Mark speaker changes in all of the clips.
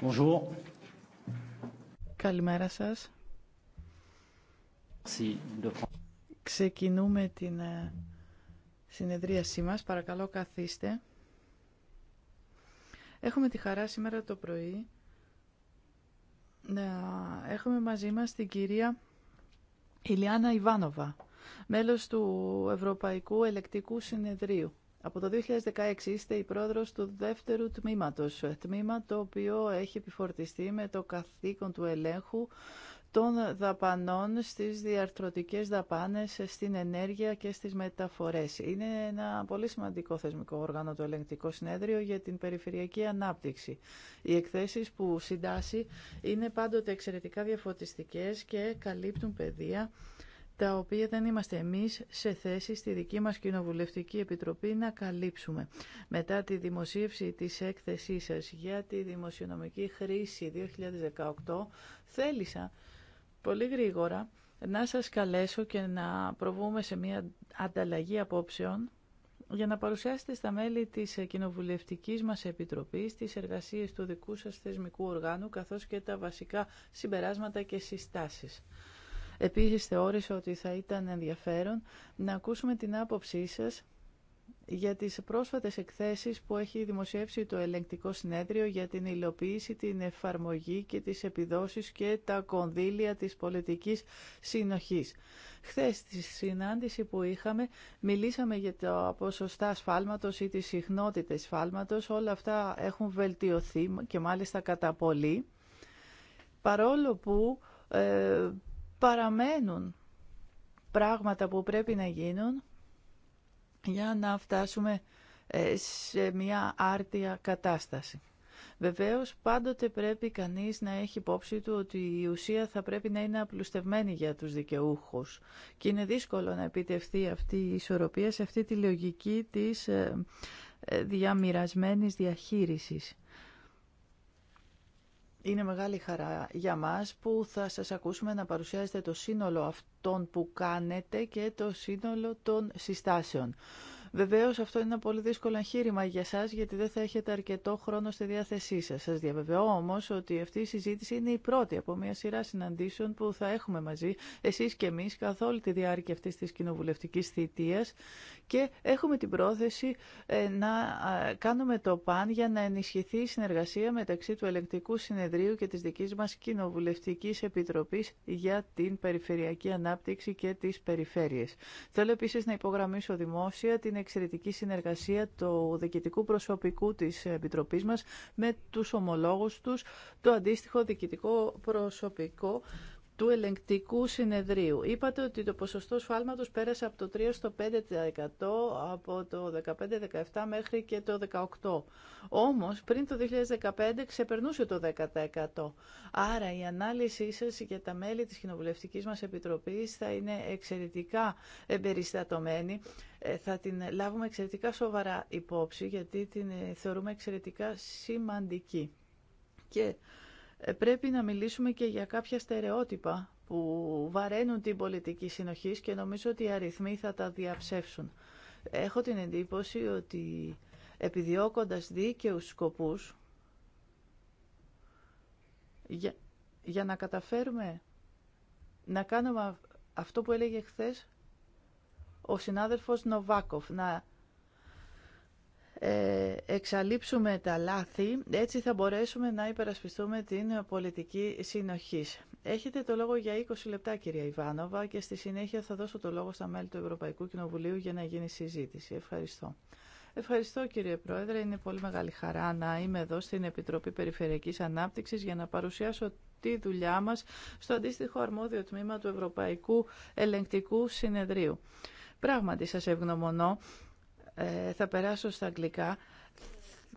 Speaker 1: Bonjour. Καλημέρα σας. Ξεκινούμε την ε, συνεδρίασή μας. Παρακαλώ καθίστε. Έχουμε τη χαρά σήμερα το πρωί να έχουμε μαζί μας την κυρία Ηλιάνα Ιβάνοβα, μέλος του Ευρωπαϊκού Ελεκτικού Συνεδρίου. Από το 2016 είστε η πρόεδρος του δεύτερου τμήματος, τμήμα το οποίο έχει επιφορτιστεί με το καθήκον του ελέγχου των δαπανών στις διαρθρωτικές δαπάνες, στην ενέργεια και στις μεταφορές. Είναι ένα πολύ σημαντικό θεσμικό όργανο το ελεγκτικό συνέδριο για την περιφερειακή ανάπτυξη. Οι εκθέσεις που συντάσσει είναι πάντοτε εξαιρετικά διαφωτιστικές και καλύπτουν πεδία τα οποία δεν είμαστε εμείς σε θέση στη δική μας Κοινοβουλευτική Επιτροπή να καλύψουμε. Μετά τη δημοσίευση της έκθεσής σας για τη δημοσιονομική χρήση 2018, θέλησα πολύ γρήγορα να σας καλέσω και να προβούμε σε μια ανταλλαγή απόψεων για να παρουσιάσετε στα μέλη της κοινοβουλευτικής μας επιτροπής τις εργασίες του δικού σας θεσμικού οργάνου καθώς και τα βασικά συμπεράσματα και συστάσεις. Επίσης θεώρησα ότι θα ήταν ενδιαφέρον να ακούσουμε την άποψή σας για τις πρόσφατες εκθέσεις που έχει δημοσιεύσει το ελεγκτικό συνέδριο για την υλοποίηση, την εφαρμογή και τις επιδόσεις και τα κονδύλια της πολιτικής συνοχής. Χθες στη συνάντηση που είχαμε μιλήσαμε για τα ποσοστά σφάλματος ή τις συχνότητες σφάλματος. Όλα αυτά έχουν βελτιωθεί και μάλιστα κατά πολύ. Παρόλο που ε, παραμένουν πράγματα που πρέπει να γίνουν για να φτάσουμε ε, σε μια άρτια κατάσταση. Βεβαίως, πάντοτε πρέπει κανείς να έχει υπόψη του ότι η ουσία θα πρέπει να είναι απλουστευμένη για τους δικαιούχους και είναι δύσκολο να επιτευχθεί αυτή η ισορροπία σε αυτή τη λογική της ε, ε, διαμοιρασμένης διαχείρισης. Είναι μεγάλη χαρά για μας που θα σας ακούσουμε να παρουσιάζετε το σύνολο αυτών που κάνετε και το σύνολο των συστάσεων. Βεβαίω αυτό είναι ένα πολύ δύσκολο εγχείρημα για εσά, γιατί δεν θα έχετε αρκετό χρόνο στη διάθεσή σα. Σα διαβεβαιώ όμω ότι αυτή η συζήτηση είναι η πρώτη από μια σειρά συναντήσεων που θα έχουμε μαζί εσεί και εμεί καθ' όλη τη διάρκεια αυτή τη κοινοβουλευτική θητείας και έχουμε την πρόθεση ε, να κάνουμε το παν για να ενισχυθεί η συνεργασία μεταξύ του Ελεκτικού Συνεδρίου και τη δική μα κοινοβουλευτική επιτροπή για την Περιφερειακή Ανάπτυξη και τι Περιφέρειε. Θέλω επίση να υπογραμμίσω δημόσια την εξαιρετική συνεργασία του διοικητικού προσωπικού της Επιτροπής μας με τους ομολόγους τους, το αντίστοιχο διοικητικό προσωπικό του ελεγκτικού συνεδρίου. Είπατε ότι το ποσοστό σφάλματος πέρασε από το 3% στο 5% από το 15-17 μέχρι και το 18%. Όμως πριν το 2015 ξεπερνούσε το 10%. Άρα η ανάλυση σας για τα μέλη της Κοινοβουλευτικής μας Επιτροπής θα είναι εξαιρετικά εμπεριστατωμένη. Ε, θα την λάβουμε εξαιρετικά σοβαρά υπόψη γιατί την ε, θεωρούμε εξαιρετικά σημαντική. Και πρέπει να μιλήσουμε και για κάποια στερεότυπα που βαραίνουν την πολιτική συνοχή και νομίζω ότι οι αριθμοί θα τα διαψεύσουν. Έχω την εντύπωση ότι επιδιώκοντας δίκαιους σκοπούς για, για να καταφέρουμε να κάνουμε αυτό που έλεγε χθες ο συνάδελφος Νοβάκοφ, να ε, εξαλείψουμε τα λάθη, έτσι θα μπορέσουμε να υπερασπιστούμε την πολιτική συνοχή. Έχετε το λόγο για 20 λεπτά κυρία Ιβάνοβα και στη συνέχεια θα δώσω το λόγο στα μέλη του Ευρωπαϊκού Κοινοβουλίου για να γίνει συζήτηση. Ευχαριστώ. Ευχαριστώ κύριε Πρόεδρε, είναι πολύ μεγάλη χαρά να είμαι εδώ στην Επιτροπή Περιφερειακής Ανάπτυξης για να παρουσιάσω τη δουλειά μας στο αντίστοιχο αρμόδιο τμήμα του Ευρωπαϊκού Ελεγκτικού Συνεδρίου. Πράγματι σας ευγνωμονώ ε, θα περάσω στα αγγλικά.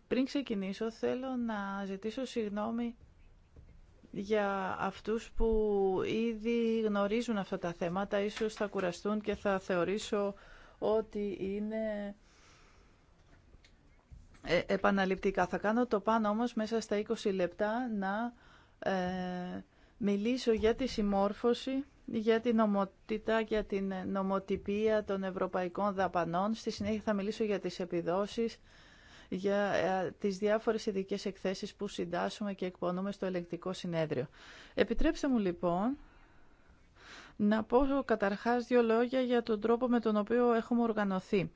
Speaker 1: Πριν ξεκινήσω, θέλω να ζητήσω συγγνώμη για αυτούς που ήδη γνωρίζουν αυτά τα θέματα. Ίσως θα κουραστούν και θα θεωρήσω ότι είναι ε, επαναληπτικά. Θα κάνω το πάνω όμως μέσα στα 20 λεπτά να ε, μιλήσω για τη συμμόρφωση για την νομοτήτα, για την νομοτυπία των ευρωπαϊκών δαπανών. Στη συνέχεια θα μιλήσω για τις επιδόσεις, για ε, τις διάφορες ειδικέ εκθέσεις που συντάσσουμε και εκπονούμε στο ελεγκτικό συνέδριο. Επιτρέψτε μου λοιπόν να πω καταρχάς δύο λόγια για τον τρόπο με τον οποίο έχουμε οργανωθεί.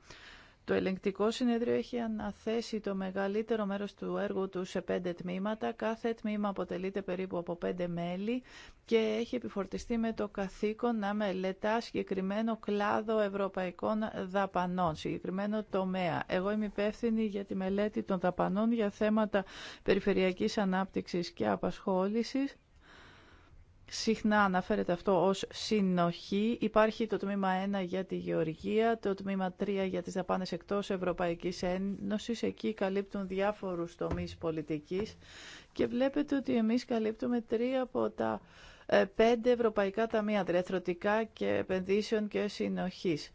Speaker 1: Το ελεγκτικό συνέδριο έχει αναθέσει το μεγαλύτερο μέρος του έργου του σε πέντε τμήματα. Κάθε τμήμα αποτελείται περίπου από πέντε μέλη και έχει επιφορτιστεί με το καθήκον να μελετά συγκεκριμένο κλάδο ευρωπαϊκών δαπανών, συγκεκριμένο τομέα. Εγώ είμαι υπεύθυνη για τη μελέτη των δαπανών για θέματα περιφερειακής ανάπτυξης και απασχόλησης Συχνά αναφέρεται αυτό ως συνοχή. Υπάρχει το τμήμα 1 για τη γεωργία, το τμήμα 3 για τις δαπάνες εκτός Ευρωπαϊκής Ένωσης. Εκεί καλύπτουν διάφορους τομείς πολιτικής και βλέπετε ότι εμείς καλύπτουμε τρία από τα ε, πέντε ευρωπαϊκά ταμεία, διαθροτικά και επενδύσεων και συνοχής.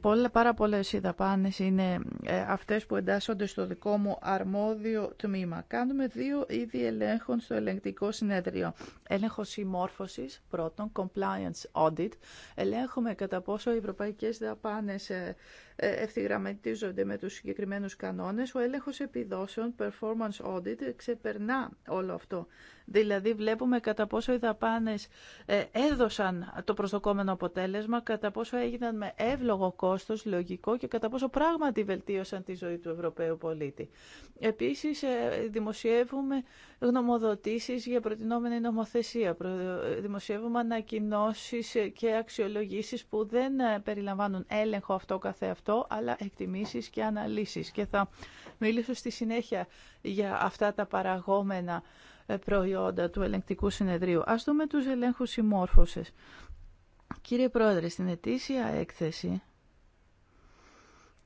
Speaker 1: Πολλά, πάρα πολλές οι δαπάνες είναι ε, αυτές που εντάσσονται στο δικό μου αρμόδιο τμήμα. Κάνουμε δύο είδη ελέγχων στο ελεγκτικό συνέδριο. Έλεγχο συμμόρφωσης, πρώτον, compliance audit. Ελέγχουμε κατά πόσο οι ευρωπαϊκές δαπάνες ε, ε, ευθυγραμματίζονται με τους συγκεκριμένους κανόνες, ο έλεγχος επιδόσεων, performance audit, ξεπερνά όλο αυτό. Δηλαδή βλέπουμε κατά πόσο οι δαπάνες ε, έδωσαν το προσδοκόμενο αποτέλεσμα, κατά πόσο έγιναν με εύλογο κόστος, λογικό και κατά πόσο πράγματι βελτίωσαν τη ζωή του Ευρωπαίου πολίτη. Επίσης ε, δημοσιεύουμε γνωμοδοτήσεις για προτινόμενη νομοθεσία, δημοσιεύουμε ανακοινώσει και αξιολογήσεις που δεν περιλαμβάνουν έλεγχο αυτό καθεαυτό αυτό, αλλά εκτιμήσεις και αναλύσεις. Και θα μιλήσω στη συνέχεια για αυτά τα παραγόμενα ε, προϊόντα του ελεγκτικού συνεδρίου. Ας δούμε τους ελέγχους συμμόρφωσης. Κύριε Πρόεδρε, στην ετήσια έκθεση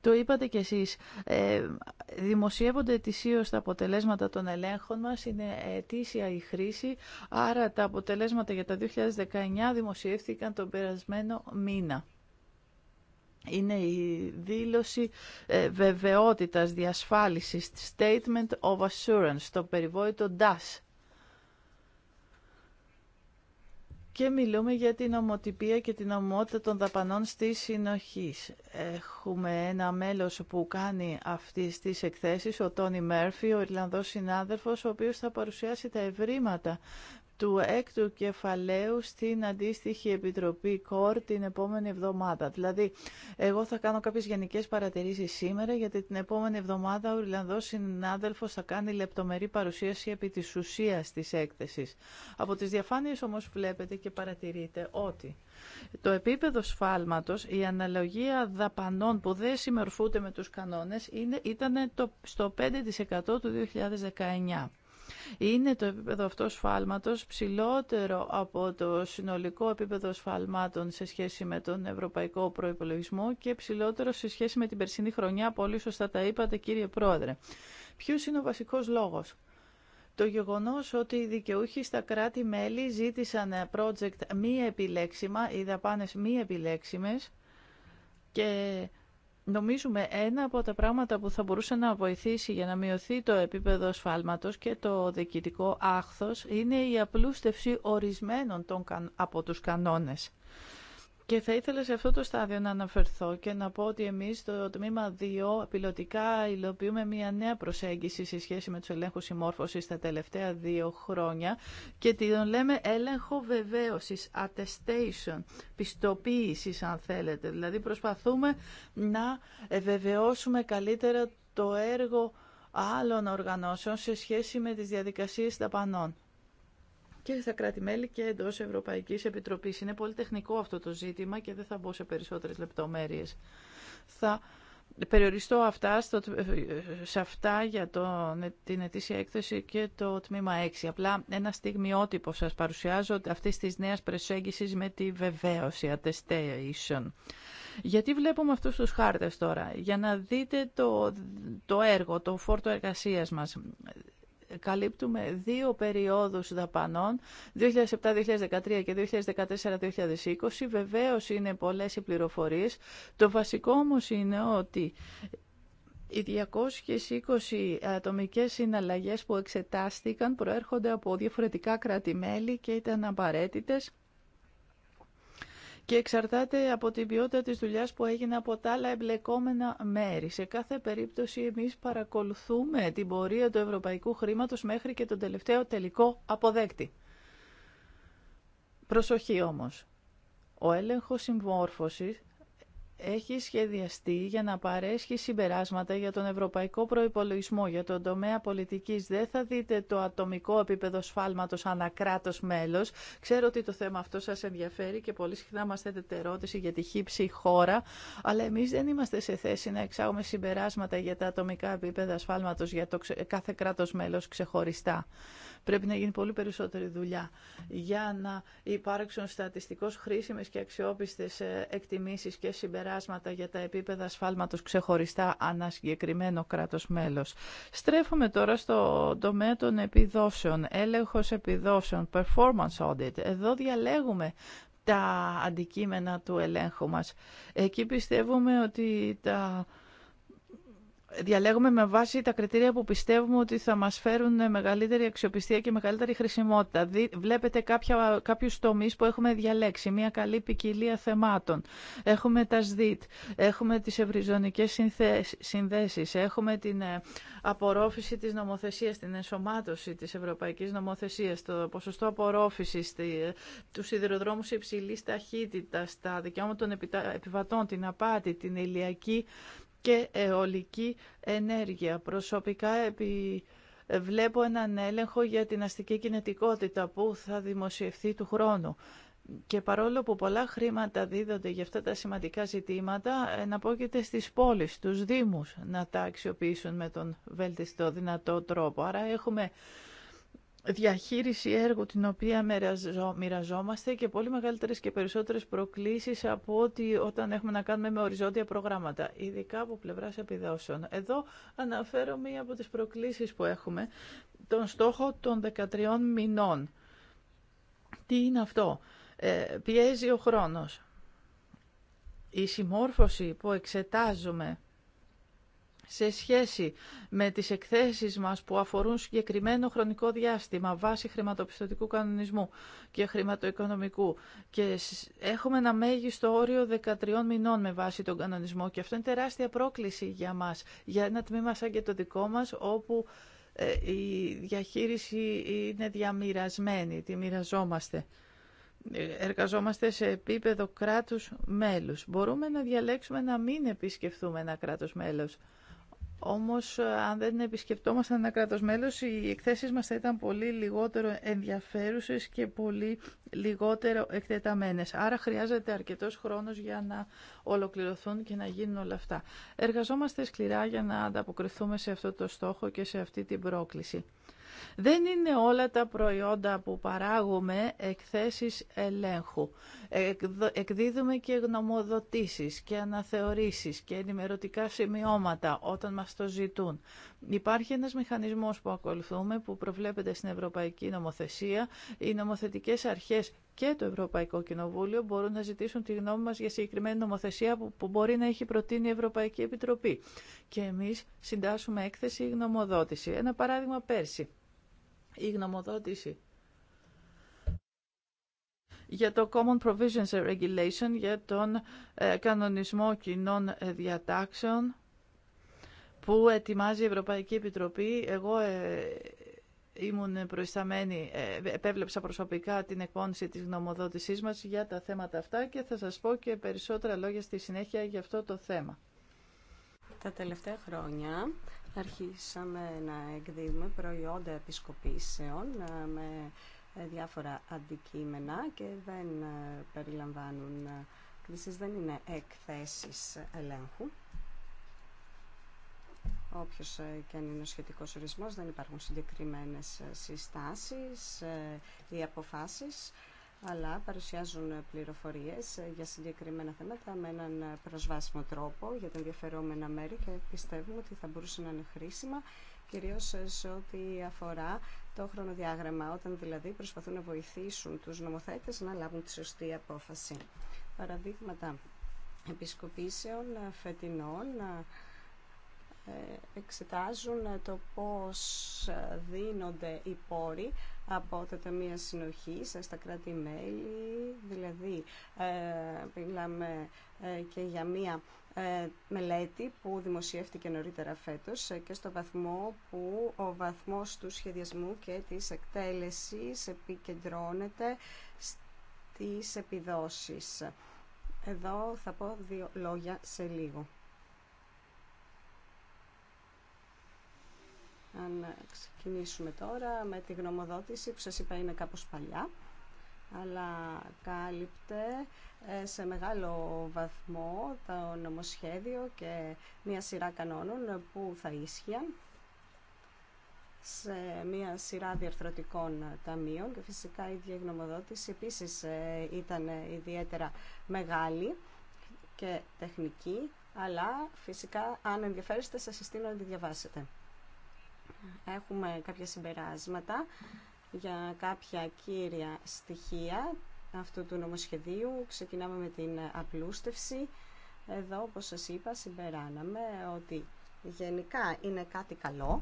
Speaker 1: το είπατε κι εσείς, ε, δημοσιεύονται ετησίω τα αποτελέσματα των ελέγχων μας, είναι ετήσια η χρήση, άρα τα αποτελέσματα για τα 2019 δημοσιεύθηκαν τον περασμένο μήνα είναι η δήλωση ε, βεβαιότητας διασφάλισης, Statement of Assurance, το περιβόητο DAS. Και μιλούμε για την ομοτυπία και την ομότητα των δαπανών στη συνοχή. Έχουμε ένα μέλος που κάνει αυτές τις εκθέσεις, ο Τόνι Μέρφυ, ο Ιρλανδός συνάδελφος, ο οποίος θα παρουσιάσει τα ευρήματα του έκτου κεφαλαίου στην αντίστοιχη Επιτροπή ΚΟΡ την επόμενη εβδομάδα. Δηλαδή, εγώ θα κάνω κάποιες γενικές παρατηρήσεις σήμερα, γιατί την επόμενη εβδομάδα ο Ιρλανδός συνάδελφος θα κάνει λεπτομερή παρουσίαση επί της ουσίας της έκθεσης. Από τις διαφάνειες όμως βλέπετε και παρατηρείτε ότι το επίπεδο σφάλματος, η αναλογία δαπανών που δεν συμμορφούνται με τους κανόνες, ήταν στο 5% του 2019 είναι το επίπεδο αυτό σφάλματο ψηλότερο από το συνολικό επίπεδο σφάλματων σε σχέση με τον ευρωπαϊκό Προπολογισμό και ψηλότερο σε σχέση με την περσινή χρονιά, πολύ σωστά τα είπατε κύριε Πρόεδρε. Ποιο είναι ο βασικός λόγος. Το γεγονός ότι οι δικαιούχοι στα κράτη-μέλη ζήτησαν project μη επιλέξιμα, οι δαπάνες μη επιλέξιμες και Νομίζουμε ένα από τα πράγματα που θα μπορούσε να βοηθήσει για να μειωθεί το επίπεδο σφάλματος και το διοικητικό άχθος είναι η απλούστευση ορισμένων των, από τους κανόνες. Και θα ήθελα σε αυτό το στάδιο να αναφερθώ και να πω ότι εμείς στο τμήμα 2 πιλωτικά υλοποιούμε μια νέα προσέγγιση σε σχέση με τους ελέγχους συμμόρφωσης τα τελευταία δύο χρόνια και την λέμε έλεγχο βεβαίωσης, attestation, πιστοποίησης αν θέλετε. Δηλαδή προσπαθούμε να βεβαιώσουμε καλύτερα το έργο άλλων οργανώσεων σε σχέση με τις διαδικασίες ταπανών και στα κράτη-μέλη και εντό Ευρωπαϊκή Επιτροπής. Είναι πολύ τεχνικό αυτό το ζήτημα και δεν θα μπω σε περισσότερες λεπτομέρειες. Θα περιοριστώ αυτά στο, σε αυτά για το, ε, την ετήσια έκθεση και το τμήμα 6. Απλά ένα στιγμιότυπο σας παρουσιάζω αυτή τη νέα προσέγγιση με τη βεβαίωση, attestation. Γιατί βλέπουμε αυτούς τους χάρτες τώρα, για να δείτε το, το έργο, το φόρτο εργασίας μας καλύπτουμε δύο περιόδους δαπανών, 2007-2013 και 2014-2020. Βεβαίως είναι πολλές οι πληροφορίες. Το βασικό όμως είναι ότι οι 220 ατομικές συναλλαγές που εξετάστηκαν προέρχονται από διαφορετικά κράτη-μέλη και ήταν απαραίτητες και εξαρτάται από την ποιότητα της δουλειάς που έγινε από τα άλλα εμπλεκόμενα μέρη. Σε κάθε περίπτωση εμείς παρακολουθούμε την πορεία του ευρωπαϊκού χρήματος μέχρι και τον τελευταίο τελικό αποδέκτη. Προσοχή όμως. Ο έλεγχος συμμόρφωσης έχει σχεδιαστεί για να παρέσχει συμπεράσματα για τον ευρωπαϊκό προϋπολογισμό, για τον τομέα πολιτικής. Δεν θα δείτε το ατομικό επίπεδο σφάλματος ανακράτος μέλος. Ξέρω ότι το θέμα αυτό σας ενδιαφέρει και πολύ συχνά μας θέτετε ερώτηση για τη χύψη χώρα, αλλά εμείς δεν είμαστε σε θέση να εξάγουμε συμπεράσματα για τα ατομικά επίπεδα σφάλματος για το κάθε κράτος μέλος ξεχωριστά. Πρέπει να γίνει πολύ περισσότερη δουλειά για να υπάρξουν στατιστικώς χρήσιμες και αξιόπιστες ε, εκτιμήσεις και συμπεράσματα για τα επίπεδα ασφάλματος ξεχωριστά ανά συγκεκριμένο κράτος μέλος. Στρέφουμε τώρα στο τομέα των επιδόσεων, έλεγχος επιδόσεων, performance audit. Εδώ διαλέγουμε τα αντικείμενα του ελέγχου μας. Εκεί πιστεύουμε ότι τα διαλέγουμε με βάση τα κριτήρια που πιστεύουμε ότι θα μας φέρουν μεγαλύτερη αξιοπιστία και μεγαλύτερη χρησιμότητα. Βλέπετε κάποια, κάποιους τομείς που έχουμε διαλέξει, μια καλή ποικιλία θεμάτων. Έχουμε τα ΣΔΙΤ, έχουμε τις ευρυζωνικές συνδέσεις, έχουμε την ε, απορρόφηση της νομοθεσίας, την ενσωμάτωση της ευρωπαϊκής νομοθεσίας, το ποσοστό απορρόφησης, ε, του σιδηροδρόμους υψηλής ταχύτητας, τα δικαιώματα των επιβατών, την απάτη, την ηλιακή και αιωλική ενέργεια. Προσωπικά επί... βλέπω έναν έλεγχο για την αστική κινητικότητα που θα δημοσιευθεί του χρόνου. Και παρόλο που πολλά χρήματα δίδονται για αυτά τα σημαντικά ζητήματα, εναπόκειται στις πόλεις, στους δήμους να τα αξιοποιήσουν με τον βέλτιστο δυνατό τρόπο. Άρα έχουμε διαχείριση έργου την οποία μοιραζόμαστε και πολύ μεγαλύτερες και περισσότερες προκλήσεις από ότι όταν έχουμε να κάνουμε με οριζόντια προγράμματα, ειδικά από πλευράς επιδόσεων. Εδώ αναφέρω μία από τις προκλήσεις που έχουμε, τον στόχο των 13 μηνών. Τι είναι αυτό. Ε, πιέζει ο χρόνος. Η συμμόρφωση που εξετάζουμε σε σχέση με τις εκθέσεις μας που αφορούν συγκεκριμένο χρονικό διάστημα βάσει χρηματοπιστωτικού κανονισμού και χρηματοοικονομικού και έχουμε ένα μέγιστο όριο 13 μηνών με βάση τον κανονισμό και αυτό είναι τεράστια πρόκληση για μας, για ένα τμήμα σαν και το δικό μας όπου ε, η διαχείριση είναι διαμοιρασμένη, τη μοιραζόμαστε ε, εργαζόμαστε σε επίπεδο κράτους μέλους. Μπορούμε να διαλέξουμε να μην επισκεφθούμε ένα κράτος μέλος όμως αν δεν επισκεπτόμασταν ένα κράτος μέλος οι εκθέσεις μας θα ήταν πολύ λιγότερο ενδιαφέρουσες και πολύ λιγότερο εκτεταμένες. Άρα χρειάζεται αρκετός χρόνος για να ολοκληρωθούν και να γίνουν όλα αυτά. Εργαζόμαστε σκληρά για να ανταποκριθούμε σε αυτό το στόχο και σε αυτή την πρόκληση. Δεν είναι όλα τα προϊόντα που παράγουμε εκθέσεις ελέγχου. Εκδίδουμε και γνωμοδοτήσεις και αναθεωρήσεις και ενημερωτικά σημειώματα όταν μας το ζητούν. Υπάρχει ένας μηχανισμός που ακολουθούμε που προβλέπεται στην Ευρωπαϊκή Νομοθεσία. Οι νομοθετικές αρχές και το Ευρωπαϊκό Κοινοβούλιο μπορούν να ζητήσουν τη γνώμη μας για συγκεκριμένη νομοθεσία που μπορεί να έχει προτείνει η Ευρωπαϊκή Επιτροπή. Και εμείς συντάσσουμε έκθεση ή γνωμοδότηση. Ένα παράδειγμα πέρσι η γνωμοδότηση για το Common Provisions Regulation, για τον ε, κανονισμό κοινών ε, διατάξεων που ετοιμάζει η Ευρωπαϊκή Επιτροπή. Εγώ ε, ήμουν προϊσταμένη, ε, επέβλεψα προσωπικά την εκπόνηση της γνωμοδότησής μας για τα θέματα αυτά και θα σας πω και περισσότερα λόγια στη συνέχεια για αυτό το θέμα. Τα τελευταία χρόνια αρχίσαμε να εκδίδουμε προϊόντα επισκοπήσεων
Speaker 2: ε, με διάφορα αντικείμενα και δεν ε, περιλαμβάνουν ε, κλησεις δεν είναι εκθέσεις ελέγχου. Όποιος και αν είναι ο σχετικός ορισμός, δεν υπάρχουν συγκεκριμένες συστάσεις ή αποφάσεις αλλά παρουσιάζουν πληροφορίες ε, για συγκεκριμένα θέματα με έναν ε, προσβάσιμο τρόπο για τα ενδιαφερόμενα μέρη και πιστεύουμε ότι θα μπορούσε να είναι χρήσιμα κυρίως ε, σε ό,τι αφορά το χρονοδιάγραμμα, όταν δηλαδή προσπαθούν να βοηθήσουν τους νομοθέτες να λάβουν τη σωστή απόφαση. Παραδείγματα επισκοπήσεων φετινών εξετάζουν το πώς δίνονται οι πόροι από τα ταμεία συνοχή ε, στα κράτη-μέλη. Δηλαδή, ε, μιλάμε ε, και για μία μελέτη που δημοσιεύτηκε νωρίτερα φέτος και στο βαθμό που ο βαθμός του σχεδιασμού και της εκτέλεσης επικεντρώνεται στις επιδόσεις. Εδώ θα πω δύο λόγια σε λίγο. Αν ξεκινήσουμε τώρα με τη γνωμοδότηση που σας είπα είναι κάπως παλιά αλλά κάλυπτε ε, σε μεγάλο βαθμό το νομοσχέδιο και μια σειρά κανόνων που θα ίσχυαν σε μια σειρά διαρθρωτικών ταμείων και φυσικά η ίδια γνωμοδότηση επίσης ε, ήταν ιδιαίτερα μεγάλη και τεχνική αλλά φυσικά αν ενδιαφέρεστε σας συστήνω να τη διαβάσετε. Έχουμε κάποια συμπεράσματα για κάποια κύρια στοιχεία αυτού του νομοσχεδίου. Ξεκινάμε με την απλούστευση. Εδώ, όπως σας είπα, συμπεράναμε ότι γενικά είναι κάτι καλό,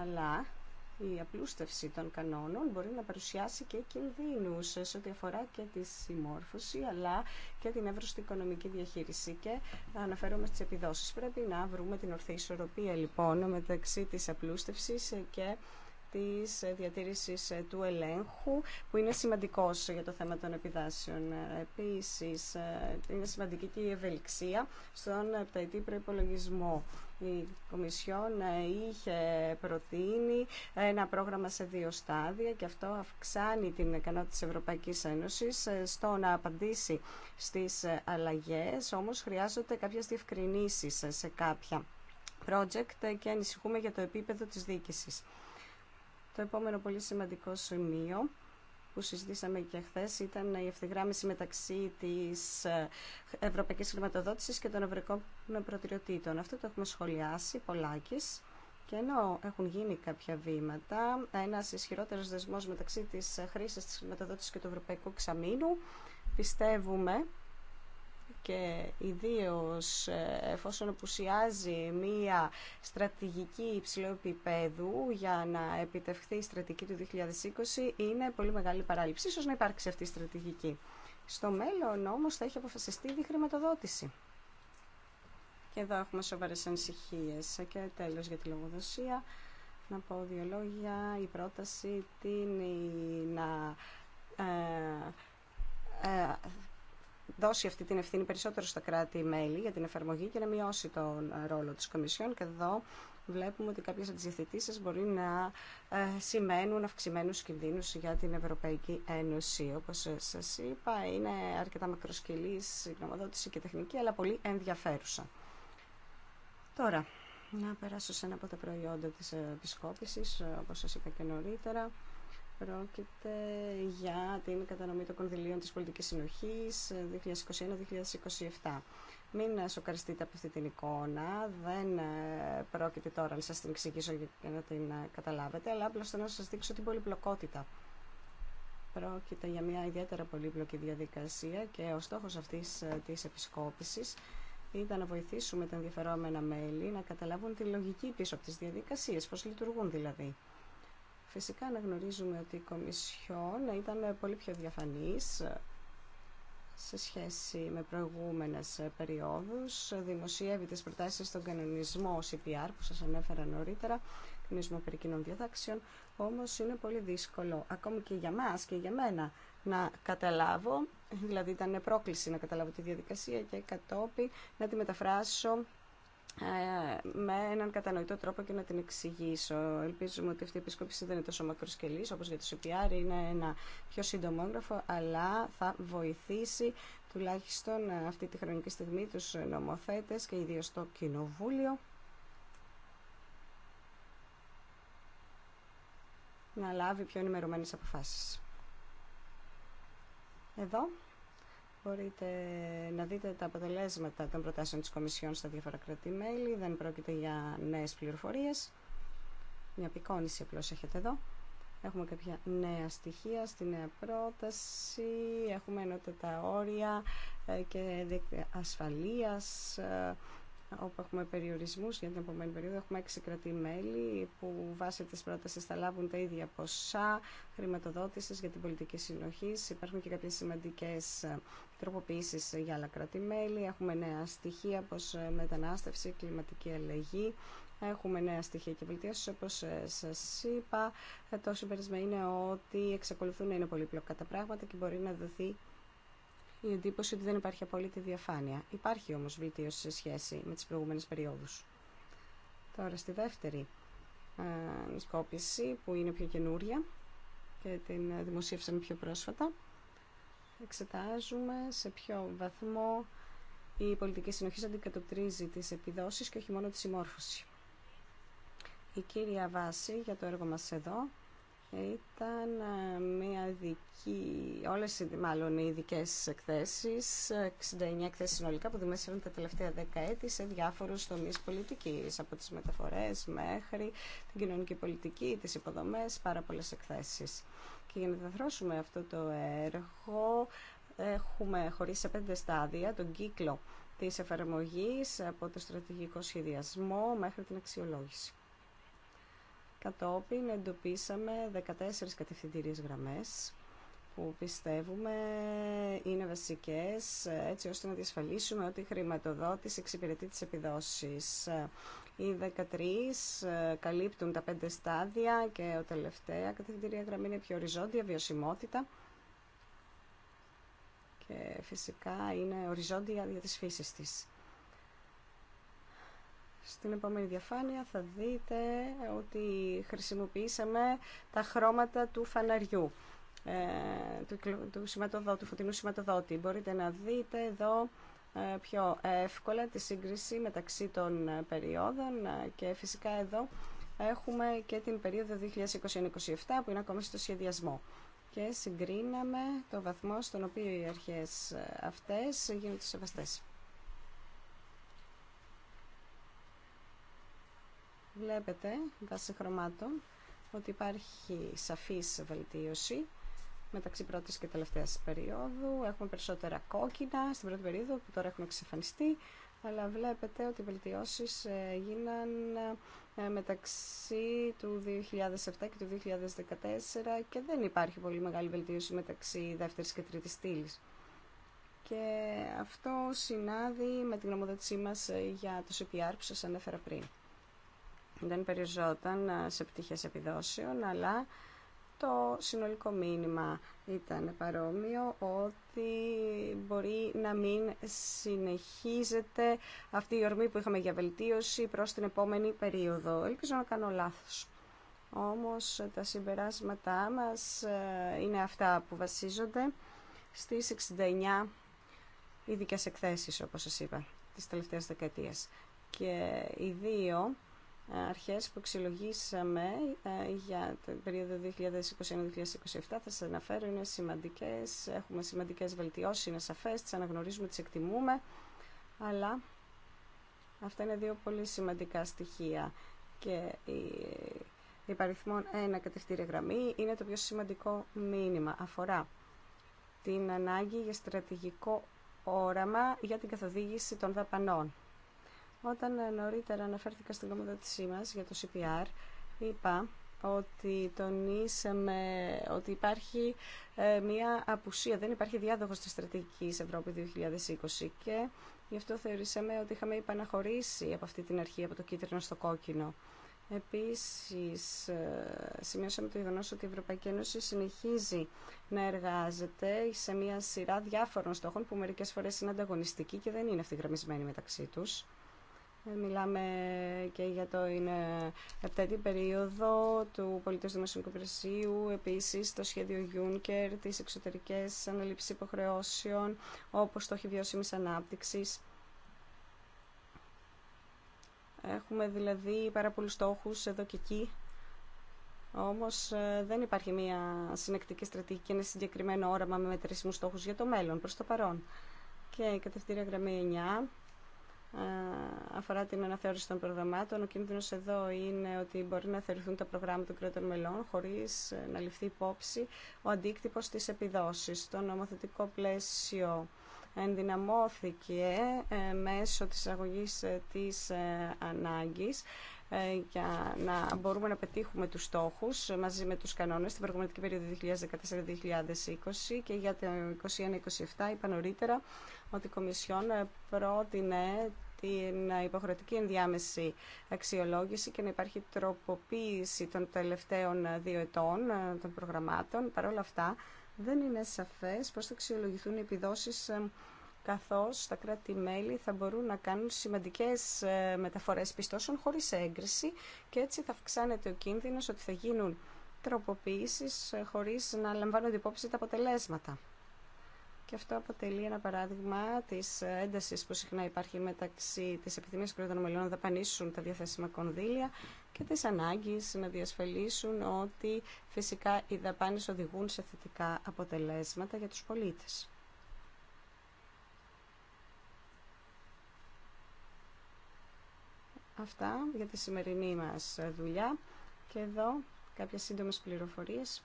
Speaker 2: αλλά η απλούστευση των κανόνων μπορεί να παρουσιάσει και κινδύνους σε ό,τι αφορά και τη συμμόρφωση αλλά και την εύρωστη οικονομική διαχείριση και αναφέρομαι στις επιδόσεις. Πρέπει να βρούμε την ορθή ισορροπία λοιπόν μεταξύ της απλούστευσης και της διατήρησης του ελέγχου που είναι σημαντικός για το θέμα των επιδάσεων. Επίσης, ε, είναι σημαντική και η ευελιξία στον επταετή προϋπολογισμό η Κομισιόν ε, είχε προτείνει ένα πρόγραμμα σε δύο στάδια και αυτό αυξάνει την ικανότητα της Ευρωπαϊκής Ένωσης ε, στο να απαντήσει στις ε, αλλαγές, όμως χρειάζονται κάποιες διευκρινήσεις σε κάποια project και ανησυχούμε για το επίπεδο της διοίκησης. Το επόμενο πολύ σημαντικό σημείο που συζητήσαμε και χθε ήταν η ευθυγράμμιση μεταξύ τη ε, Ευρωπαϊκής χρηματοδότηση και των Ευρωπαϊκών Προτεραιοτήτων. Αυτό το έχουμε σχολιάσει πολλάκι. Και ενώ έχουν γίνει κάποια βήματα, ένα ισχυρότερο δεσμό μεταξύ τη ε, χρήση τη χρηματοδότηση και του Ευρωπαϊκού Ξαμήνου, πιστεύουμε και ιδίως ε, εφόσον απουσιάζει μία στρατηγική υψηλού επίπεδου για να επιτευχθεί η στρατηγική του 2020 είναι πολύ μεγάλη παράληψη. Ίσως να υπάρξει αυτή η στρατηγική. Στο μέλλον όμως θα έχει αποφασιστεί η χρηματοδότηση. Και εδώ έχουμε σοβαρές ανησυχίες. Και τέλος για τη λογοδοσία, να πω δύο λόγια. Η πρόταση την να ε, ε δώσει αυτή την ευθύνη περισσότερο στα κράτη-μέλη για την εφαρμογή και να μειώσει τον ε, ρόλο της Κομισιόν και εδώ βλέπουμε ότι κάποιες αντιζηθετήσεις μπορεί να ε, σημαίνουν αυξημένου κινδύνους για την Ευρωπαϊκή Ένωση. Όπως ε, σας είπα, είναι αρκετά μακροσκελής η γνωμοδότηση και τεχνική, αλλά πολύ ενδιαφέρουσα. Τώρα, να περάσω σε ένα από τα προϊόντα της επισκόπησης, όπως σας είπα και νωρίτερα. Πρόκειται για την κατανομή των κονδυλίων της πολιτικής συνοχής 2021-2027. Μην σοκαριστείτε από αυτή την εικόνα, δεν ε, πρόκειται τώρα να σας την εξηγήσω για να την ε, καταλάβετε, αλλά απλώς θέλω να σας δείξω την πολυπλοκότητα. Πρόκειται για μια ιδιαίτερα πολύπλοκη διαδικασία και ο στόχος αυτής ε, της επισκόπησης ήταν να βοηθήσουμε τα ενδιαφερόμενα μέλη να καταλάβουν τη λογική πίσω από τις διαδικασίες, πώς λειτουργούν δηλαδή. Φυσικά αναγνωρίζουμε ότι η Κομισιόν ήταν πολύ πιο διαφανής σε σχέση με προηγούμενες περιόδους. Δημοσιεύει τις προτάσεις στον κανονισμό CPR που σας ανέφερα νωρίτερα, κανονισμό περί κοινών διατάξεων, όμως είναι πολύ δύσκολο, ακόμη και για μας και για μένα, να καταλάβω, δηλαδή ήταν πρόκληση να καταλάβω τη διαδικασία και κατόπιν να τη μεταφράσω με έναν κατανοητό τρόπο και να την εξηγήσω. Ελπίζουμε ότι αυτή η επισκόπηση δεν είναι τόσο μακροσκελής όπως για το CPR, είναι ένα πιο συντομόγραφο, αλλά θα βοηθήσει τουλάχιστον αυτή τη χρονική στιγμή τους νομοθέτες και ιδίως το Κοινοβούλιο να λάβει πιο ενημερωμένες αποφάσεις. Εδώ Μπορείτε να δείτε τα αποτελέσματα των προτάσεων της Κομισιόν στα διάφορα Δεν πρόκειται για νέες πληροφορίες. Μια απεικόνηση απλώς έχετε εδώ. Έχουμε κάποια νέα στοιχεία στη νέα πρόταση. Έχουμε ενότητα όρια ε, και ασφαλείας ε, όπου έχουμε περιορισμούς για την επόμενη περίοδο. Έχουμε έξι κρατή-μέλη που βάσει της πρότασης θα λάβουν τα ίδια ποσά χρηματοδότησης για την πολιτική συνοχή. Υπάρχουν και κάποιες σημαντικές ε, τροποποιήσεις για άλλα κράτη-μέλη, έχουμε νέα στοιχεία όπως μετανάστευση, κλιματική αλλαγή, Έχουμε νέα στοιχεία και βελτίωσεις, όπως σας είπα. Ε, το συμπέρασμα είναι ότι εξακολουθούν να είναι πολύπλοκα τα πράγματα και μπορεί να δοθεί η εντύπωση ότι δεν υπάρχει απόλυτη διαφάνεια. Υπάρχει όμως βελτίωση σε σχέση με τις προηγούμενες περιόδους. Τώρα στη δεύτερη ε, σκόπιση που είναι πιο καινούρια και την δημοσίευσαμε πιο πρόσφατα εξετάζουμε σε ποιο βαθμό η πολιτική συνοχή αντικατοπτρίζει τις επιδόσεις και όχι μόνο τη συμμόρφωση. Η κύρια βάση για το έργο μας εδώ ήταν ε, μια δική, όλες μάλλον οι ειδικέ εκθέσεις, 69 εκθέσεις συνολικά που δημιουργήσαν τα τελευταία έτη σε διάφορους τομείς πολιτικής, από τις μεταφορές μέχρι την κοινωνική πολιτική, τις υποδομές, πάρα πολλές εκθέσεις. Και για να διαθρώσουμε αυτό το έργο έχουμε χωρίσει σε πέντε στάδια τον κύκλο της εφαρμογής από το στρατηγικό σχεδιασμό μέχρι την αξιολόγηση. Κατόπιν εντοπίσαμε 14 κατευθυντήριες γραμμές που πιστεύουμε είναι βασικές έτσι ώστε να διασφαλίσουμε ότι η χρηματοδότηση εξυπηρετεί τις επιδόσεις. Οι 13 ε, καλύπτουν τα 5 στάδια και ο τελευταία κατευθυντήρια γραμμή είναι πιο οριζόντια, βιωσιμότητα και φυσικά είναι οριζόντια για τις φύσεις της. Στην επόμενη διαφάνεια θα δείτε ότι χρησιμοποιήσαμε τα χρώματα του φαναριού, ε, του, του φωτεινού σηματοδότη. Μπορείτε να δείτε εδώ ε, πιο εύκολα τη σύγκριση μεταξύ των ε, περιόδων και φυσικά εδώ έχουμε και την περίοδο 2021-2027 που είναι ακόμα στο σχεδιασμό και συγκρίναμε το βαθμό στον οποίο οι αρχές αυτές γίνονται σεβαστές. βλέπετε βάσει χρωμάτων ότι υπάρχει σαφής βελτίωση μεταξύ πρώτης και τελευταίας περίοδου. Έχουμε περισσότερα κόκκινα στην πρώτη περίοδο που τώρα έχουν εξαφανιστεί, αλλά βλέπετε ότι οι βελτιώσεις ε, γίναν ε, μεταξύ του 2007 και του 2014 και δεν υπάρχει πολύ μεγάλη βελτίωση μεταξύ δεύτερης και τρίτης στήλης. Και αυτό συνάδει με την γνωμοδότησή μας ε, για το CPR που σας ανέφερα πριν δεν περιοριζόταν ε, σε πτυχές επιδόσεων, αλλά το συνολικό μήνυμα ήταν παρόμοιο ότι μπορεί να μην συνεχίζεται αυτή η ορμή που είχαμε για βελτίωση προς την επόμενη περίοδο. Ελπίζω να κάνω λάθος. Όμως τα συμπεράσματά μας ε, είναι αυτά που βασίζονται στις 69 ειδικέ εκθέσεις, όπως σας είπα, της τελευταίας δεκαετίας. Και οι δύο αρχές που αξιολογήσαμε ε, για την περίοδο 2021-2027 θα σας αναφέρω είναι σημαντικές, έχουμε σημαντικές βελτιώσεις, είναι σαφές, τις αναγνωρίζουμε, τις εκτιμούμε, αλλά αυτά είναι δύο πολύ σημαντικά στοιχεία και η υπαριθμόν ένα κατευθύνια γραμμή είναι το πιο σημαντικό μήνυμα. Αφορά την ανάγκη για στρατηγικό όραμα για την καθοδήγηση των δαπανών. Όταν ε, νωρίτερα αναφέρθηκα στην κομμαδοτησή μα για το CPR, είπα ότι τονίσαμε ότι υπάρχει ε, μία απουσία, δεν υπάρχει διάδοχος της στρατηγικής Ευρώπη 2020 και γι' αυτό θεωρήσαμε ότι είχαμε υπαναχωρήσει από αυτή την αρχή, από το κίτρινο στο κόκκινο. Επίσης, ε, σημειώσαμε το γεγονός ότι η Ευρωπαϊκή Ένωση συνεχίζει να εργάζεται σε μια σειρά διάφορων στόχων που μερικές φορές είναι ανταγωνιστικοί και δεν είναι ευθυγραμμισμένοι μεταξύ τους. Ε, μιλάμε και για το είναι επτάτη περίοδο του πολιτικού δημοσιονομικού υπηρεσίου, επίσης το σχέδιο Juncker, τις εξωτερικές αναλήψεις υποχρεώσεων, όπως το έχει βιώσιμη ανάπτυξη. Έχουμε δηλαδή πάρα πολλούς στόχους εδώ και εκεί, όμως ε, δεν υπάρχει μια συνεκτική στρατηγική, ένα συγκεκριμένο όραμα με μετρήσιμους στόχους για το μέλλον, προς το παρόν. Και η κατευθύρια γραμμή 9 αφορά την αναθεώρηση των προγραμμάτων. Ο κίνδυνος εδώ είναι ότι μπορεί να θεωρηθούν τα προγράμματα των κρατών μελών χωρίς ε, να ληφθεί υπόψη ο αντίκτυπος της επιδόσης. Το νομοθετικό πλαίσιο ενδυναμώθηκε ε, μέσω της αγωγής ε, της ανάγκης για να μπορούμε να πετύχουμε τους στόχους μαζί με τους κανόνες στην προγραμματική περίοδο 2014-2020 και για το 2021-2027 είπα νωρίτερα ότι η Κομισιόν ε, πρότεινε την ε, υποχρεωτική ενδιάμεση αξιολόγηση και να υπάρχει τροποποίηση των τελευταίων ε, δύο ετών των προγραμμάτων. Παρ' όλα αυτά, δεν είναι σαφές πώς θα αξιολογηθούν οι επιδόσεις καθώς τα κράτη-μέλη θα μπορούν να κάνουν σημαντικές μεταφορές πιστώσεων χωρίς έγκριση και έτσι θα αυξάνεται ο κίνδυνος ότι θα γίνουν τροποποίησεις χωρίς να λαμβάνονται υπόψη τα αποτελέσματα. Και αυτό αποτελεί ένα παράδειγμα τη ένταση που συχνά υπάρχει μεταξύ τη επιθυμία των κρατών μελών να δαπανίσουν τα διαθέσιμα κονδύλια και τη ανάγκη να διασφαλίσουν ότι φυσικά οι δαπάνε οδηγούν σε θετικά αποτελέσματα για του πολίτε. Αυτά για τη σημερινή μας δουλειά και εδώ κάποιες σύντομες πληροφορίες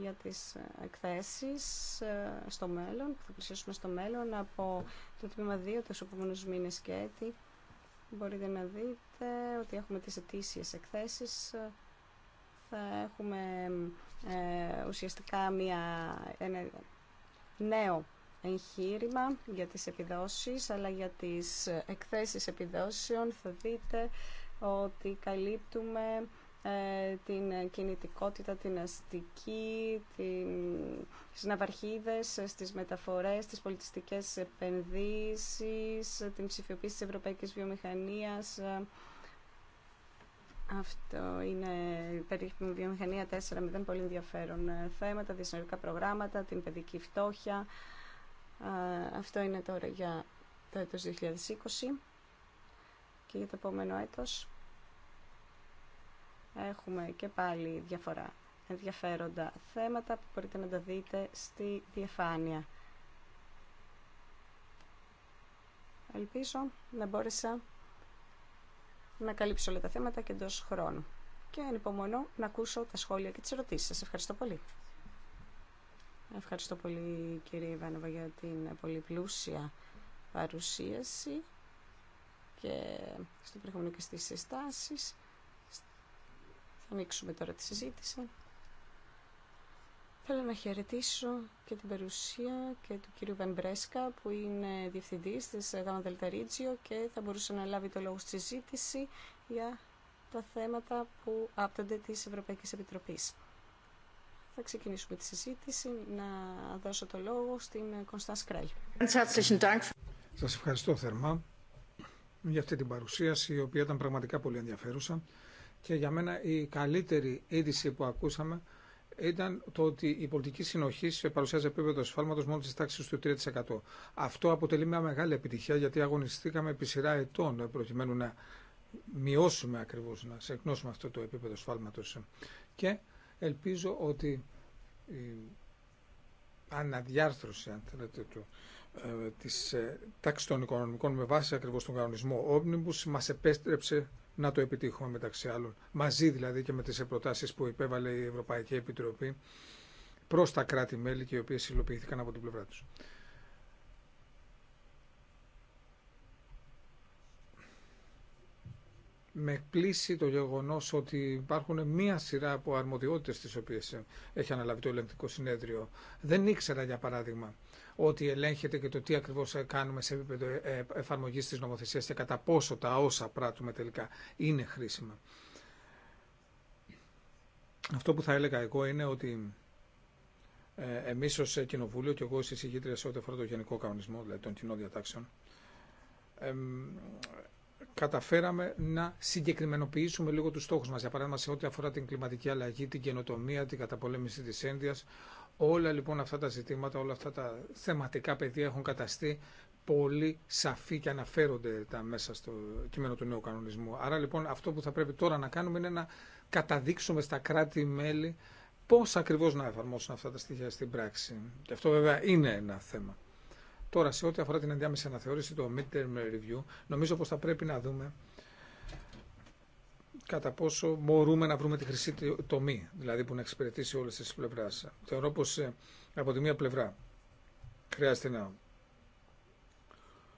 Speaker 2: για τις ε, εκθέσεις ε, στο μέλλον, που θα πλησιάσουμε στο μέλλον από το τμήμα 2 τους επόμενους μήνες και έτη. Μπορείτε να δείτε ότι έχουμε τις ετήσιες εκθέσεις. Ε, θα έχουμε ε, ουσιαστικά μια, ένα νέο εγχείρημα για τις επιδόσεις, αλλά για τις εκθέσεις επιδόσεων θα δείτε ότι καλύπτουμε ε, την κινητικότητα, την αστική, την... τις ναυαρχίδες, στις μεταφορές, τις πολιτιστικές επενδύσεις, την ψηφιοποίηση της ευρωπαϊκής βιομηχανίας. Αυτό είναι περίπου βιομηχανία 4.0, πολύ ενδιαφέρον ε, θέματα, διασυνορικά προγράμματα, την παιδική φτώχεια. Αυτό είναι τώρα για το έτος 2020 και για το επόμενο έτος έχουμε και πάλι διαφορά ενδιαφέροντα θέματα που μπορείτε να τα δείτε στη διαφάνεια. Ελπίζω να μπόρεσα να καλύψω όλα τα θέματα και εντό χρόνου. Και ανυπομονώ να ακούσω τα σχόλια και τις ερωτήσεις σας. Ευχαριστώ πολύ. Ευχαριστώ πολύ κύριε Ιβάνοβα για την πολύ πλούσια παρουσίαση και στο προηγούμενο και στις συστάσεις. Θα ανοίξουμε τώρα τη συζήτηση. Θέλω να χαιρετήσω και την παρουσία και του κύριου Βενμπρέσκα, που είναι διευθυντής της ΓΑΜΑ Δελταρίτζιο και θα μπορούσε να λάβει το λόγο στη συζήτηση για τα θέματα που άπτονται της Ευρωπαϊκής Επιτροπής. Θα ξεκινήσουμε τη συζήτηση. Να δώσω το λόγο στην Κωνστά Σκρέλ.
Speaker 3: Σας ευχαριστώ θερμά για αυτή την παρουσίαση, η οποία ήταν πραγματικά πολύ ενδιαφέρουσα. Και για μένα η καλύτερη είδηση που ακούσαμε ήταν το ότι η πολιτική συνοχή παρουσιάζει επίπεδο ασφάλματο μόνο τη τάξη του 3%. Αυτό αποτελεί μια μεγάλη επιτυχία γιατί αγωνιστήκαμε επί σειρά ετών ε, προκειμένου να μειώσουμε ακριβώ, να συγκνώσουμε αυτό το επίπεδο ασφάλματο. Και ελπίζω ότι η αναδιάρθρωση, αν θέλετε, του, ε, της ε, τάξης των οικονομικών με βάση ακριβώς τον κανονισμό Omnibus μας επέστρεψε να το επιτύχουμε μεταξύ άλλων. Μαζί δηλαδή και με τις προτάσεις που υπέβαλε η Ευρωπαϊκή Επιτροπή προς τα κράτη-μέλη και οι οποίες υλοποιήθηκαν από την πλευρά τους. με πλήση το γεγονός ότι υπάρχουν μία σειρά από αρμοδιότητες τις οποίες έχει αναλάβει το ελεγκτικό συνέδριο. Δεν ήξερα, για παράδειγμα, ότι ελέγχεται και το τι ακριβώ κάνουμε σε επίπεδο ε, ε, εφαρμογή τη νομοθεσία και κατά πόσο τα όσα πράττουμε τελικά είναι χρήσιμα. Αυτό που θα έλεγα εγώ είναι ότι ε, εμεί ω Κοινοβούλιο και εγώ ω εισηγήτρια σε ό,τι αφορά το γενικό κανονισμό, δηλαδή των κοινών διατάξεων, εμ, καταφέραμε να συγκεκριμενοποιήσουμε λίγο του στόχου μα Για παράδειγμα, σε ό,τι αφορά την κλιματική αλλαγή, την καινοτομία, την καταπολέμηση τη ένδυα, Όλα λοιπόν αυτά τα ζητήματα, όλα αυτά τα θεματικά πεδία έχουν καταστεί πολύ σαφή και αναφέρονται τα μέσα στο κείμενο του νέου κανονισμού. Άρα λοιπόν αυτό που θα πρέπει τώρα να κάνουμε είναι να καταδείξουμε στα κράτη-μέλη πώς ακριβώς να εφαρμόσουν αυτά τα στοιχεία στην πράξη. Και αυτό βέβαια είναι ένα θέμα. Τώρα σε ό,τι αφορά την ενδιάμεση αναθεώρηση, το midterm review, νομίζω πως θα πρέπει να δούμε κατά πόσο μπορούμε να βρούμε τη χρυσή τομή, δηλαδή που να εξυπηρετήσει όλες τις πλευράς. Θεωρώ πως ε, από τη μία πλευρά χρειάζεται να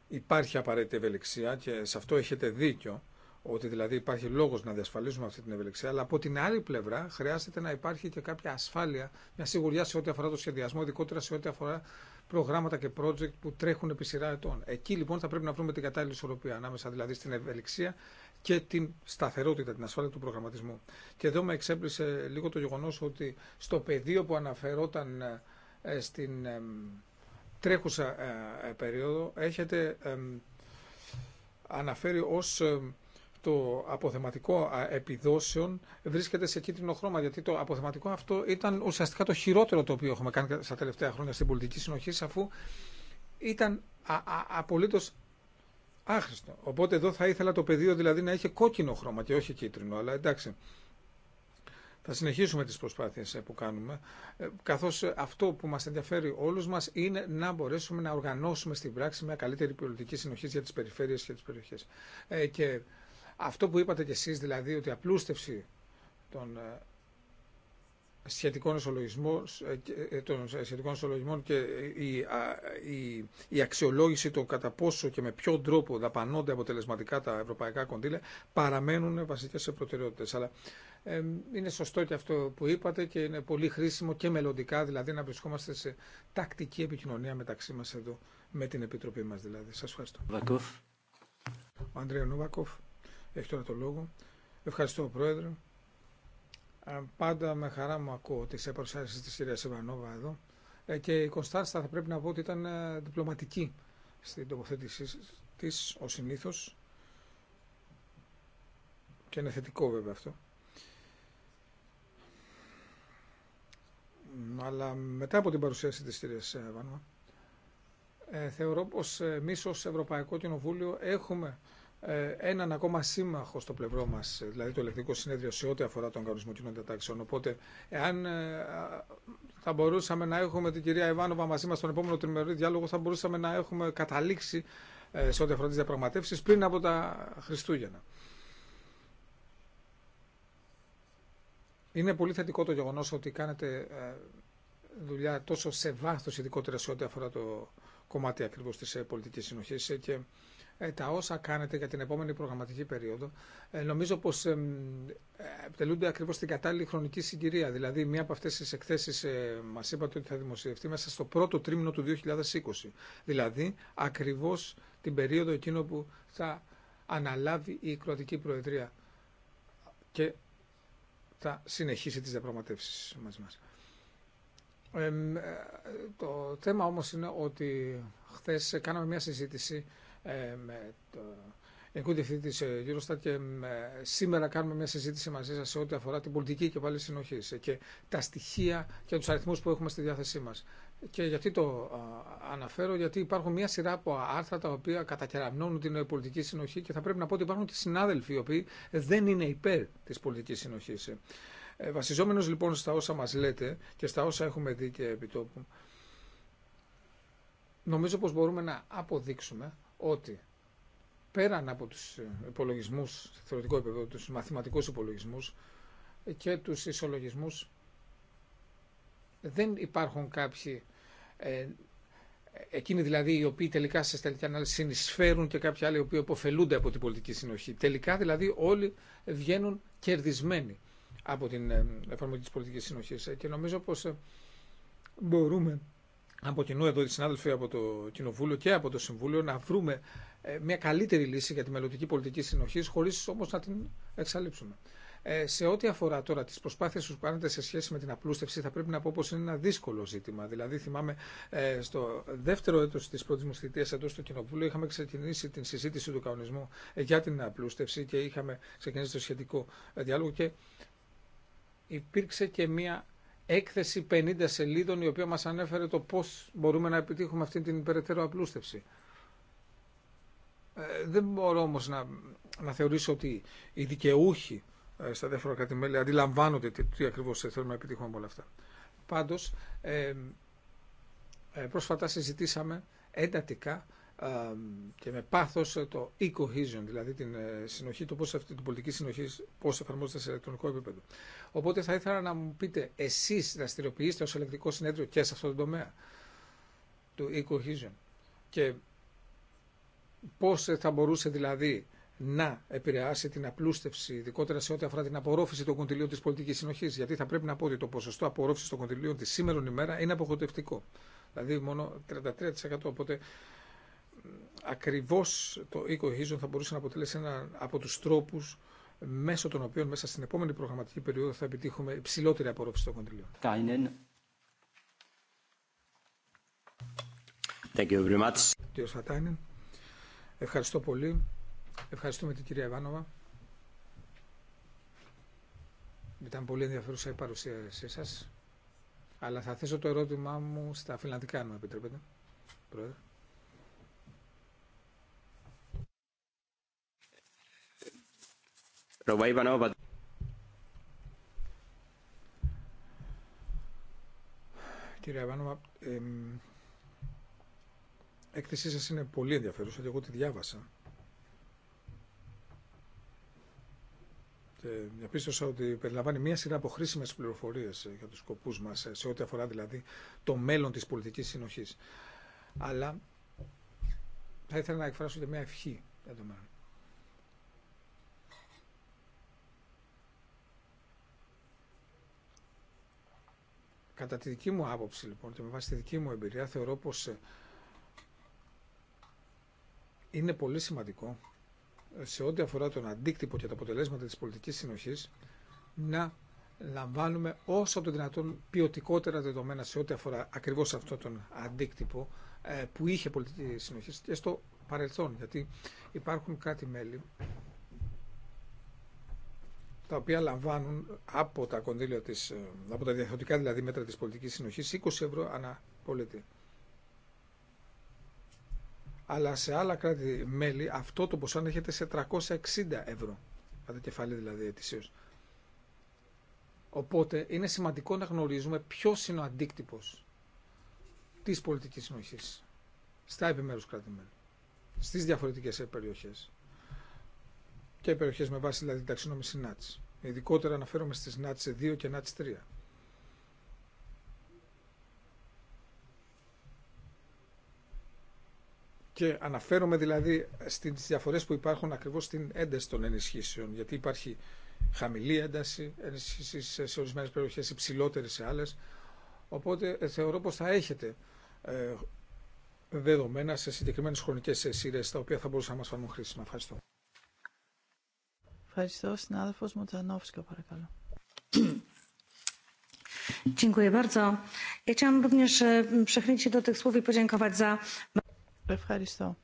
Speaker 3: υπάρχει απαραίτητη ευελιξία και σε αυτό έχετε δίκιο, ότι δηλαδή υπάρχει λόγος να διασφαλίσουμε αυτή την ευελιξία, αλλά από την άλλη πλευρά χρειάζεται να υπάρχει και κάποια ασφάλεια, μια σιγουριά σε ό,τι αφορά το σχεδιασμό, ειδικότερα σε ό,τι αφορά προγράμματα και project που τρέχουν επί σειρά ετών. Εκεί λοιπόν θα πρέπει να βρούμε την κατάλληλη ισορροπία ανάμεσα δηλαδή στην ευελιξία και την σταθερότητα, την ασφάλεια του προγραμματισμού. Και εδώ με εξέπλησε λίγο το γεγονός ότι στο πεδίο που αναφερόταν ε, στην ε, τρέχουσα ε, περίοδο έχετε αναφέρει ως το αποθεματικό επιδόσεων βρίσκεται σε κίτρινο χρώμα, γιατί το αποθεματικό αυτό ήταν ουσιαστικά το χειρότερο το οποίο έχουμε κάνει στα τελευταία χρόνια στην πολιτική συνοχή, αφού ήταν απολύτως άχρηστο. Οπότε εδώ θα ήθελα το πεδίο δηλαδή να έχει κόκκινο χρώμα και όχι κίτρινο, αλλά εντάξει. Θα συνεχίσουμε τις προσπάθειες ε, που κάνουμε, ε, καθώς αυτό που μας ενδιαφέρει όλους μας είναι να μπορέσουμε να οργανώσουμε στην πράξη μια καλύτερη πολιτική συνοχή για τις περιφέρειες και τις περιοχές. Ε, και αυτό που είπατε κι εσείς, δηλαδή ότι η απλούστευση των σχετικών ε, ε, των ε, σχετικών ισολογισμών και η, η, η, αξιολόγηση των κατά πόσο και με ποιον τρόπο δαπανώνται αποτελεσματικά τα ευρωπαϊκά κονδύλια παραμένουν βασικές προτεραιότητες. Αλλά ε, είναι σωστό και αυτό που είπατε και είναι πολύ χρήσιμο και μελλοντικά, δηλαδή να βρισκόμαστε σε τακτική επικοινωνία μεταξύ μας εδώ, με την Επιτροπή μας δηλαδή. Σας ευχαριστώ. Βακόφ. Ο Ανδρέα Νούβακοφ έχει τώρα το λόγο. Ευχαριστώ, Πρόεδρε. Ε, πάντα με χαρά μου ακούω τις παρουσιάσεις τη κυρίας Σεβανόβα εδώ ε, και η Κωνστάστα θα πρέπει να πω ότι ήταν ε, διπλωματική στην τοποθέτησή τη ο Συνήθω. και είναι θετικό βέβαια αυτό. Αλλά μετά από την παρουσίαση της κυρίας Βάνουα, θεωρώ πως εμεί ως Ευρωπαϊκό Κοινοβούλιο έχουμε ε, έναν ακόμα σύμμαχο στο πλευρό μα, ε, δηλαδή το Ελεκτρικό συνέδριο, σε ό,τι αφορά τον κανονισμό κοινών τάξεων. Οπότε, εάν ε, θα μπορούσαμε να έχουμε την κυρία Ιβάνοβα μαζί μα στον επόμενο τριμερή διάλογο, θα μπορούσαμε να έχουμε καταλήξει σε ό,τι αφορά τι διαπραγματεύσει πριν από τα Χριστούγεννα. Είναι πολύ θετικό το γεγονό ότι κάνετε δουλειά τόσο σε βάθο, ειδικότερα σε ό,τι αφορά το κομμάτι ακριβώ τη πολιτική συνοχή και ε, τα όσα κάνετε για την επόμενη προγραμματική περίοδο, ε, νομίζω πως ε, επιτελούνται ακριβώς στην κατάλληλη χρονική συγκυρία. Δηλαδή, μία από αυτές τις εκθέσεις μας είπατε ότι θα δημοσιευτεί μέσα στο πρώτο τρίμηνο του 2020. Δηλαδή, ακριβώς την περίοδο εκείνο που θα αναλάβει η Κροατική Προεδρία και θα συνεχίσει τις διαπραγματεύσει μαζί μας. Ε, το θέμα όμως είναι ότι χθες κάναμε μια συζήτηση ε, με το Γενικό Διευθυντή ε, Eurostat και ε, σήμερα κάνουμε μια συζήτηση μαζί σα σε ό,τι αφορά την πολιτική και πάλι συνοχή και τα στοιχεία και του αριθμού που έχουμε στη διάθεσή μα. Και γιατί το αναφέρω, γιατί υπάρχουν μια σειρά από άρθρα τα οποία κατακεραμνώνουν την πολιτική συνοχή και θα πρέπει να πω ότι υπάρχουν και συνάδελφοι οι οποίοι δεν είναι υπέρ της πολιτικής συνοχής. Βασιζόμενος λοιπόν στα όσα μα λέτε και στα όσα έχουμε δει και επιτόπου, νομίζω πως μπορούμε να αποδείξουμε ότι πέραν από τους υπολογισμούς, θεωρητικό επίπεδο, τους μαθηματικούς υπολογισμούς και τους ισολογισμούς, δεν υπάρχουν κάποιοι, ε, εκείνοι δηλαδή οι οποίοι τελικά σε στελική ανάλυση συνεισφέρουν και κάποιοι άλλοι οι οποίοι αποφελούνται από την πολιτική συνοχή. Τελικά δηλαδή όλοι βγαίνουν κερδισμένοι από την ε, εφαρμογή της πολιτικής συνοχής ε, και νομίζω πως ε, μπορούμε από κοινού εδώ οι συνάδελφοι από το Κοινοβούλιο και από το Συμβούλιο να βρούμε ε, μια καλύτερη λύση για τη μελλοντική πολιτική συνοχή, χωρί όμω να την εξαλείψουμε. Ε, σε ό,τι αφορά τώρα τι προσπάθειε που κάνετε σε σχέση με την απλούστευση, θα πρέπει να πω πω είναι ένα δύσκολο ζήτημα. Δηλαδή, θυμάμαι ε, στο δεύτερο έτο τη πρώτη μου θητεία εδώ στο Κοινοβούλιο είχαμε ξεκινήσει την συζήτηση του κανονισμού για την απλούστευση και είχαμε ξεκινήσει το σχετικό διάλογο και υπήρξε και μια έκθεση 50 σελίδων η οποία μας ανέφερε το πώς μπορούμε να επιτύχουμε αυτή την υπεραιτέρω απλούστευση. Ε, δεν μπορώ όμως να, να θεωρήσω ότι οι δικαιούχοι ε, στα δεύτερα κατημέλια αντιλαμβάνονται τι, τι ακριβώς θέλουμε να επιτύχουμε από όλα αυτά. Πάντως, ε, ε πρόσφατα συζητήσαμε εντατικά και με πάθο ε, το e-cohesion, δηλαδή την ε, συνοχή, του πώς αυτή την πολιτική συνοχή πώς εφαρμόζεται σε ηλεκτρονικό επίπεδο. Οπότε θα ήθελα να μου πείτε, εσείς δραστηριοποιείστε ως ελεκτικό συνέδριο και σε αυτό το τομέα του e-cohesion και πώς ε, θα μπορούσε δηλαδή να επηρεάσει την απλούστευση, ειδικότερα σε ό,τι αφορά την απορρόφηση των κοντιλίων τη πολιτική συνοχή. Γιατί θα πρέπει να πω ότι το ποσοστό απορρόφηση των κοντιλίων τη σήμερα ημέρα είναι απογοητευτικό. Δηλαδή μόνο 33%. Οπότε ακριβώς το eco θα μπορούσε να αποτελέσει ένα από τους τρόπους μέσω των οποίων μέσα στην επόμενη προγραμματική περίοδο θα επιτύχουμε υψηλότερη απορρόφηση των κοντιλίων. Thank you ευχαριστώ πολύ. Ευχαριστούμε την κυρία Ιβάνοβα. Ήταν πολύ ενδιαφέρουσα η παρουσίασή σας. Αλλά θα θέσω το ερώτημά μου στα φιλανδικά, αν μου επιτρέπετε, Πρόεδρε. Ναι, Κύριε Αβάνοβα, η έκθεσή σας είναι πολύ ενδιαφέρουσα και εγώ τη διάβασα. Και διαπίστωσα ότι περιλαμβάνει μία σειρά από χρήσιμε πληροφορίε ε, για του σκοπού μα, ε, σε ό,τι αφορά δηλαδή το μέλλον τη πολιτική συνοχή. Αλλά θα ήθελα να εκφράσω και μία ευχή το μέλλον. Κατά τη δική μου άποψη λοιπόν και με βάση τη δική μου εμπειρία θεωρώ πως ε, είναι πολύ σημαντικό ε, σε ό,τι αφορά τον αντίκτυπο και τα αποτελέσματα της πολιτικής συνοχής να λαμβάνουμε όσο το δυνατόν ποιοτικότερα δεδομένα σε ό,τι αφορά ακριβώς αυτό τον αντίκτυπο ε, που είχε πολιτική συνοχή και στο παρελθόν γιατί υπάρχουν κάτι μέλη τα οποία λαμβάνουν από τα κονδύλια της, ε, από τα δηλαδή μέτρα της πολιτικής συνοχής 20 ευρώ ανά πολίτη. Αλλά σε άλλα κράτη-μέλη αυτό το ποσό ανέχεται σε 360 ευρώ κατά κεφάλι δηλαδή ετησίως. Οπότε είναι σημαντικό να γνωρίζουμε ποιο είναι ο αντίκτυπο της πολιτικής συνοχής στα επιμέρους κράτη-μέλη, στις διαφορετικές περιοχές και περιοχέ με βάση δηλαδή την ταξινόμηση ΝΑΤΣ. Ειδικότερα αναφέρομαι στι ΝΑΤΣ 2 και ΝΑΤΣ 3. Και αναφέρομαι δηλαδή στις διαφορές που υπάρχουν ακριβώς στην ένταση των ενισχύσεων, γιατί υπάρχει χαμηλή ένταση ενισχύσεις σε ορισμένες περιοχές, υψηλότερη σε άλλες. Οπότε ε, θεωρώ πως θα έχετε ε, δεδομένα σε συγκεκριμένες χρονικές σειρές, τα οποία θα μπορούσαν να μας φανούν χρήσιμα. Ευχαριστώ.
Speaker 1: Ευχαριστώ. Συνάδελφος Μουτζανόφσκα, παρακαλώ. Ευχαριστώ.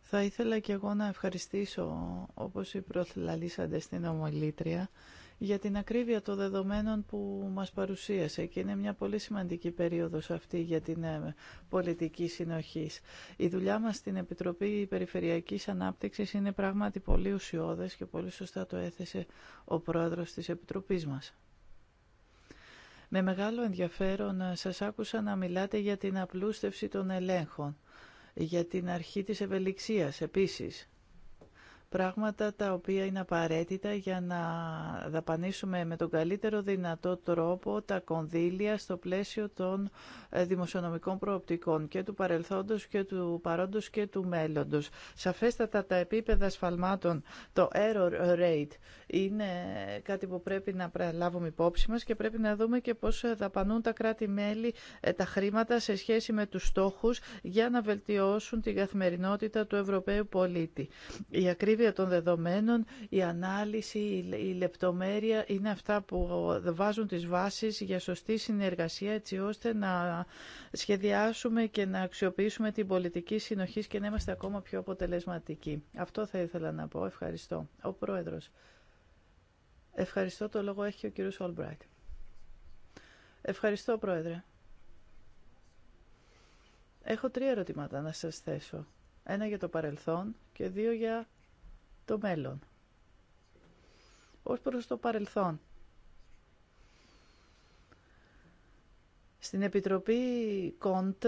Speaker 1: Θα ήθελα και εγώ να ευχαριστήσω, όπως οι προθυλαλήσατε στην ομολήτρια, για την ακρίβεια των δεδομένων που μας παρουσίασε και είναι μια πολύ σημαντική περίοδος αυτή για την ε, πολιτική συνοχής. Η δουλειά μας στην Επιτροπή Περιφερειακής Ανάπτυξης είναι πράγματι πολύ ουσιώδες και πολύ σωστά το έθεσε ο πρόεδρος της Επιτροπής μας. Με μεγάλο ενδιαφέρον ε, σας άκουσα να μιλάτε για την απλούστευση των ελέγχων, για την αρχή της ευελιξίας επίσης πράγματα τα οποία είναι απαραίτητα για να δαπανίσουμε με τον καλύτερο δυνατό τρόπο τα κονδύλια στο πλαίσιο των ε, δημοσιονομικών προοπτικών και του παρελθόντος και του παρόντος και του μέλλοντος. Σαφέστατα τα επίπεδα σφαλμάτων, το error rate, είναι κάτι που πρέπει να λάβουμε υπόψη μας και πρέπει να δούμε και πώς ε, δαπανούν τα κράτη-μέλη ε, τα χρήματα σε σχέση με τους στόχους για να βελτιώσουν την καθημερινότητα του Ευρωπαίου πολίτη ακρίβεια των δεδομένων, η ανάλυση, η λεπτομέρεια είναι αυτά που βάζουν τις βάσεις για σωστή συνεργασία έτσι ώστε να σχεδιάσουμε και να αξιοποιήσουμε την πολιτική συνοχής και να είμαστε ακόμα πιο αποτελεσματικοί. Αυτό θα ήθελα να πω. Ευχαριστώ. Ο Πρόεδρος. Ευχαριστώ. Το λόγο έχει ο κύριος Ολμπράιτ. Ευχαριστώ, Πρόεδρε. Έχω τρία ερωτήματα να σας θέσω. Ένα για το παρελθόν και δύο για το μέλλον. Ως προς το παρελθόν. Στην Επιτροπή Κοντ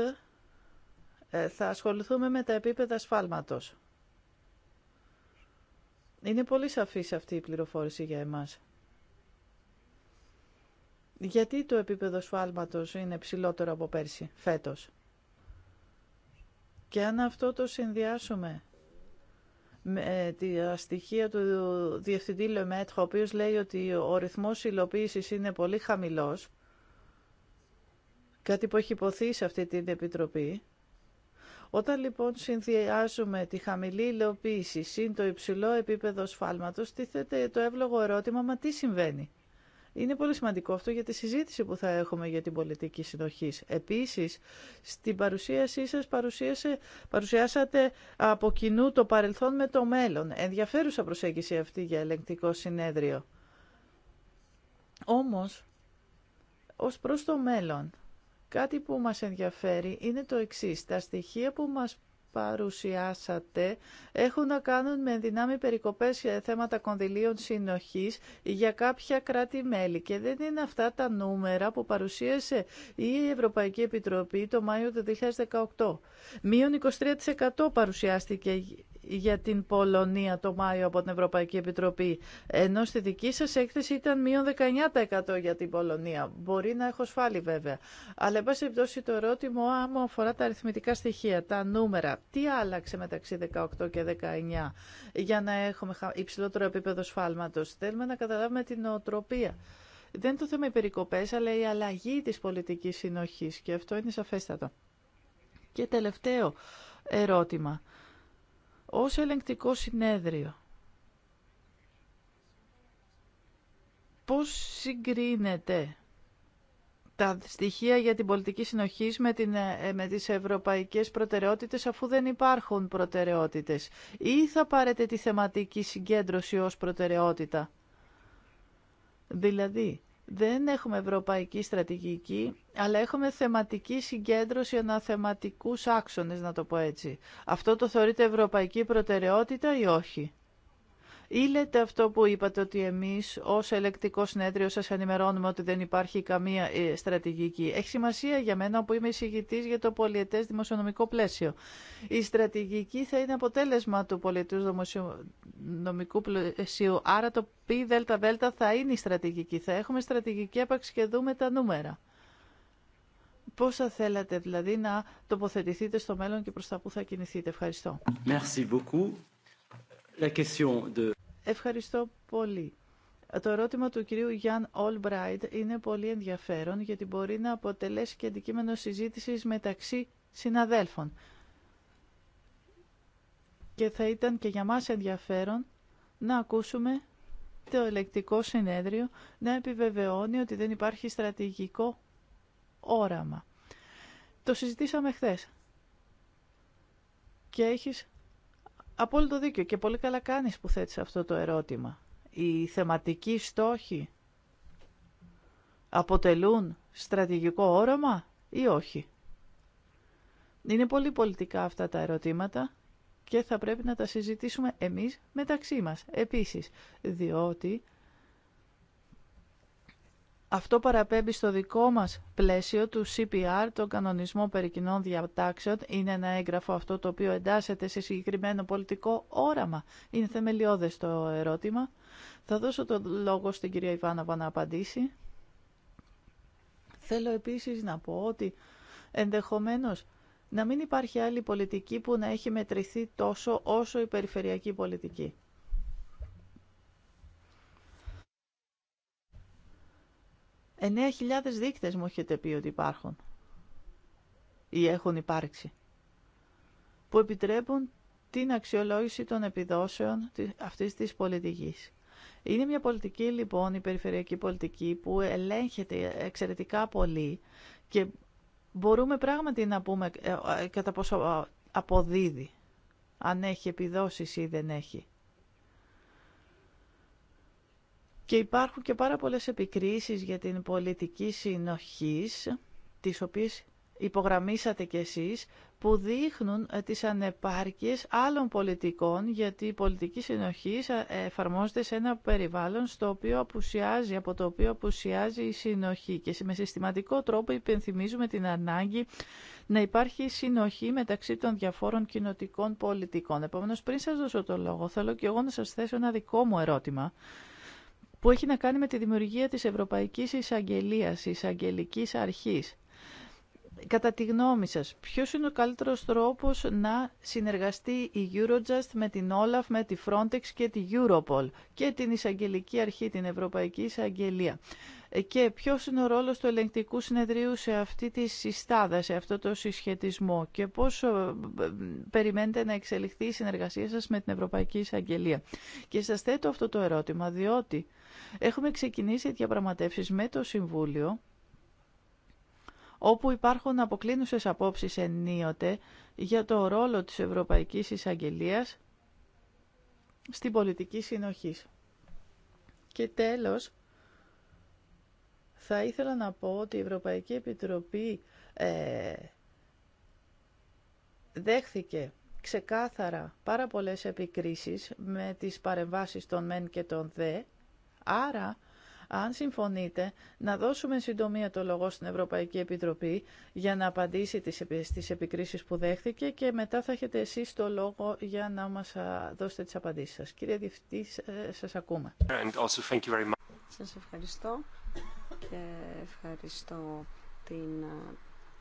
Speaker 1: ε, θα ασχοληθούμε με τα επίπεδα σφάλματος. Είναι πολύ σαφής αυτή η πληροφόρηση για εμάς. Γιατί το επίπεδο σφάλματος είναι ψηλότερο από πέρσι, φέτος. Και αν αυτό το συνδυάσουμε με ε, τη ε, στοιχεία του Διευθυντή Λεμέτχο, ο οποίος λέει ότι ο ρυθμός υλοποίησης είναι πολύ χαμηλός, κάτι που έχει υποθεί σε αυτή την Επιτροπή. Όταν λοιπόν συνδυάζουμε τη χαμηλή υλοποίηση συν το υψηλό επίπεδο σφάλματος, τίθεται το εύλογο ερώτημα, μα τι συμβαίνει. Είναι πολύ σημαντικό αυτό για τη συζήτηση που θα έχουμε για την πολιτική συνοχή. Επίσης, στην παρουσίασή σας παρουσιάσατε από κοινού το παρελθόν με το μέλλον. Ενδιαφέρουσα προσέγγιση αυτή για ελεγκτικό συνέδριο. Όμως, ως προς το μέλλον, κάτι που μας ενδιαφέρει είναι το εξή. Τα στοιχεία που μας παρουσιάσατε έχουν να κάνουν με δυνάμει περικοπές σε θέματα κονδυλίων συνοχής για κάποια κράτη-μέλη και δεν είναι αυτά τα νούμερα που παρουσίασε η Ευρωπαϊκή Επιτροπή το Μάιο του 2018. Μείον 23% παρουσιάστηκε για την Πολωνία το Μάιο από την Ευρωπαϊκή Επιτροπή, ενώ στη δική σας έκθεση ήταν μείον 19% για την Πολωνία. Μπορεί να έχω σφάλει βέβαια. Αλλά εν πάση το ερώτημα άμα αφορά τα αριθμητικά στοιχεία, τα νούμερα, τι άλλαξε μεταξύ 18 και 19 για να έχουμε υψηλότερο επίπεδο σφάλματος. Θέλουμε να καταλάβουμε την νοοτροπία. Δεν το θέμα οι περικοπές, αλλά η αλλαγή της πολιτικής συνοχής και αυτό είναι σαφέστατο. Και τελευταίο ερώτημα ως ελεγκτικό συνέδριο. Πώς συγκρίνεται τα στοιχεία για την πολιτική συνοχή με, την, ε, με τις ευρωπαϊκές προτεραιότητες αφού δεν υπάρχουν προτεραιότητες ή θα πάρετε τη θεματική συγκέντρωση ως προτεραιότητα. Δηλαδή, δεν έχουμε ευρωπαϊκή στρατηγική, αλλά έχουμε θεματική συγκέντρωση αναθεματικούς άξονες, να το πω έτσι. Αυτό το θεωρείται ευρωπαϊκή προτεραιότητα ή όχι. Ή λέτε αυτό που είπατε ότι εμείς ως ελεκτικό συνέδριο σας ενημερώνουμε ότι δεν υπάρχει καμία ε, στρατηγική. Έχει σημασία για μένα που είμαι εισηγητής για το πολιετές δημοσιονομικό πλαίσιο. Η στρατηγική θα είναι αποτέλεσμα του πολιετούς δημοσιονομικού πλαίσιου. Άρα το πι θα είναι η στρατηγική. Θα έχουμε στρατηγική έπαξη και δούμε τα νούμερα. Πώς θα θέλατε δηλαδή να τοποθετηθείτε στο μέλλον και προς τα που θα κινηθείτε. Ευχαριστώ.
Speaker 2: Merci beaucoup. La question de...
Speaker 1: Ευχαριστώ πολύ. Το ερώτημα του κυρίου Γιάνν Ολμπράιντ είναι πολύ ενδιαφέρον γιατί μπορεί να αποτελέσει και αντικείμενο συζήτησης μεταξύ συναδέλφων. Και θα ήταν και για μας ενδιαφέρον να ακούσουμε το ελεκτικό συνέδριο να επιβεβαιώνει ότι δεν υπάρχει στρατηγικό όραμα. Το συζητήσαμε χθες. Και έχεις Απόλυτο δίκιο και πολύ καλά κάνεις που θέτεις αυτό το ερώτημα. Οι θεματικοί στόχοι αποτελούν στρατηγικό όραμα ή όχι. Είναι πολύ πολιτικά αυτά τα ερωτήματα και θα πρέπει να τα συζητήσουμε εμείς μεταξύ μας επίσης, διότι αυτό παραπέμπει στο δικό μας πλαίσιο του CPR, το κανονισμό περί κοινών διατάξεων. Είναι ένα έγγραφο αυτό το οποίο εντάσσεται σε συγκεκριμένο πολιτικό όραμα. Είναι θεμελιώδες το ερώτημα. Θα δώσω το λόγο στην κυρία Ιβάνοβα να απαντήσει. Θέλω επίσης να πω ότι ενδεχομένως να μην υπάρχει άλλη πολιτική που να έχει μετρηθεί τόσο όσο η περιφερειακή πολιτική. 9.000 δείκτες μου έχετε πει ότι υπάρχουν ή έχουν υπάρξει που επιτρέπουν την αξιολόγηση των επιδόσεων αυτής της πολιτικής. Είναι μια πολιτική λοιπόν η περιφερειακή πολιτική που ελέγχεται εξαιρετικά πολύ και μπορούμε πράγματι να πούμε ε, ε, κατά πόσο αποδίδει αν έχει επιδόσεις ή δεν έχει. Και υπάρχουν και πάρα πολλές επικρίσεις για την πολιτική συνοχής, τις οποίες υπογραμμίσατε κι εσείς, που δείχνουν ε, τις ανεπάρκειες άλλων πολιτικών, γιατί η πολιτική συνοχή ε, εφαρμόζεται σε ένα περιβάλλον στο οποίο απουσιάζει, από το οποίο απουσιάζει η συνοχή και με συστηματικό τρόπο υπενθυμίζουμε την ανάγκη να υπάρχει συνοχή μεταξύ των διαφόρων κοινοτικών πολιτικών. Επομένως, πριν σας δώσω το λόγο, θέλω και εγώ να σας θέσω ένα δικό μου ερώτημα, που έχει να κάνει με τη δημιουργία της Ευρωπαϊκής Εισαγγελίας, Εισαγγελικής Αρχής. Κατά τη γνώμη σας, ποιος είναι ο καλύτερος τρόπος να συνεργαστεί η Eurojust με την Olaf, με τη Frontex και τη Europol και την Εισαγγελική Αρχή, την Ευρωπαϊκή Εισαγγελία. Και ποιος είναι ο ρόλος του ελεγκτικού συνεδρίου σε αυτή τη συστάδα, σε αυτό το συσχετισμό και πώς ε, περιμένετε να εξελιχθεί η συνεργασία σας με την Ευρωπαϊκή Εισαγγελία. Και σας θέτω αυτό το ερώτημα, διότι Έχουμε ξεκινήσει διαπραγματεύσεις με το Συμβούλιο όπου υπάρχουν αποκλίνουσες απόψεις ενίοτε για το ρόλο της Ευρωπαϊκής εισαγγελία στην πολιτική συνοχή. Και τέλος, θα ήθελα να πω ότι η Ευρωπαϊκή Επιτροπή ε, δέχθηκε ξεκάθαρα πάρα πολλές επικρίσεις με τις παρεμβάσεις των ΜΕΝ και των ΔΕ Άρα, αν συμφωνείτε, να δώσουμε συντομία το λόγο στην Ευρωπαϊκή Επιτροπή για να απαντήσει στις επικρίσεις που δέχθηκε και μετά θα έχετε εσείς το λόγο για να μας δώσετε τις απαντήσεις σας. Κύριε Διευθυντή, ε, σας ακούμε.
Speaker 3: And also
Speaker 1: Σας ευχαριστώ και ευχαριστώ
Speaker 2: την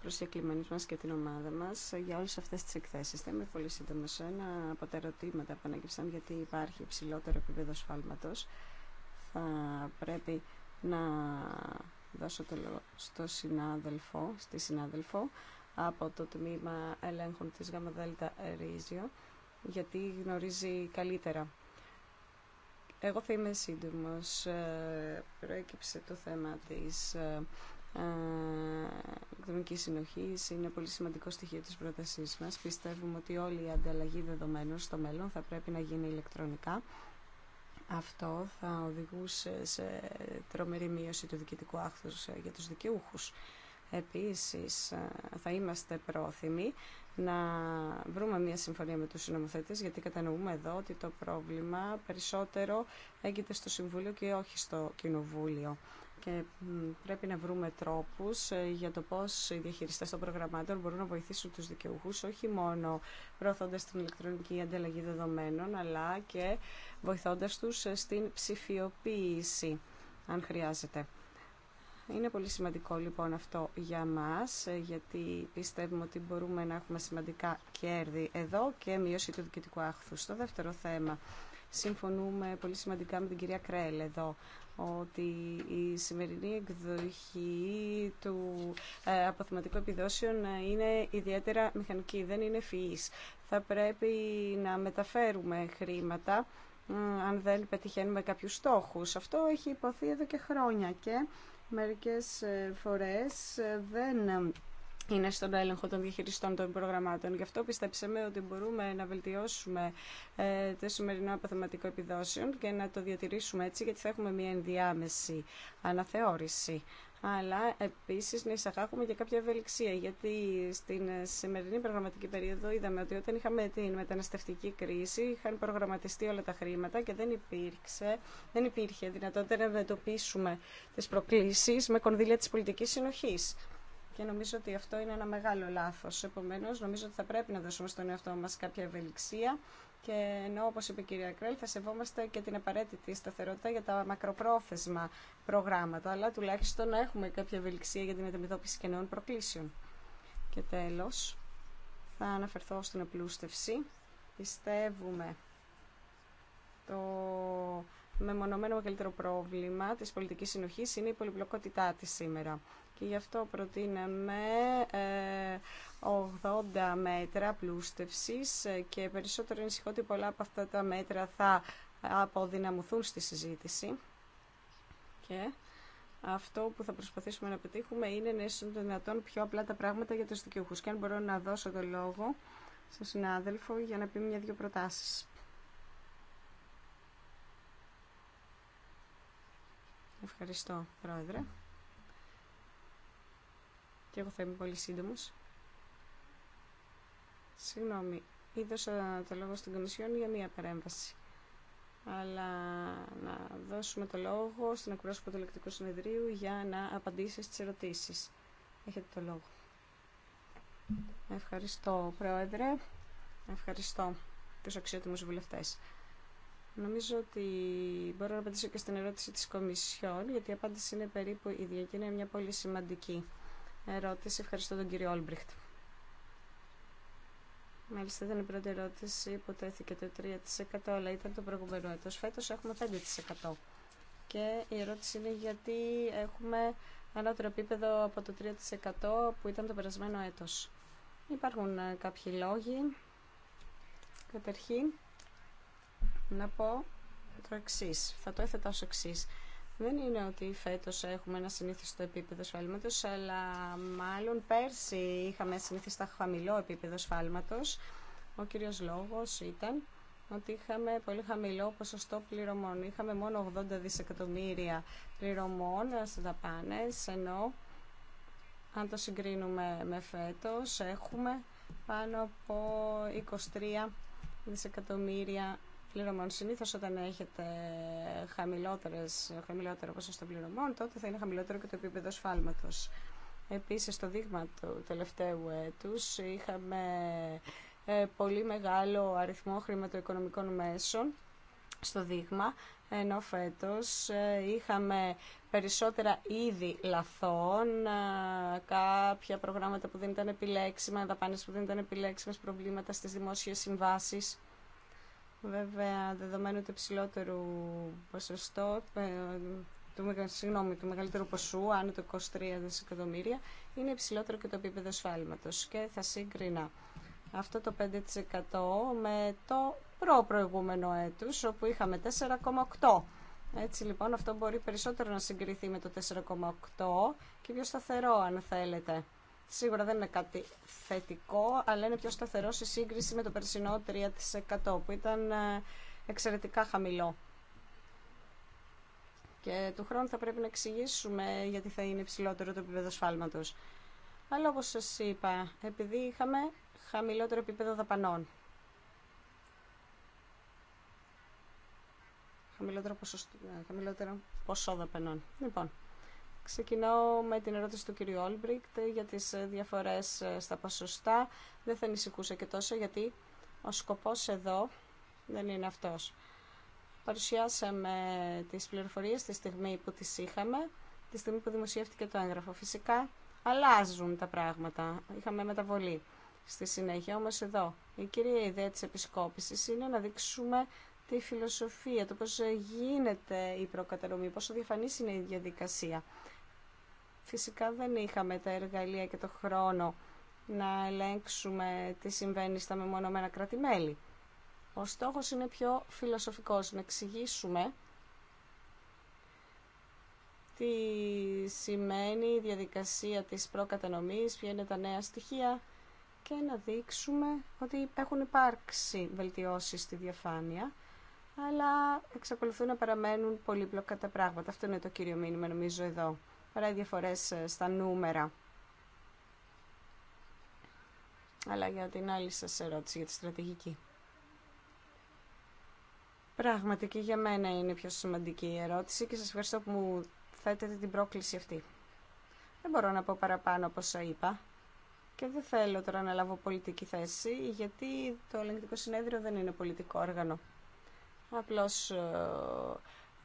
Speaker 2: προσεκλημένη μας και την ομάδα μας για όλες αυτές τις εκθέσεις. Θα είμαι πολύ σύντομα σε ένα από τα ερωτήματα που ανακύψαν γιατί υπάρχει υψηλότερο επίπεδο σφάλματος θα πρέπει να δώσω το λόγο στο συνάδελφο, στη συνάδελφο από το τμήμα ελέγχων της ΓΔ Ρίζιο, γιατί γνωρίζει καλύτερα. Εγώ θα είμαι σύντομος. Ε, προέκυψε το θέμα της εκδομική ε, συνοχή είναι πολύ σημαντικό στοιχείο της πρότασής μας. Πιστεύουμε ότι όλη η ανταλλαγή δεδομένων στο μέλλον θα πρέπει να γίνει ηλεκτρονικά αυτό θα οδηγούσε σε τρομερή μείωση του διοικητικού άχθους για τους δικαιούχους. Επίσης, θα είμαστε πρόθυμοι να βρούμε μια συμφωνία με τους συνομοθέτες, γιατί κατανοούμε εδώ ότι το πρόβλημα περισσότερο έγινε στο Συμβούλιο και όχι στο Κοινοβούλιο και πρέπει να βρούμε τρόπους ε, για το πώς οι διαχειριστές των προγραμμάτων μπορούν να βοηθήσουν τους δικαιούχους όχι μόνο προωθώντας την ηλεκτρονική ανταλλαγή δεδομένων αλλά και βοηθώντας τους ε, στην ψηφιοποίηση αν χρειάζεται. Είναι πολύ σημαντικό λοιπόν αυτό για μας, ε, γιατί πιστεύουμε ότι μπορούμε να έχουμε σημαντικά κέρδη εδώ και μείωση του διοικητικού άχθους. Το δεύτερο θέμα, συμφωνούμε πολύ σημαντικά με την κυρία Κρέλ εδώ, ότι η σημερινή εκδοχή του ε, αποθυματικού επιδόσεων ε, είναι ιδιαίτερα μηχανική, δεν είναι φυής. Θα πρέπει να μεταφέρουμε χρήματα αν δεν πετυχαίνουμε κάποιους στόχους. Αυτό έχει υποθεί εδώ και χρόνια και μερικές ε, φορές δεν είναι στον έλεγχο των διαχειριστών των προγραμμάτων. Γι' αυτό πιστέψαμε ότι μπορούμε να βελτιώσουμε ε, το σημερινό αποθεματικό επιδόσεων και να το διατηρήσουμε έτσι, γιατί θα έχουμε μια ενδιάμεση αναθεώρηση. Αλλά επίση να εισαγάγουμε και κάποια ευελιξία, γιατί στην ε, σημερινή προγραμματική περίοδο είδαμε ότι όταν είχαμε την μεταναστευτική κρίση είχαν προγραμματιστεί όλα τα χρήματα και δεν, υπήρξε, δεν υπήρχε δυνατότητα να αντιμετωπίσουμε τι προκλήσει με κονδύλια τη πολιτική συνοχή και νομίζω ότι αυτό είναι ένα μεγάλο λάθος. Επομένως, νομίζω ότι θα πρέπει να δώσουμε στον εαυτό μας κάποια ευελιξία και ενώ, όπως είπε η κυρία Κρέλ, θα σεβόμαστε και την απαραίτητη σταθερότητα για τα μακροπρόθεσμα προγράμματα, αλλά τουλάχιστον να έχουμε κάποια ευελιξία για την αντιμετώπιση και νέων προκλήσεων. Και τέλος, θα αναφερθώ στην απλούστευση. Πιστεύουμε το μεμονωμένο μεγαλύτερο πρόβλημα της πολιτικής συνοχής είναι η πολυπλοκότητά της σήμερα. Και γι' αυτό προτείναμε 80 ε, μέτρα πλούστευσης ε, και περισσότερο ενισχύω ότι πολλά από αυτά τα μέτρα θα αποδυναμωθούν στη συζήτηση. Και αυτό που θα προσπαθήσουμε να πετύχουμε είναι να είναι δυνατόν πιο απλά τα πράγματα για τους δικαιούχους. Και αν μπορώ να δώσω το λόγο στον συνάδελφο για να πει μια-δυο προτάσεις. Ευχαριστώ, Πρόεδρε. Και εγώ θα είμαι πολύ σύντομο. Συγγνώμη, είδωσα το λόγο στην Κομισιόν για μία παρέμβαση. Αλλά να δώσουμε το λόγο στην εκπρόσωπο του Ελεκτικού Συνεδρίου για να απαντήσει στις ερωτήσεις. Έχετε το λόγο. Ευχαριστώ, Πρόεδρε. Ευχαριστώ τους αξιότιμους βουλευτές. Νομίζω ότι μπορώ να απαντήσω και στην ερώτηση της Κομισιόν, γιατί η απάντηση είναι περίπου ίδια και είναι μια πολύ σημαντική ερώτηση. Ευχαριστώ τον κύριο Όλμπριχτ. Μάλιστα ήταν η πρώτη ερώτηση που το 3% αλλά ήταν το προηγούμενο έτος. Φέτος έχουμε 5%. Και η ερώτηση είναι γιατί έχουμε ανώτερο επίπεδο από το 3% που ήταν το περασμένο έτο. Υπάρχουν κάποιοι λόγοι. Καταρχήν, να πω το εξή. Θα το έθετα ω εξή. Δεν είναι ότι φέτος έχουμε ένα συνήθιστο επίπεδο σφάλματος, αλλά μάλλον πέρσι είχαμε συνήθιστα χαμηλό επίπεδο σφάλματος. Ο κύριο λόγος ήταν ότι είχαμε πολύ χαμηλό ποσοστό πληρωμών. Είχαμε μόνο 80 δισεκατομμύρια πληρωμών στι δαπάνε, ενώ αν το συγκρίνουμε με φέτος έχουμε πάνω από 23 δισεκατομμύρια πληρωμών. Συνήθω όταν έχετε χαμηλότερες, χαμηλότερο ποσοστό πληρωμών, τότε θα είναι χαμηλότερο και το επίπεδο σφάλματο. Επίσης, στο δείγμα του τελευταίου έτους είχαμε ε, πολύ μεγάλο αριθμό χρηματοοικονομικών μέσων στο δείγμα, ενώ φέτος ε, είχαμε περισσότερα είδη λαθών, ε, κάποια προγράμματα που δεν ήταν επιλέξιμα, δαπάνες που δεν ήταν επιλέξιμες, προβλήματα στις δημόσιες συμβάσεις. Βέβαια, δεδομένου του υψηλότερου ποσοστό, ε, του, μεγαλύτερου ποσού, άνω του 23 δισεκατομμύρια, είναι υψηλότερο και το επίπεδο ασφαλίματο. Και θα σύγκρινα αυτό το 5% με το προ-προηγούμενο έτους, όπου είχαμε 4,8%. Έτσι λοιπόν αυτό μπορεί περισσότερο να συγκριθεί με το 4,8 και πιο σταθερό αν θέλετε. Σίγουρα δεν είναι κάτι θετικό, αλλά είναι πιο σταθερό σε σύγκριση με το περσινό 3% που ήταν ε, εξαιρετικά χαμηλό. Και του χρόνου θα πρέπει να εξηγήσουμε γιατί θα είναι υψηλότερο το επίπεδο σφάλματος. Αλλά όπως σας είπα, επειδή είχαμε χαμηλότερο επίπεδο δαπανών. Χαμηλότερο, ε, χαμηλότερο ποσό δαπανών. Λοιπόν, Ξεκινάω με την ερώτηση του κυρίου Όλμπρικτ για τις ε, διαφορές ε, στα ποσοστά. Δεν θα ανησυχούσα και τόσο γιατί ο σκοπός εδώ δεν είναι αυτός. Παρουσιάσαμε τις πληροφορίες τη στιγμή που τις είχαμε, τη στιγμή που δημοσιεύτηκε το έγγραφο. Φυσικά αλλάζουν τα πράγματα. Είχαμε μεταβολή. Στη συνέχεια όμως εδώ η κύρια ιδέα της επισκόπησης είναι να δείξουμε τη φιλοσοφία, το πώς γίνεται η προκατανομή, πόσο διαφανής είναι η διαδικασία. Φυσικά δεν είχαμε τα εργαλεία και το χρόνο να ελέγξουμε τι συμβαίνει στα μεμονωμένα κράτη-μέλη. Ο στόχος είναι πιο φιλοσοφικός, να εξηγήσουμε τι σημαίνει η διαδικασία της προκατανομής, ποια είναι τα νέα στοιχεία και να δείξουμε ότι έχουν υπάρξει βελτιώσεις στη διαφάνεια, αλλά εξακολουθούν να παραμένουν πολύπλοκα τα πράγματα. Αυτό είναι το κύριο μήνυμα νομίζω εδώ παρά οι διαφορές ε, στα νούμερα. Αλλά για την άλλη σας ερώτηση για τη στρατηγική. Πραγματική, για μένα είναι η πιο σημαντική ερώτηση και σας ευχαριστώ που μου θέτετε την πρόκληση αυτή. Δεν μπορώ να πω παραπάνω από όσα είπα και δεν θέλω τώρα να λάβω πολιτική θέση γιατί το ελεγκτικό συνέδριο δεν είναι πολιτικό όργανο. Απλώς ε,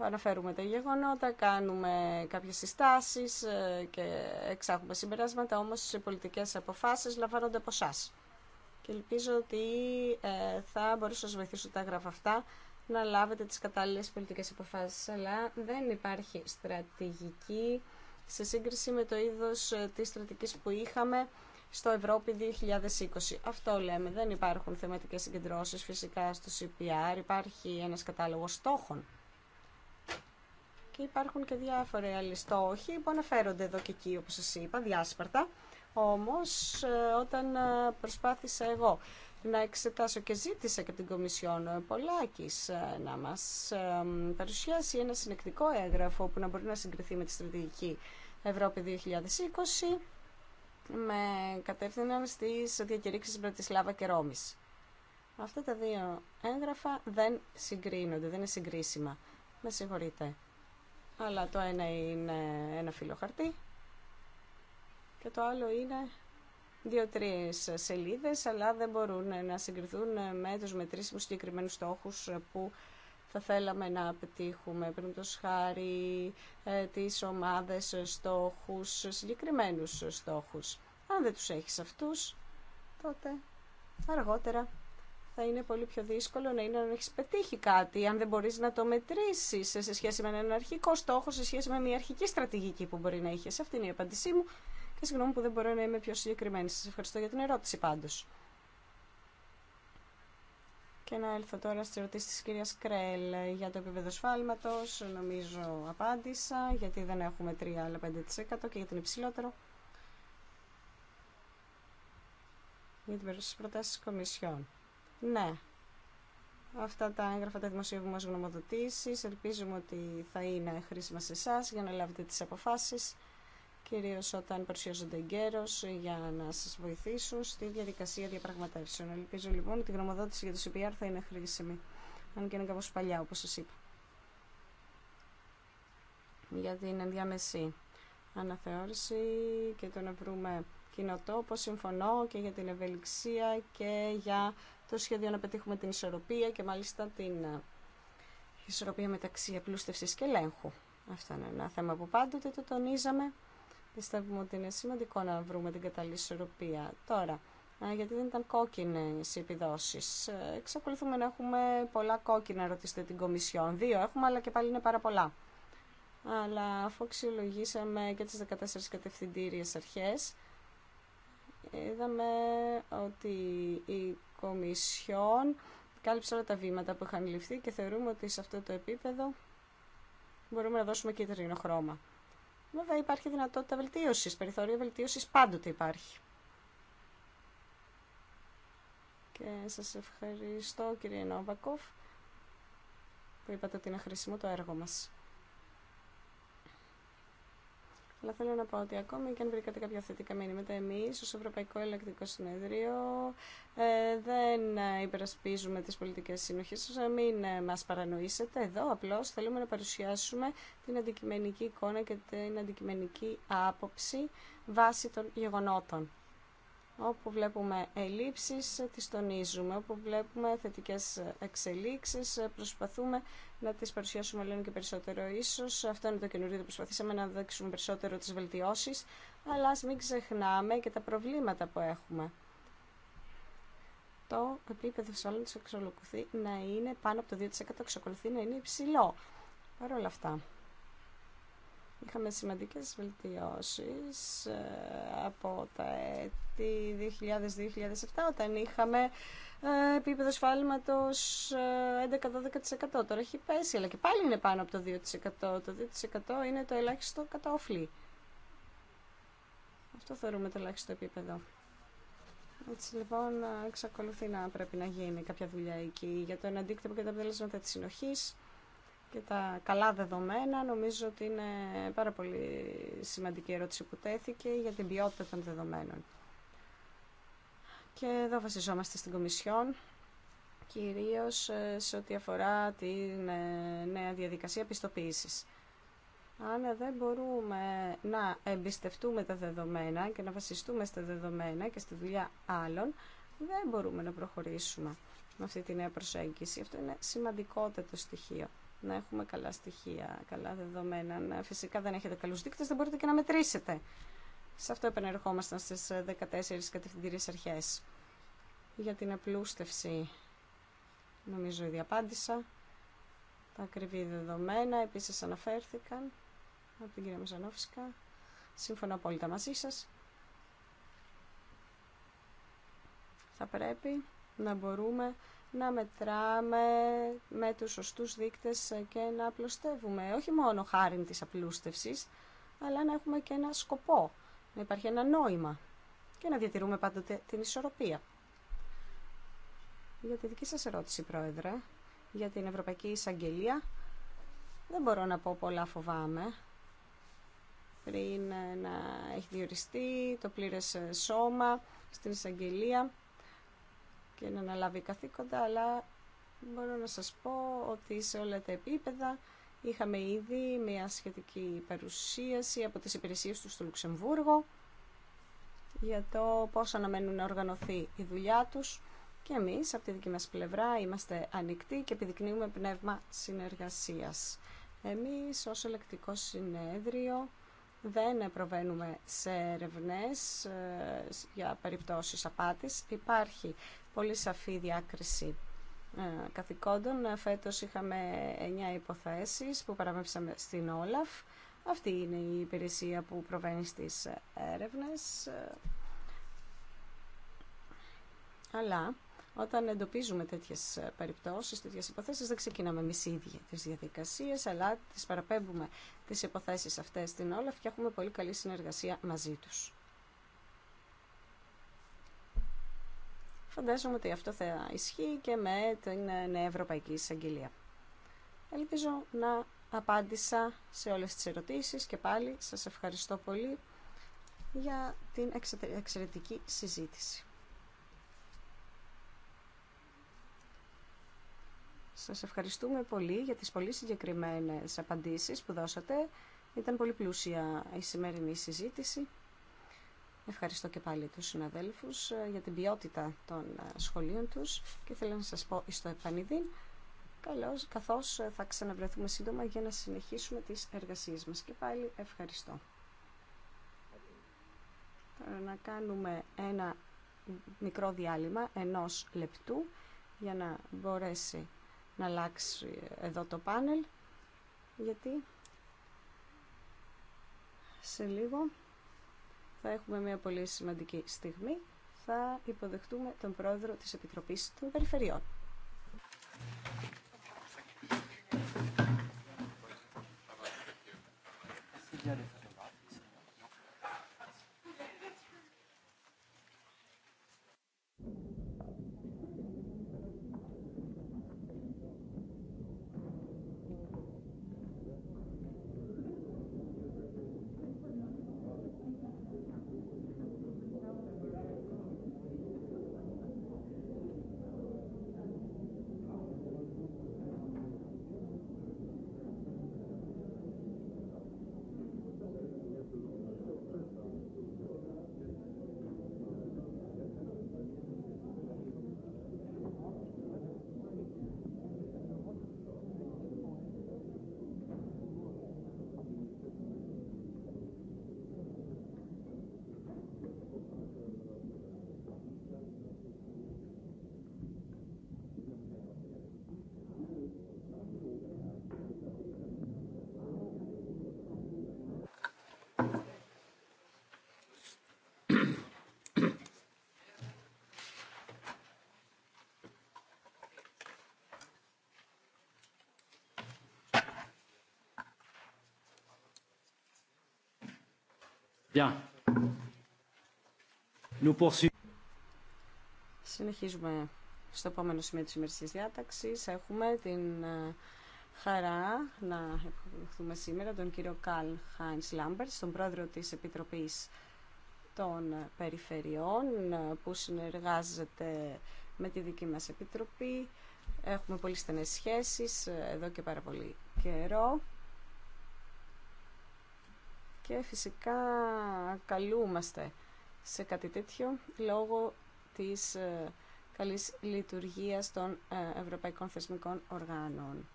Speaker 2: αναφέρουμε τα γεγονότα, κάνουμε κάποιες συστάσεις ε, και εξάγουμε συμπεράσματα, όμως οι πολιτικές αποφάσεις λαμβάνονται από εσά. Και ελπίζω ότι ε, θα μπορούσα να σας βοηθήσω τα γράφα αυτά να λάβετε τις κατάλληλες πολιτικές αποφάσεις, αλλά δεν υπάρχει στρατηγική σε σύγκριση με το είδος ε, της στρατηγικής που είχαμε στο Ευρώπη 2020. Αυτό λέμε. Δεν υπάρχουν θεματικές συγκεντρώσεις φυσικά στο CPR. Υπάρχει ένας κατάλογος στόχων και υπάρχουν και διάφοροι άλλοι στόχοι που αναφέρονται εδώ και εκεί, όπως σας είπα, διάσπαρτα. Όμως, ε, όταν ε, προσπάθησα εγώ να εξετάσω και ζήτησα και την Κομισιόν ε, Πολάκης να μας παρουσιάσει ένα συνεκτικό έγγραφο που να μπορεί να συγκριθεί με τη στρατηγική Ευρώπη 2020, με κατεύθυναν στις διακηρύξεις Μπρατισλάβα και Ρώμης. Αυτά τα δύο έγγραφα δεν συγκρίνονται, δεν είναι συγκρίσιμα. Με συγχωρείτε αλλά το ένα είναι ένα φύλλο χαρτί και το άλλο είναι δύο-τρεις σελίδες, αλλά δεν μπορούν να συγκριθούν με τους μετρήσιμους συγκεκριμένους στόχους που θα θέλαμε να πετύχουμε, πριν το σχάρι ε, τις ομάδες στόχους, συγκεκριμένους στόχους. Αν δεν τους έχεις αυτούς, τότε αργότερα θα είναι πολύ πιο δύσκολο να είναι αν έχει πετύχει κάτι, αν δεν μπορεί να το μετρήσει σε σχέση με έναν αρχικό στόχο, σε σχέση με μια αρχική στρατηγική που μπορεί να είχε. Αυτή είναι η απάντησή μου και συγγνώμη που δεν μπορώ να είμαι πιο συγκεκριμένη. Σα ευχαριστώ για την ερώτηση πάντω. Και να έλθω τώρα στι ερωτήσει τη κυρία Κρέλ για το επίπεδο σφάλματο. Νομίζω απάντησα γιατί δεν έχουμε 3 αλλά 5% και για την υψηλότερο. Για την περίπτωση τη προτάσει Κομισιόν. Ναι. Αυτά τα έγγραφα τα δημοσιεύουμε ως γνωμοδοτήσεις. Ελπίζουμε ότι θα είναι χρήσιμα σε εσά για να λάβετε τις αποφάσεις, κυρίως όταν παρουσιάζονται εγκαίρως, για να σας βοηθήσουν στη διαδικασία διαπραγματεύσεων. Ελπίζω λοιπόν ότι η γνωμοδότηση για το CPR θα είναι χρήσιμη, αν και είναι κάπως παλιά, όπως σας είπα. Για την ενδιάμεση αναθεώρηση και το να βρούμε κοινοτόπο, συμφωνώ και για την ευελιξία και για το σχέδιο να πετύχουμε την ισορροπία και μάλιστα την ε, ισορροπία μεταξύ απλούστευσης και ελέγχου. Αυτό είναι ένα θέμα που πάντοτε το τονίζαμε. Πιστεύουμε ότι είναι σημαντικό να βρούμε την κατάλληλη ισορροπία. Τώρα, ε, γιατί δεν ήταν κόκκινε οι επιδόσει. Ε, εξακολουθούμε να έχουμε πολλά κόκκινα, ρωτήστε την Κομισιόν. Δύο έχουμε, αλλά και πάλι είναι πάρα πολλά. Αλλά αφού αξιολογήσαμε και τι 14 κατευθυντήριε αρχέ είδαμε ότι η Κομισιόν κάλυψε όλα τα βήματα που είχαν ληφθεί και θεωρούμε ότι σε αυτό το επίπεδο μπορούμε να δώσουμε κίτρινο χρώμα. Βέβαια υπάρχει δυνατότητα βελτίωσης, περιθώριο βελτίωσης πάντοτε υπάρχει. Και σας ευχαριστώ κύριε Νόβακοφ που είπατε ότι είναι χρήσιμο το έργο μας. Αλλά θέλω να πω ότι ακόμη και αν βρήκατε κάποια θετικά μήνυματα, εμεί ω Ευρωπαϊκό Ελεκτικό Συνέδριο ε, δεν υπερασπίζουμε τι πολιτικέ συνοχέ. Ε, μην ε, μα παρανοήσετε. Εδώ απλώ θέλουμε να παρουσιάσουμε την αντικειμενική εικόνα και την αντικειμενική άποψη βάσει των γεγονότων. Όπου βλέπουμε ελλείψεις, τις τονίζουμε. Όπου βλέπουμε θετικές εξελίξεις, προσπαθούμε να τις παρουσιάσουμε λίγο και περισσότερο. Ίσως αυτό είναι το καινούριο, που προσπαθήσαμε να δείξουμε περισσότερο τις βελτιώσεις, αλλά ας μην ξεχνάμε και τα προβλήματα που έχουμε. Το επίπεδο σε τη εξολοκουθεί να είναι πάνω από το 2%, εξακολουθεί να είναι υψηλό. Παρ' όλα αυτά. Είχαμε σημαντικές βελτιώσεις ε, από τα έτη 2000-2007 όταν είχαμε ε, επίπεδο σφάλματος 11-12%. Ε, Τώρα έχει πέσει, αλλά και πάλι είναι πάνω από το 2%. Το 2% είναι το ελάχιστο κατόφλι. Αυτό θεωρούμε το ελάχιστο επίπεδο. Έτσι λοιπόν εξακολουθεί να πρέπει να γίνει κάποια δουλειά εκεί για το αντίκτυπο και τα αποτέλεσματα της συνοχής και τα καλά δεδομένα, νομίζω ότι είναι πάρα πολύ σημαντική ερώτηση που τέθηκε για την ποιότητα των δεδομένων. Και εδώ βασιζόμαστε στην Κομισιόν, κυρίως ε, σε ό,τι αφορά τη ε, νέα διαδικασία πιστοποίησης. Αν δεν μπορούμε να εμπιστευτούμε τα δεδομένα και να βασιστούμε στα δεδομένα και στη δουλειά άλλων, δεν μπορούμε να προχωρήσουμε με αυτή τη νέα προσέγγιση. Αυτό είναι σημαντικότατο στοιχείο να έχουμε καλά στοιχεία, καλά δεδομένα. Ε, φυσικά δεν έχετε καλούς δείκτες, δεν μπορείτε και να μετρήσετε. Σε αυτό επενερχόμασταν στις 14 ε, κατευθυντήριες αρχές. Για την απλούστευση, νομίζω ήδη απάντησα. Τα ακριβή δεδομένα επίσης αναφέρθηκαν από την κυρία Μεζανόφισκα. Σύμφωνα απόλυτα μαζί σας. Θα πρέπει να μπορούμε να μετράμε με τους σωστούς δείκτες και να απλουστεύουμε. Όχι μόνο χάρη της απλούστευσης, αλλά να έχουμε και ένα σκοπό, να υπάρχει ένα νόημα και να διατηρούμε πάντοτε την ισορροπία. Για τη δική σας ερώτηση, Πρόεδρε, για την Ευρωπαϊκή Εισαγγελία, δεν μπορώ να πω πολλά φοβάμαι. Πριν να έχει διοριστεί το πλήρες σώμα στην εισαγγελία, και να αναλάβει καθήκοντα, αλλά μπορώ να σας πω ότι σε όλα τα επίπεδα είχαμε ήδη μια σχετική παρουσίαση από τις υπηρεσίες του στο Λουξεμβούργο για το πώς αναμένουν να οργανωθεί η δουλειά τους και εμείς από τη δική μας πλευρά είμαστε ανοιχτοί και επιδεικνύουμε πνεύμα συνεργασίας. Εμείς ως ελεκτικό συνέδριο δεν προβαίνουμε σε ερευνές ε, για περιπτώσεις απάτης. Υπάρχει πολύ σαφή διάκριση ε, καθηκόντων. Ε, φέτος είχαμε 9 υποθέσεις που παραμέψαμε στην Όλαφ. Αυτή είναι η υπηρεσία που προβαίνει στις ε, έρευνες. Αλλά όταν εντοπίζουμε τέτοιες περιπτώσεις, τέτοιες υποθέσεις, δεν ξεκινάμε εμείς οι ίδιοι τις διαδικασίες, αλλά τις παραπέμπουμε τις υποθέσεις αυτές στην Όλαφ και έχουμε πολύ καλή συνεργασία μαζί τους. Φαντάζομαι ότι αυτό θα ισχύει και με την ε, Ευρωπαϊκή Εισαγγελία. Ελπίζω να απάντησα σε όλες τις ερωτήσεις και πάλι σας ευχαριστώ πολύ για την εξαιρετική συζήτηση. Σας ευχαριστούμε πολύ για τις πολύ συγκεκριμένες απαντήσεις που δώσατε. Ήταν πολύ πλούσια η σημερινή συζήτηση. Ευχαριστώ και πάλι τους συναδέλφους ε, για την ποιότητα των ε, σχολείων τους και θέλω να σας πω στο επανειδή καλώς, καθώς ε, θα ξαναβρεθούμε σύντομα για να συνεχίσουμε τις εργασίες μας. Και πάλι ευχαριστώ. Τώρα να κάνουμε ένα μικρό διάλειμμα ενός λεπτού για να μπορέσει να αλλάξει εδώ το πάνελ γιατί σε λίγο θα έχουμε μια πολύ σημαντική στιγμή. Θα υποδεχτούμε τον πρόεδρο της Επιτροπής των Περιφερειών. Συνεχίζουμε στο επόμενο σημείο της ημερησίας διάταξης. Έχουμε την ε, χαρά να ευχαριστούμε σήμερα τον κύριο Καλ Χάινς Λάμπερτ, τον πρόεδρο της Επιτροπής των Περιφερειών, ε, που συνεργάζεται με τη δική μας Επιτροπή. Έχουμε πολύ στενές σχέσεις ε, εδώ και πάρα πολύ καιρό και φυσικά καλούμαστε σε κάτι τέτοιο λόγω της ε, καλής λειτουργίας των ε, ευρωπαϊκών θεσμικών οργάνων.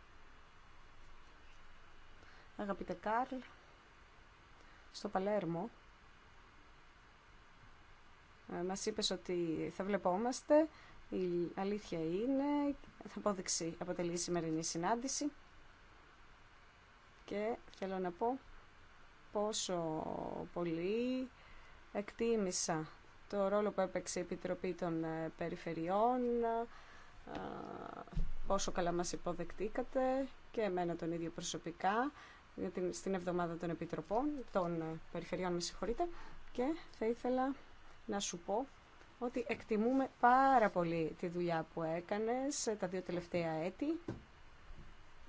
Speaker 2: Αγαπητέ Κάρλ, στο Παλέρμο ε, μας είπες ότι θα βλεπόμαστε. Η αλήθεια είναι, θα απόδειξη αποτελεί η σημερινή συνάντηση και θέλω να πω πόσο πολύ εκτίμησα το ρόλο που έπαιξε η Επιτροπή των ε, Περιφερειών, πόσο καλά μας υποδεκτήκατε και εμένα τον ίδιο προσωπικά στην εβδομάδα των Επιτροπών, των ε, Περιφερειών, με συγχωρείτε, και θα ήθελα να σου πω ότι εκτιμούμε πάρα πολύ τη δουλειά που έκανες ε, τα δύο τελευταία έτη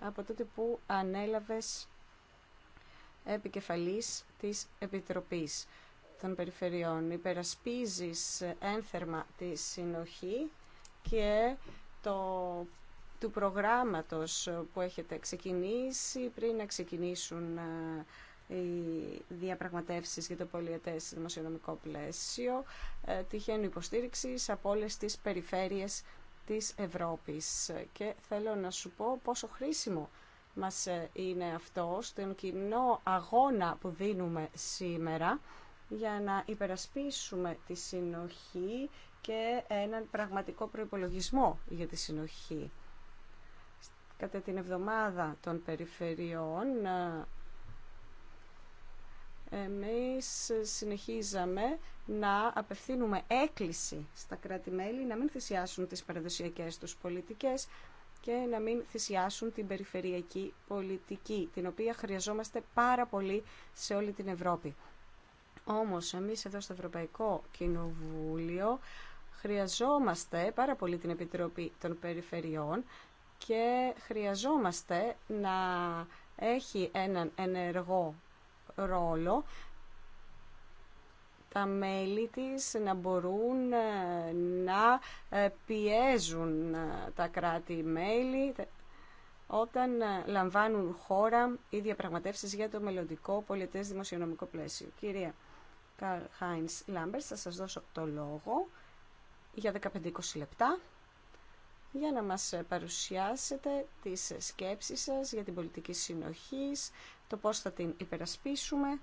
Speaker 2: από τότε που ανέλαβες επικεφαλής της Επιτροπής των Περιφερειών. Υπερασπίζεις ένθερμα τη συνοχή και το, του προγράμματος που έχετε ξεκινήσει πριν να ξεκινήσουν ε, οι διαπραγματεύσεις για το πολιετές δημοσιονομικό πλαίσιο ε, τυχαίνουν υποστήριξη από όλε τις περιφέρειες της Ευρώπης. Και θέλω να σου πω πόσο χρήσιμο μας ε, είναι αυτό στον κοινό αγώνα που δίνουμε σήμερα για να υπερασπίσουμε τη συνοχή και έναν πραγματικό προϋπολογισμό για τη συνοχή. Κατά την εβδομάδα των περιφερειών ε, εμείς συνεχίζαμε να απευθύνουμε έκκληση στα κράτη-μέλη να μην θυσιάσουν τις παραδοσιακές τους πολιτικές και να μην θυσιάσουν την περιφερειακή πολιτική, την οποία χρειαζόμαστε πάρα πολύ σε όλη την Ευρώπη. Όμως, εμείς εδώ στο Ευρωπαϊκό Κοινοβούλιο χρειαζόμαστε πάρα πολύ την Επιτροπή των Περιφερειών και χρειαζόμαστε να έχει έναν ενεργό ρόλο τα μέλη της να μπορούν ε, να ε, πιέζουν ε, τα κράτη-μέλη όταν λαμβάνουν χώρα ή διαπραγματεύσεις για το μελλοντικό πολιτές δημοσιονομικό πλαίσιο. Κυρία Καρλ Χάινς Λάμπερς, θα σας δώσω το λόγο για 15-20 λεπτά για να μας παρουσιάσετε τις σκέψεις σας για την πολιτική συνοχής, το πώς θα την υπερασπίσουμε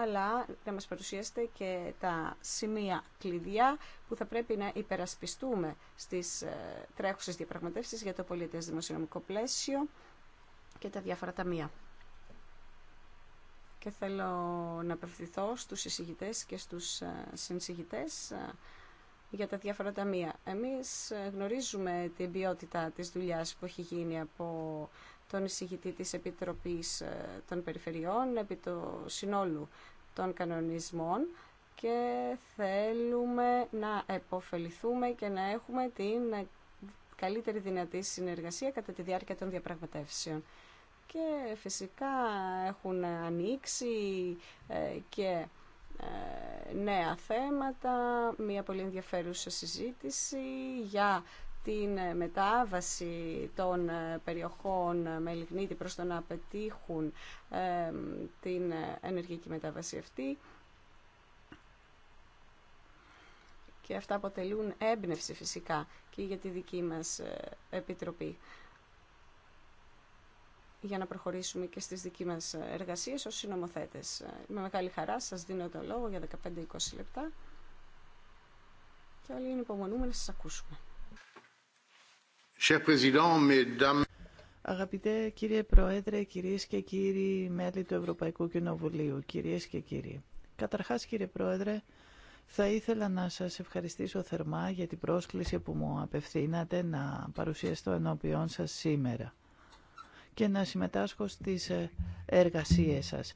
Speaker 2: αλλά να μας παρουσιάσετε και τα σημεία κλειδιά που θα πρέπει να υπερασπιστούμε στις ε, τρέχουσες διαπραγματεύσεις για το πολιτές δημοσιονομικό πλαίσιο και τα διάφορα ταμεία. Και θέλω να απευθυνθώ στους εισηγητές και στους ε, συνσηγητές ε, για τα διάφορα ταμεία. Εμείς γνωρίζουμε την ποιότητα της δουλειάς που έχει γίνει από τον εισηγητή της Επιτροπής ε, των Περιφερειών επί το συνόλου των κανονισμών και θέλουμε να επωφεληθούμε και να έχουμε την καλύτερη δυνατή συνεργασία κατά τη διάρκεια των διαπραγματεύσεων. Και φυσικά έχουν ανοίξει ε, και ε, νέα θέματα, μια πολύ ενδιαφέρουσα συζήτηση για την ε, μετάβαση των ε, περιοχών ε, με λιγνίτη προς το να πετύχουν την ενεργειακή μετάβαση αυτή. Και αυτά αποτελούν έμπνευση φυσικά και για τη δική μας Επιτροπή για να προχωρήσουμε και στις δική μας εργασίες ως συνομοθέτες. Με μεγάλη χαρά σας δίνω το λόγο για 15-20 λεπτά
Speaker 1: και όλοι είναι υπομονούμενοι να σας ακούσουμε. Αγαπητέ κύριε Πρόεδρε, κυρίες και κύριοι μέλη του Ευρωπαϊκού Κοινοβουλίου, κυρίες και κύριοι. Καταρχάς κύριε Πρόεδρε, θα ήθελα να σας ευχαριστήσω θερμά για την πρόσκληση που μου απευθύνατε να παρουσιαστώ ενώπιόν σας σήμερα και να συμμετάσχω στις ε, εργασίες σας.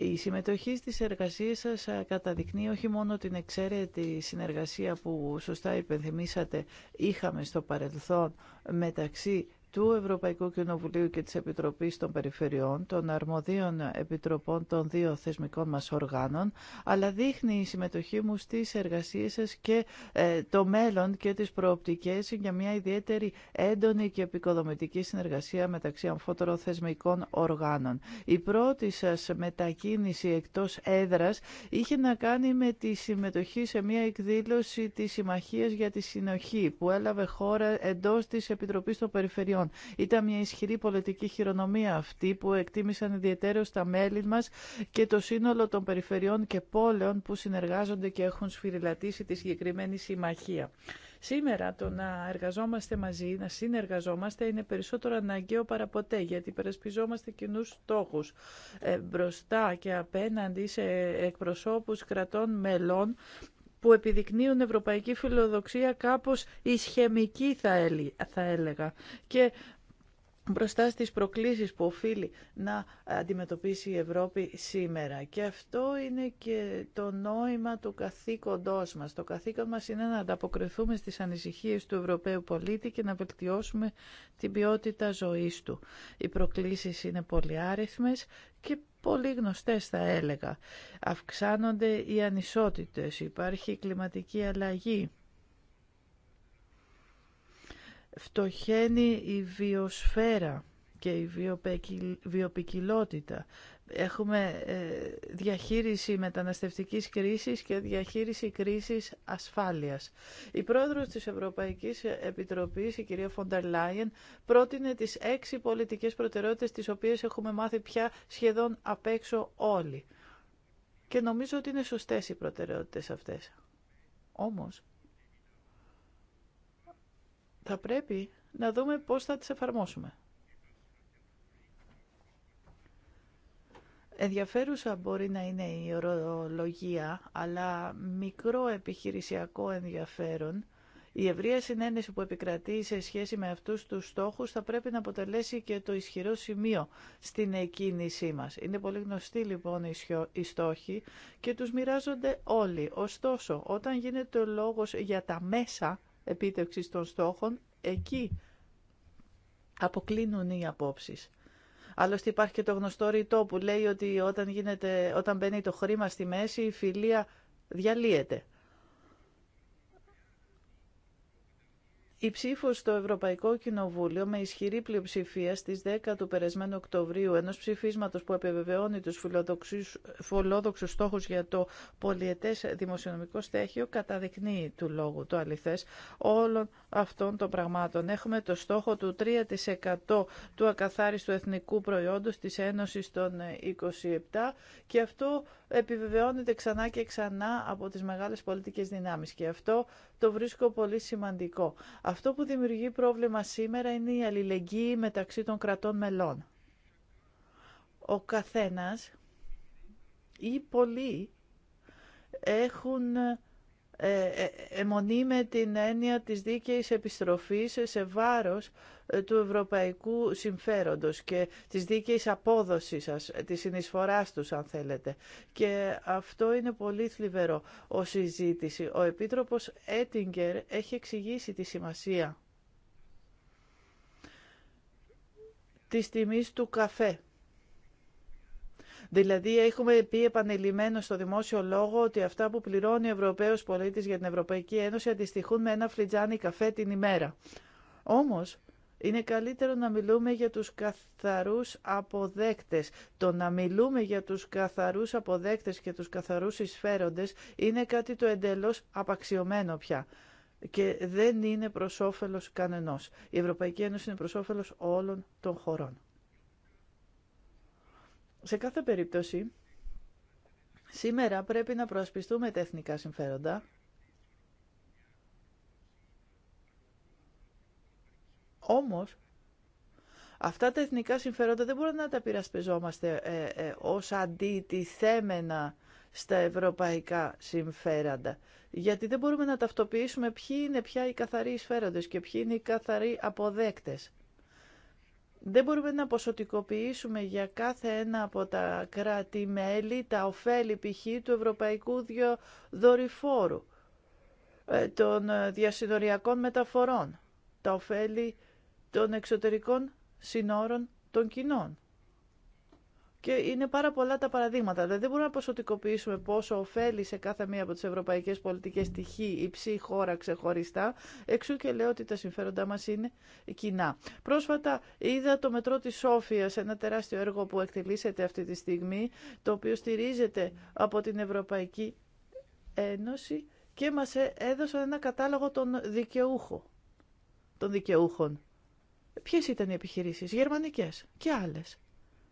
Speaker 1: Η συμμετοχή στις εργασίες σας καταδεικνύει όχι μόνο την εξαίρετη συνεργασία που σωστά υπενθυμίσατε είχαμε στο παρελθόν μεταξύ του Ευρωπαϊκού Κοινοβουλίου και της Επιτροπής των Περιφερειών, των αρμοδίων επιτροπών των δύο θεσμικών μας οργάνων, αλλά δείχνει η συμμετοχή μου στις εργασίες σας και ε, το μέλλον και τις προοπτικές για μια ιδιαίτερη έντονη και επικοδομητική συνεργασία μεταξύ αμφότερων θεσμικών οργάνων. Η πρώτη σας μετακίνηση εκτός έδρας είχε να κάνει με τη συμμετοχή σε μια εκδήλωση της Συμμαχίας για τη Συνοχή που έλαβε χώρα εντός της Επιτροπής των Περιφερειών ήταν μια ισχυρή πολιτική χειρονομία αυτή που εκτίμησαν ιδιαίτερω τα μέλη μας και το σύνολο των περιφερειών και πόλεων που συνεργάζονται και έχουν σφυριλατήσει τη συγκεκριμένη συμμαχία. Σήμερα το να εργαζόμαστε μαζί, να συνεργαζόμαστε είναι περισσότερο αναγκαίο παραποτέ γιατί περασπιζόμαστε κοινού στόχου ε, μπροστά και απέναντι σε εκπροσώπους κρατών μελών που επιδεικνύουν ευρωπαϊκή φιλοδοξία κάπως ισχυμική θα έλεγα και μπροστά στις προκλήσεις που οφείλει να αντιμετωπίσει η Ευρώπη σήμερα. Και αυτό είναι και το νόημα του καθήκοντός μας. Το καθήκον μας είναι να ανταποκριθούμε στις ανησυχίες του Ευρωπαίου πολίτη και να βελτιώσουμε την ποιότητα ζωής του. Οι προκλήσεις είναι πολυάριθμες και πολύ γνωστές θα έλεγα. Αυξάνονται οι ανισότητες, υπάρχει κλιματική αλλαγή. Φτωχαίνει η βιοσφαίρα και η βιοπικιλότητα. Έχουμε ε, διαχείριση μεταναστευτικής κρίσης και διαχείριση κρίσης ασφάλειας. Η πρόεδρος της Ευρωπαϊκής Επιτροπής, η κυρία Φοντερ Λάιεν, πρότεινε τις έξι πολιτικές προτεραιότητες τις οποίες έχουμε μάθει πια σχεδόν απ' έξω όλοι. Και νομίζω ότι είναι σωστές οι προτεραιότητες αυτές. Όμως, θα πρέπει να δούμε πώς θα τις εφαρμόσουμε. Ενδιαφέρουσα μπορεί να είναι η ορολογία, αλλά μικρό επιχειρησιακό ενδιαφέρον. Η ευρεία συνένεση που επικρατεί σε σχέση με αυτούς τους στόχους θα πρέπει να αποτελέσει και το ισχυρό σημείο στην εκκίνησή μας. Είναι πολύ γνωστοί λοιπόν οι στόχοι και τους μοιράζονται όλοι. Ωστόσο, όταν γίνεται λόγος για τα μέσα επίτευξης των στόχων, εκεί αποκλίνουν οι απόψεις. Άλλωστε υπάρχει και το γνωστό ρητό που λέει ότι όταν, γίνεται, όταν μπαίνει το χρήμα στη μέση η φιλία διαλύεται. Η ψήφος στο Ευρωπαϊκό Κοινοβούλιο με ισχυρή πλειοψηφία στις 10 του περασμένου Οκτωβρίου ενός ψηφίσματος που επιβεβαιώνει τους φιλόδοξους στόχους για το πολιετές δημοσιονομικό στέχιο καταδεικνύει του λόγου το αληθές όλων αυτών των πραγμάτων. Έχουμε το στόχο του 3% του ακαθάριστου εθνικού προϊόντος της Ένωσης των 27 και αυτό επιβεβαιώνεται ξανά και ξανά από τις μεγάλες πολιτικές δυνάμεις το βρίσκω πολύ σημαντικό. Αυτό που δημιουργεί πρόβλημα σήμερα είναι η αλληλεγγύη μεταξύ των κρατών μελών. Ο καθένας ή πολλοί έχουν ε, ε, ε, αιμονή με την έννοια της δίκαιης επιστροφής σε βάρος του ευρωπαϊκού συμφέροντος και της δίκαιης απόδοσης σας, της συνεισφοράς τους αν θέλετε. Και αυτό είναι πολύ θλιβερό ως συζήτηση. Ο Επίτροπος Έτιγκερ έχει εξηγήσει τη σημασία της τιμής του καφέ Δηλαδή έχουμε πει επανειλημμένο στο δημόσιο λόγο ότι αυτά που πληρώνει ο Ευρωπαίο πολίτη για την Ευρωπαϊκή Ένωση αντιστοιχούν με ένα φλιτζάνι καφέ την ημέρα. Όμω, είναι καλύτερο να μιλούμε για τους καθαρούς αποδέκτες. Το να μιλούμε για τους καθαρούς αποδέκτες και τους καθαρούς εισφέροντες είναι κάτι το εντελώς απαξιωμένο πια και δεν είναι προς όφελος κανενός. Η Ευρωπαϊκή Ένωση είναι προς όφελος όλων των χωρών. Σε κάθε περίπτωση, σήμερα πρέπει να προασπιστούμε τα εθνικά συμφέροντα, όμως αυτά τα εθνικά συμφέροντα δεν μπορούμε να τα πειρασπιζόμαστε ε, ε, ως αντιτιθέμενα στα ευρωπαϊκά συμφέροντα. Γιατί δεν μπορούμε να ταυτοποιήσουμε ποιοι είναι πια οι καθαροί εισφέροντες και ποιοι είναι οι καθαροί αποδέκτες. Δεν μπορούμε να ποσοτικοποιήσουμε για κάθε ένα από τα κράτη-μέλη τα ωφέλη π.χ. του Ευρωπαϊκού Διοδορυφόρου, ε, των ε, διασυνοριακών μεταφορών, τα ωφέλη των εξωτερικών συνόρων των κοινών. Και είναι πάρα πολλά τα παραδείγματα. Δηλαδή δεν μπορούμε να ποσοτικοποιήσουμε πόσο ωφέλει σε κάθε μία από τι ευρωπαϊκέ πολιτικέ τυχή η ψή χώρα ξεχωριστά. Εξού και λέω ότι τα συμφέροντά μα είναι κοινά. Πρόσφατα είδα το μετρό τη Σόφια, ένα τεράστιο έργο που εκτελήσεται αυτή τη στιγμή, το οποίο στηρίζεται από την Ευρωπαϊκή Ένωση και μας ε, έδωσαν ένα κατάλογο των δικαιούχων. Των δικαιούχων. Ποιες ήταν οι επιχειρήσεις, γερμανικές και άλλες.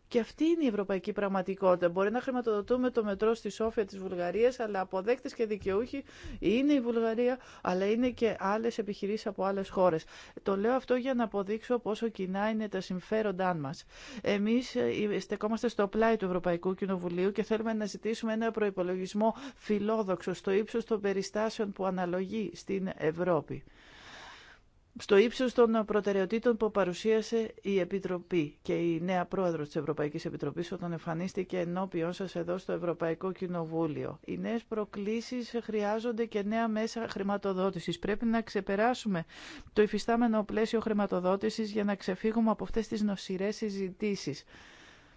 Speaker 1: Και αυτή είναι η ευρωπαϊκή πραγματικότητα. Μπορεί να χρηματοδοτούμε το μετρό στη Σόφια της Βουλγαρίας, αλλά αποδέκτε και δικαιούχοι είναι η Βουλγαρία, αλλά είναι και άλλες επιχειρήσεις από άλλες χώρες. Το λέω αυτό για να αποδείξω πόσο κοινά είναι τα συμφέροντά μας. Εμείς ε, ε, στεκόμαστε στο πλάι του Ευρωπαϊκού Κοινοβουλίου και θέλουμε να ζητήσουμε ένα προπολογισμό φιλόδοξο στο ύψο των περιστάσεων που αναλογεί στην Ευρώπη στο ύψος των προτεραιοτήτων που παρουσίασε η Επιτροπή και η νέα πρόεδρος της Ευρωπαϊκής Επιτροπής όταν εμφανίστηκε ενώπιον σας εδώ στο Ευρωπαϊκό Κοινοβούλιο. Οι νέες προκλήσεις χρειάζονται και νέα μέσα χρηματοδότησης. Πρέπει να ξεπεράσουμε το υφιστάμενο πλαίσιο χρηματοδότησης για να ξεφύγουμε από αυτές τις νοσηρές συζητήσει.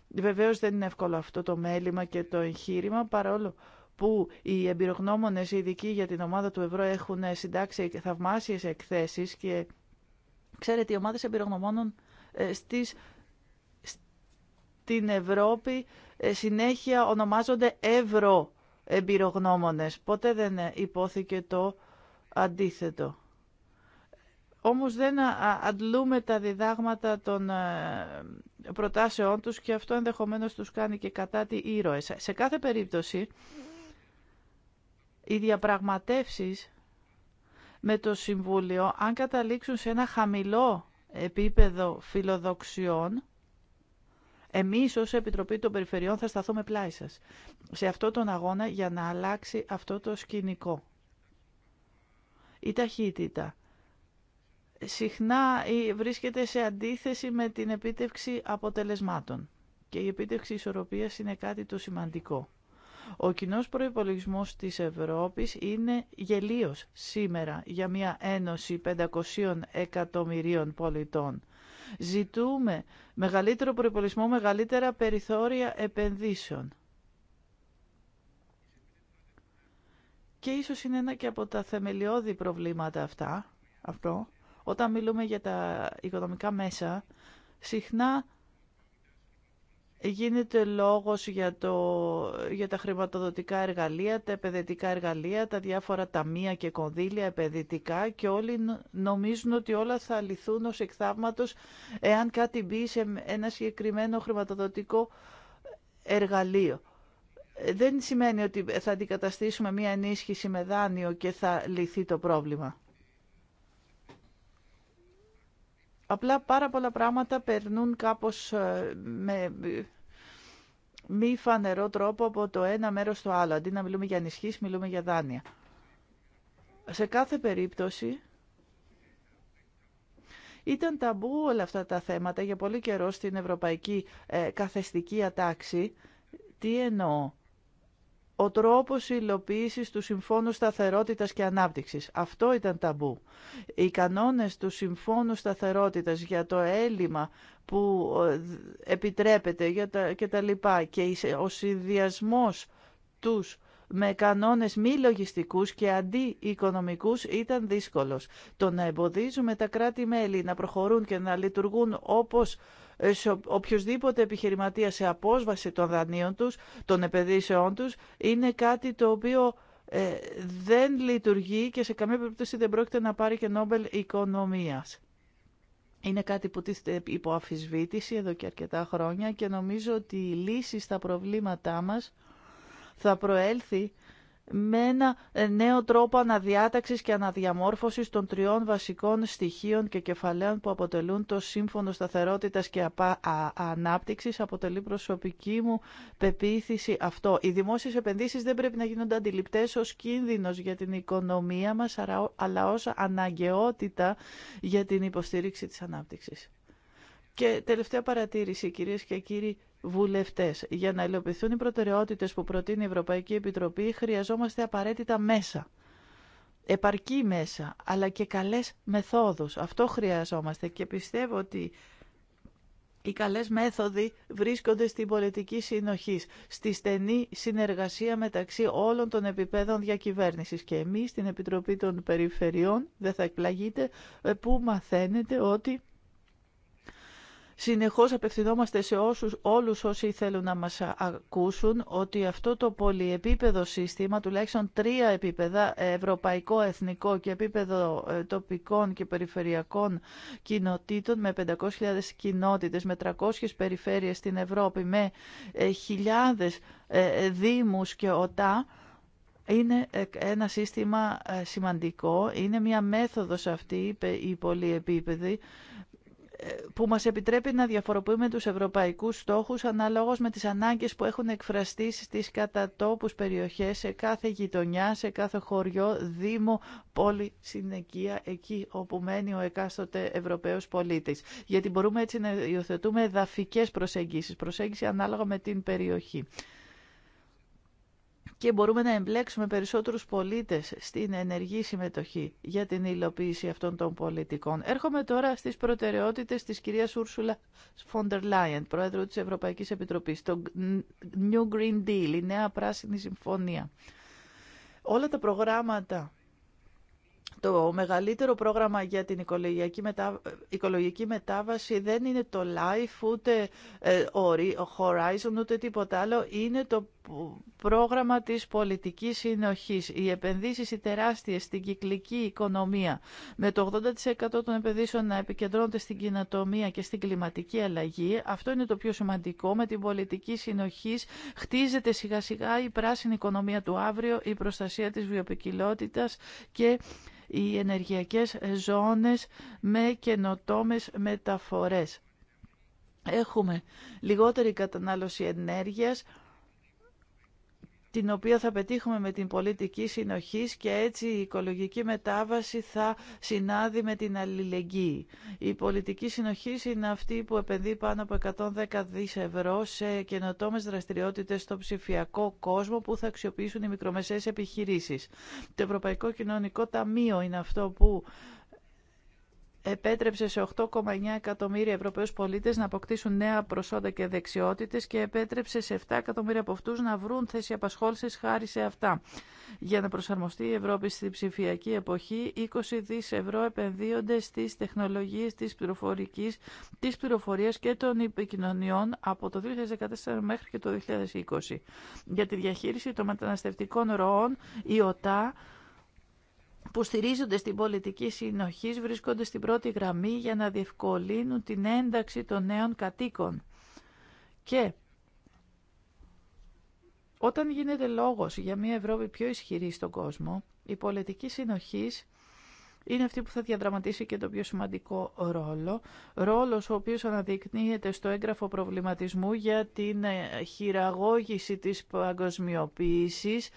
Speaker 1: Βεβαίως δεν είναι εύκολο αυτό το μέλημα και το εγχείρημα παρόλο που οι εμπειρογνώμονες οι ειδικοί για την ομάδα του ευρώ έχουν συντάξει θαυμάσιες εκθέσεις και ξέρετε οι ομάδες εμπειρογνωμόνων ε, στις, στην Ευρώπη ε, συνέχεια ονομάζονται ευρώ Ποτέ δεν υπόθηκε το αντίθετο. Όμως δεν αντλούμε τα διδάγματα των ε, προτάσεών τους και αυτό ενδεχομένως τους κάνει και κατά τη ήρωες. Σε κάθε περίπτωση οι διαπραγματεύσεις με το Συμβούλιο, αν καταλήξουν σε ένα χαμηλό επίπεδο φιλοδοξιών, εμείς ως Επιτροπή των Περιφερειών θα σταθούμε πλάι σας σε αυτό τον αγώνα για να αλλάξει αυτό το σκηνικό. Η ταχύτητα συχνά βρίσκεται σε αντίθεση με την επίτευξη αποτελεσμάτων και η επίτευξη ισορροπίας είναι κάτι το σημαντικό. Ο κοινός προϋπολογισμός της Ευρώπης είναι γελίος σήμερα για μια ένωση 500 εκατομμυρίων πολιτών. Ζητούμε μεγαλύτερο προϋπολογισμό, μεγαλύτερα περιθώρια επενδύσεων. Και ίσως είναι ένα και από τα θεμελιώδη προβλήματα αυτά, αυτό, όταν μιλούμε για τα οικονομικά μέσα, συχνά Γίνεται λόγος για, το, για τα χρηματοδοτικά εργαλεία, τα επενδυτικά εργαλεία, τα διάφορα ταμεία και κονδύλια επενδυτικά και όλοι νομίζουν ότι όλα θα λυθούν ως εκθαύματος εάν κάτι μπει σε ένα συγκεκριμένο χρηματοδοτικό εργαλείο. Δεν σημαίνει ότι θα αντικαταστήσουμε μία ενίσχυση με δάνειο και θα λυθεί το πρόβλημα. Απλά πάρα πολλά πράγματα περνούν κάπως ε, με μη φανερό τρόπο από το ένα μέρος στο άλλο. Αντί να μιλούμε για ανισχύς, μιλούμε για δάνεια. Σε κάθε περίπτωση ήταν ταμπού όλα αυτά τα θέματα για πολύ καιρό στην ευρωπαϊκή ε, καθεστική ατάξη. Τι εννοώ ο τρόπος υλοποίησης του Συμφώνου Σταθερότητας και Ανάπτυξης. Αυτό ήταν ταμπού. Οι κανόνες του Συμφώνου Σταθερότητας για το έλλειμμα που ε, επιτρέπεται για τα, και τα λοιπά και ο συνδυασμό τους με κανόνες μη λογιστικούς και αντιοικονομικούς ήταν δύσκολος. Το να εμποδίζουμε τα κράτη-μέλη να προχωρούν και να λειτουργούν όπως σε οποιοδήποτε επιχειρηματία σε απόσβαση των δανείων τους, των επενδύσεών τους, είναι κάτι το οποίο ε, δεν λειτουργεί και σε καμία περίπτωση δεν πρόκειται να πάρει και Νόμπελ οικονομίας. Είναι κάτι που τίθεται υπό αφισβήτηση εδώ και αρκετά χρόνια και νομίζω ότι η λύση στα προβλήματά μας θα προέλθει με ένα ε, νέο τρόπο αναδιάταξης και αναδιαμόρφωσης των τριών βασικών στοιχείων και κεφαλαίων που αποτελούν το Σύμφωνο Σταθερότητας και Ανάπτυξης. Αποτελεί προσωπική μου πεποίθηση αυτό. Οι δημόσιες επενδύσεις δεν πρέπει να γίνονται αντιληπτές ως κίνδυνος για την οικονομία μας, αλλά ως αναγκαιότητα για την υποστήριξη της ανάπτυξης. Και τελευταία παρατήρηση, κυρίες και κύριοι, βουλευτές. Για να υλοποιηθούν οι προτεραιότητες που προτείνει η Ευρωπαϊκή Επιτροπή χρειαζόμαστε απαραίτητα μέσα. Επαρκή μέσα, αλλά και καλές μεθόδους. Αυτό χρειαζόμαστε και πιστεύω ότι οι καλές μέθοδοι βρίσκονται στην πολιτική συνοχή, στη στενή συνεργασία μεταξύ όλων των επιπέδων διακυβέρνησης. Και εμείς στην Επιτροπή των Περιφερειών, δεν θα εκπλαγείτε, ε, που μαθαίνετε ότι Συνεχώς απευθυνόμαστε σε όσους, όλους όσοι θέλουν να μας ακούσουν ότι αυτό το πολυεπίπεδο σύστημα, τουλάχιστον τρία επίπεδα, ευρωπαϊκό, εθνικό και επίπεδο ε, τοπικών και περιφερειακών κοινοτήτων με 500.000 κοινότητες, με 300 περιφέρειες στην Ευρώπη, με ε, χιλιάδες ε, δήμους και οτά, είναι ένα σύστημα σημαντικό, είναι μια μέθοδος αυτή, η πολυεπίπεδη, που μας επιτρέπει να διαφοροποιούμε τους ευρωπαϊκούς στόχους αναλόγως με τις ανάγκες που έχουν εκφραστεί στις κατατόπους περιοχές, σε κάθε γειτονιά, σε κάθε χωριό, δήμο, πόλη, συνεκία, εκεί όπου μένει ο εκάστοτε Ευρωπαίος πολίτης. Γιατί μπορούμε έτσι να υιοθετούμε εδαφικές προσεγγίσεις, προσέγγιση ανάλογα με την περιοχή και μπορούμε να εμπλέξουμε περισσότερους πολίτες στην ενεργή συμμετοχή για την υλοποίηση αυτών των πολιτικών. Έρχομαι τώρα στις προτεραιότητες της κυρίας Ούρσουλα Φόντερ Λάιεν, Πρόεδρο της Ευρωπαϊκής Επιτροπής, το New Green Deal, η Νέα Πράσινη Συμφωνία. Όλα τα προγράμματα το μεγαλύτερο πρόγραμμα για την οικολογική, μετάβαση δεν είναι το LIFE, ούτε ε, Horizon, ούτε τίποτα άλλο. Είναι το πρόγραμμα της πολιτικής συνοχής, οι επενδύσεις οι τεράστιες στην κυκλική οικονομία, με το 80% των επενδύσεων να επικεντρώνονται στην κοινοτομία και στην κλιματική αλλαγή, αυτό είναι το πιο σημαντικό. Με την πολιτική συνοχής χτίζεται σιγά σιγά η πράσινη οικονομία του αύριο, η προστασία της βιοπικιλότητας και οι ενεργειακές ζώνες με καινοτόμες μεταφορές. Έχουμε λιγότερη κατανάλωση ενέργειας, την οποία θα πετύχουμε με την πολιτική συνοχή και έτσι η οικολογική μετάβαση θα συνάδει με την αλληλεγγύη. Η πολιτική συνοχή είναι αυτή που επενδύει πάνω από 110 δις ευρώ σε καινοτόμε δραστηριότητες στο ψηφιακό κόσμο που θα αξιοποιήσουν οι μικρομεσαίες επιχειρήσεις. Το Ευρωπαϊκό Κοινωνικό Ταμείο είναι αυτό που επέτρεψε σε 8,9 εκατομμύρια Ευρωπαίους πολίτες να αποκτήσουν νέα προσόντα και δεξιότητες και επέτρεψε σε 7 εκατομμύρια από αυτούς να βρουν θέση απασχόλησης χάρη σε αυτά. Για να προσαρμοστεί η Ευρώπη στη ψηφιακή εποχή, 20 δις ευρώ επενδύονται στις τεχνολογίες της πληροφορικής, της πληροφορίας και των επικοινωνιών από το 2014 μέχρι και το 2020. Για τη διαχείριση των μεταναστευτικών ροών, η ΟΤΑ που στηρίζονται στην πολιτική συνοχής βρίσκονται στην πρώτη γραμμή για να διευκολύνουν την ένταξη των νέων κατοίκων. Και όταν γίνεται λόγος για μια Ευρώπη πιο ισχυρή στον κόσμο, η πολιτική συνοχής είναι αυτή που θα διαδραματίσει και το πιο σημαντικό ρόλο. Ρόλος ο οποίος αναδεικνύεται στο έγγραφο προβληματισμού για την ε, χειραγώγηση της παγκοσμιοποίησης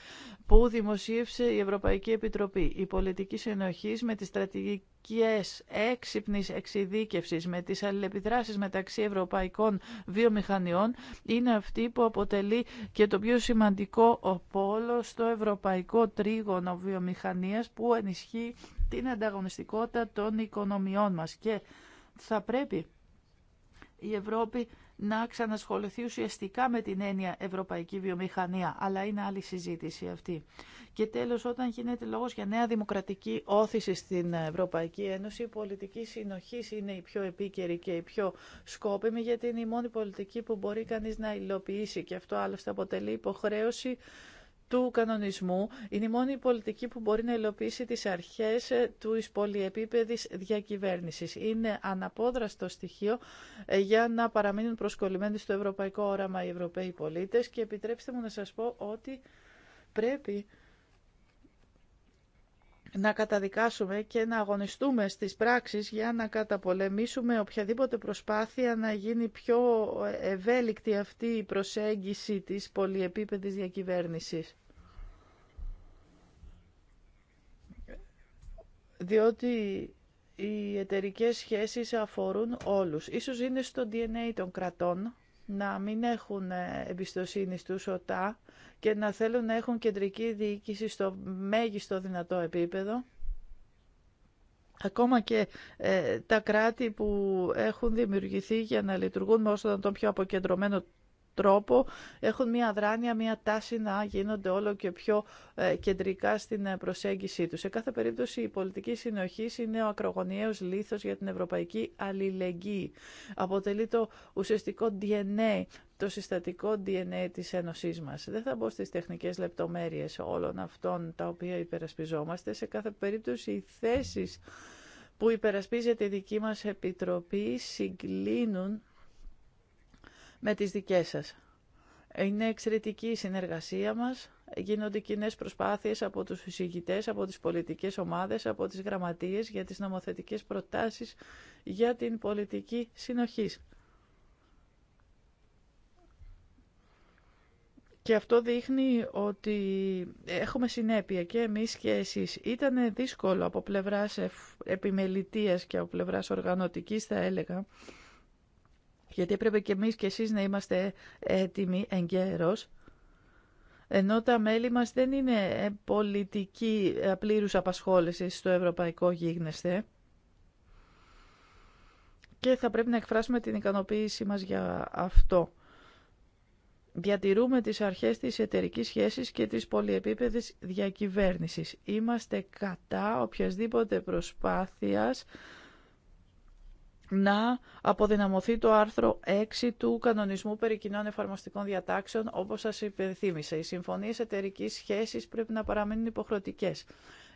Speaker 1: που δημοσίευσε η Ευρωπαϊκή Επιτροπή. Η πολιτική συνοχή με τις στρατηγικές έξυπνη εξειδίκευση με τις αλληλεπιδράσεις μεταξύ ευρωπαϊκών βιομηχανιών είναι αυτή που αποτελεί και το πιο σημαντικό πόλο στο ευρωπαϊκό τρίγωνο βιομηχανία που ενισχύει την ανταγωνιστικότητα των οικονομιών μας και θα πρέπει η Ευρώπη να ξανασχοληθεί ουσιαστικά με την έννοια ευρωπαϊκή βιομηχανία, αλλά είναι άλλη συζήτηση αυτή. Και τέλος, όταν γίνεται λόγος για νέα δημοκρατική όθηση στην Ευρωπαϊκή Ένωση, η πολιτική συνοχή είναι η πιο επίκαιρη και η πιο σκόπιμη, γιατί είναι η μόνη πολιτική που μπορεί κανείς να υλοποιήσει και αυτό άλλωστε αποτελεί υποχρέωση του κανονισμού είναι η μόνη πολιτική που μπορεί να υλοποιήσει τις αρχές ε, του πολυεπίπεδης διακυβέρνησης. Είναι αναπόδραστο στοιχείο ε, για να παραμείνουν προσκολλημένοι στο ευρωπαϊκό όραμα οι Ευρωπαίοι πολίτες και επιτρέψτε μου να σας πω ότι πρέπει να καταδικάσουμε και να αγωνιστούμε στις πράξεις για να καταπολεμήσουμε οποιαδήποτε προσπάθεια να γίνει πιο ευέλικτη αυτή η προσέγγιση της πολυεπίπεδης διακυβέρνησης. διότι οι εταιρικέ σχέσεις αφορούν όλους. Ίσως είναι στο DNA των κρατών να μην έχουν ε, εμπιστοσύνη στους ΟΤΑ και να θέλουν να έχουν κεντρική διοίκηση στο μέγιστο δυνατό επίπεδο. Ακόμα και ε, τα κράτη που έχουν δημιουργηθεί για να λειτουργούν με όσο το πιο αποκεντρωμένο τρόπο έχουν μια δράνεια, μια τάση να γίνονται όλο και πιο ε, κεντρικά στην ε, προσέγγιση τους. Σε κάθε περίπτωση η πολιτική συνοχή είναι ο ακρογωνιαίος λίθος για την ευρωπαϊκή αλληλεγγύη. Αποτελεί το ουσιαστικό DNA το συστατικό DNA της Ένωσής μας. Δεν θα μπω στις τεχνικές λεπτομέρειες όλων αυτών τα οποία υπερασπιζόμαστε. Σε κάθε περίπτωση οι θέσεις που υπερασπίζεται η δική μας Επιτροπή συγκλίνουν με τις δικές σας. Είναι εξαιρετική η συνεργασία μας. Γίνονται κοινέ προσπάθειες από τους εισηγητές, από τις πολιτικές ομάδες, από τις γραμματείες για τις νομοθετικές προτάσεις για την πολιτική συνοχής. Και αυτό δείχνει ότι έχουμε συνέπεια και εμείς και εσείς. Ήταν δύσκολο από πλευράς επιμελητίας και από πλευράς οργανωτικής θα έλεγα γιατί έπρεπε και εμείς και εσείς να είμαστε έτοιμοι εγκαίρως, ενώ τα μέλη μας δεν είναι πολιτική πλήρους απασχόληση στο ευρωπαϊκό γίγνεσθε και θα πρέπει να εκφράσουμε την ικανοποίησή μας για αυτό. Διατηρούμε τις αρχές της εταιρικής σχέσης και της πολυεπίπεδης διακυβέρνησης. Είμαστε κατά οποιασδήποτε προσπάθειας να αποδυναμωθεί το άρθρο 6 του κανονισμού περί κοινών εφαρμοστικών διατάξεων, όπως σας υπενθύμησα. Οι συμφωνίες εταιρική σχέσης πρέπει να παραμείνουν υποχρεωτικές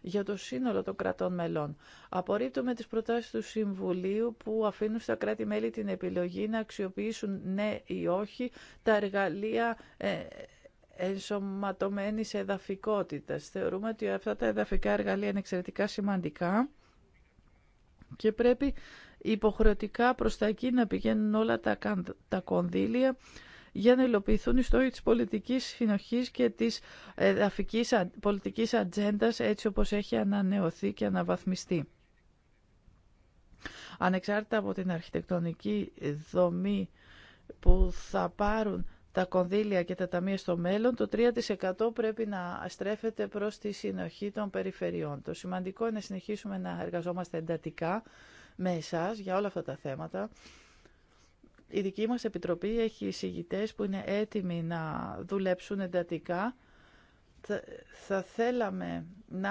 Speaker 1: για το σύνολο των κρατών μελών. Απορρίπτουμε τις προτάσεις του Συμβουλίου που αφήνουν στα κράτη-μέλη την επιλογή να αξιοποιήσουν ναι ή όχι τα εργαλεία ε, ενσωματωμένης εδαφικότητας. Θεωρούμε ότι αυτά τα εδαφικά εργαλεία είναι εξαιρετικά σημαντικά και πρέπει υποχρεωτικά προς τα εκεί να πηγαίνουν όλα τα, τα κονδύλια για να υλοποιηθούν οι στόχοι της πολιτικής συνοχής και της εδαφικής πολιτικής ατζέντα έτσι όπως έχει ανανεωθεί και αναβαθμιστεί. Ανεξάρτητα από την αρχιτεκτονική δομή που θα πάρουν τα κονδύλια και τα ταμεία στο μέλλον, το 3% πρέπει να στρέφεται προς τη συνοχή των περιφερειών. Το σημαντικό είναι να συνεχίσουμε να εργαζόμαστε εντατικά με εσάς για όλα αυτά τα θέματα. Η δική μας Επιτροπή έχει εισηγητές που είναι έτοιμοι να δουλέψουν εντατικά. Θα θέλαμε να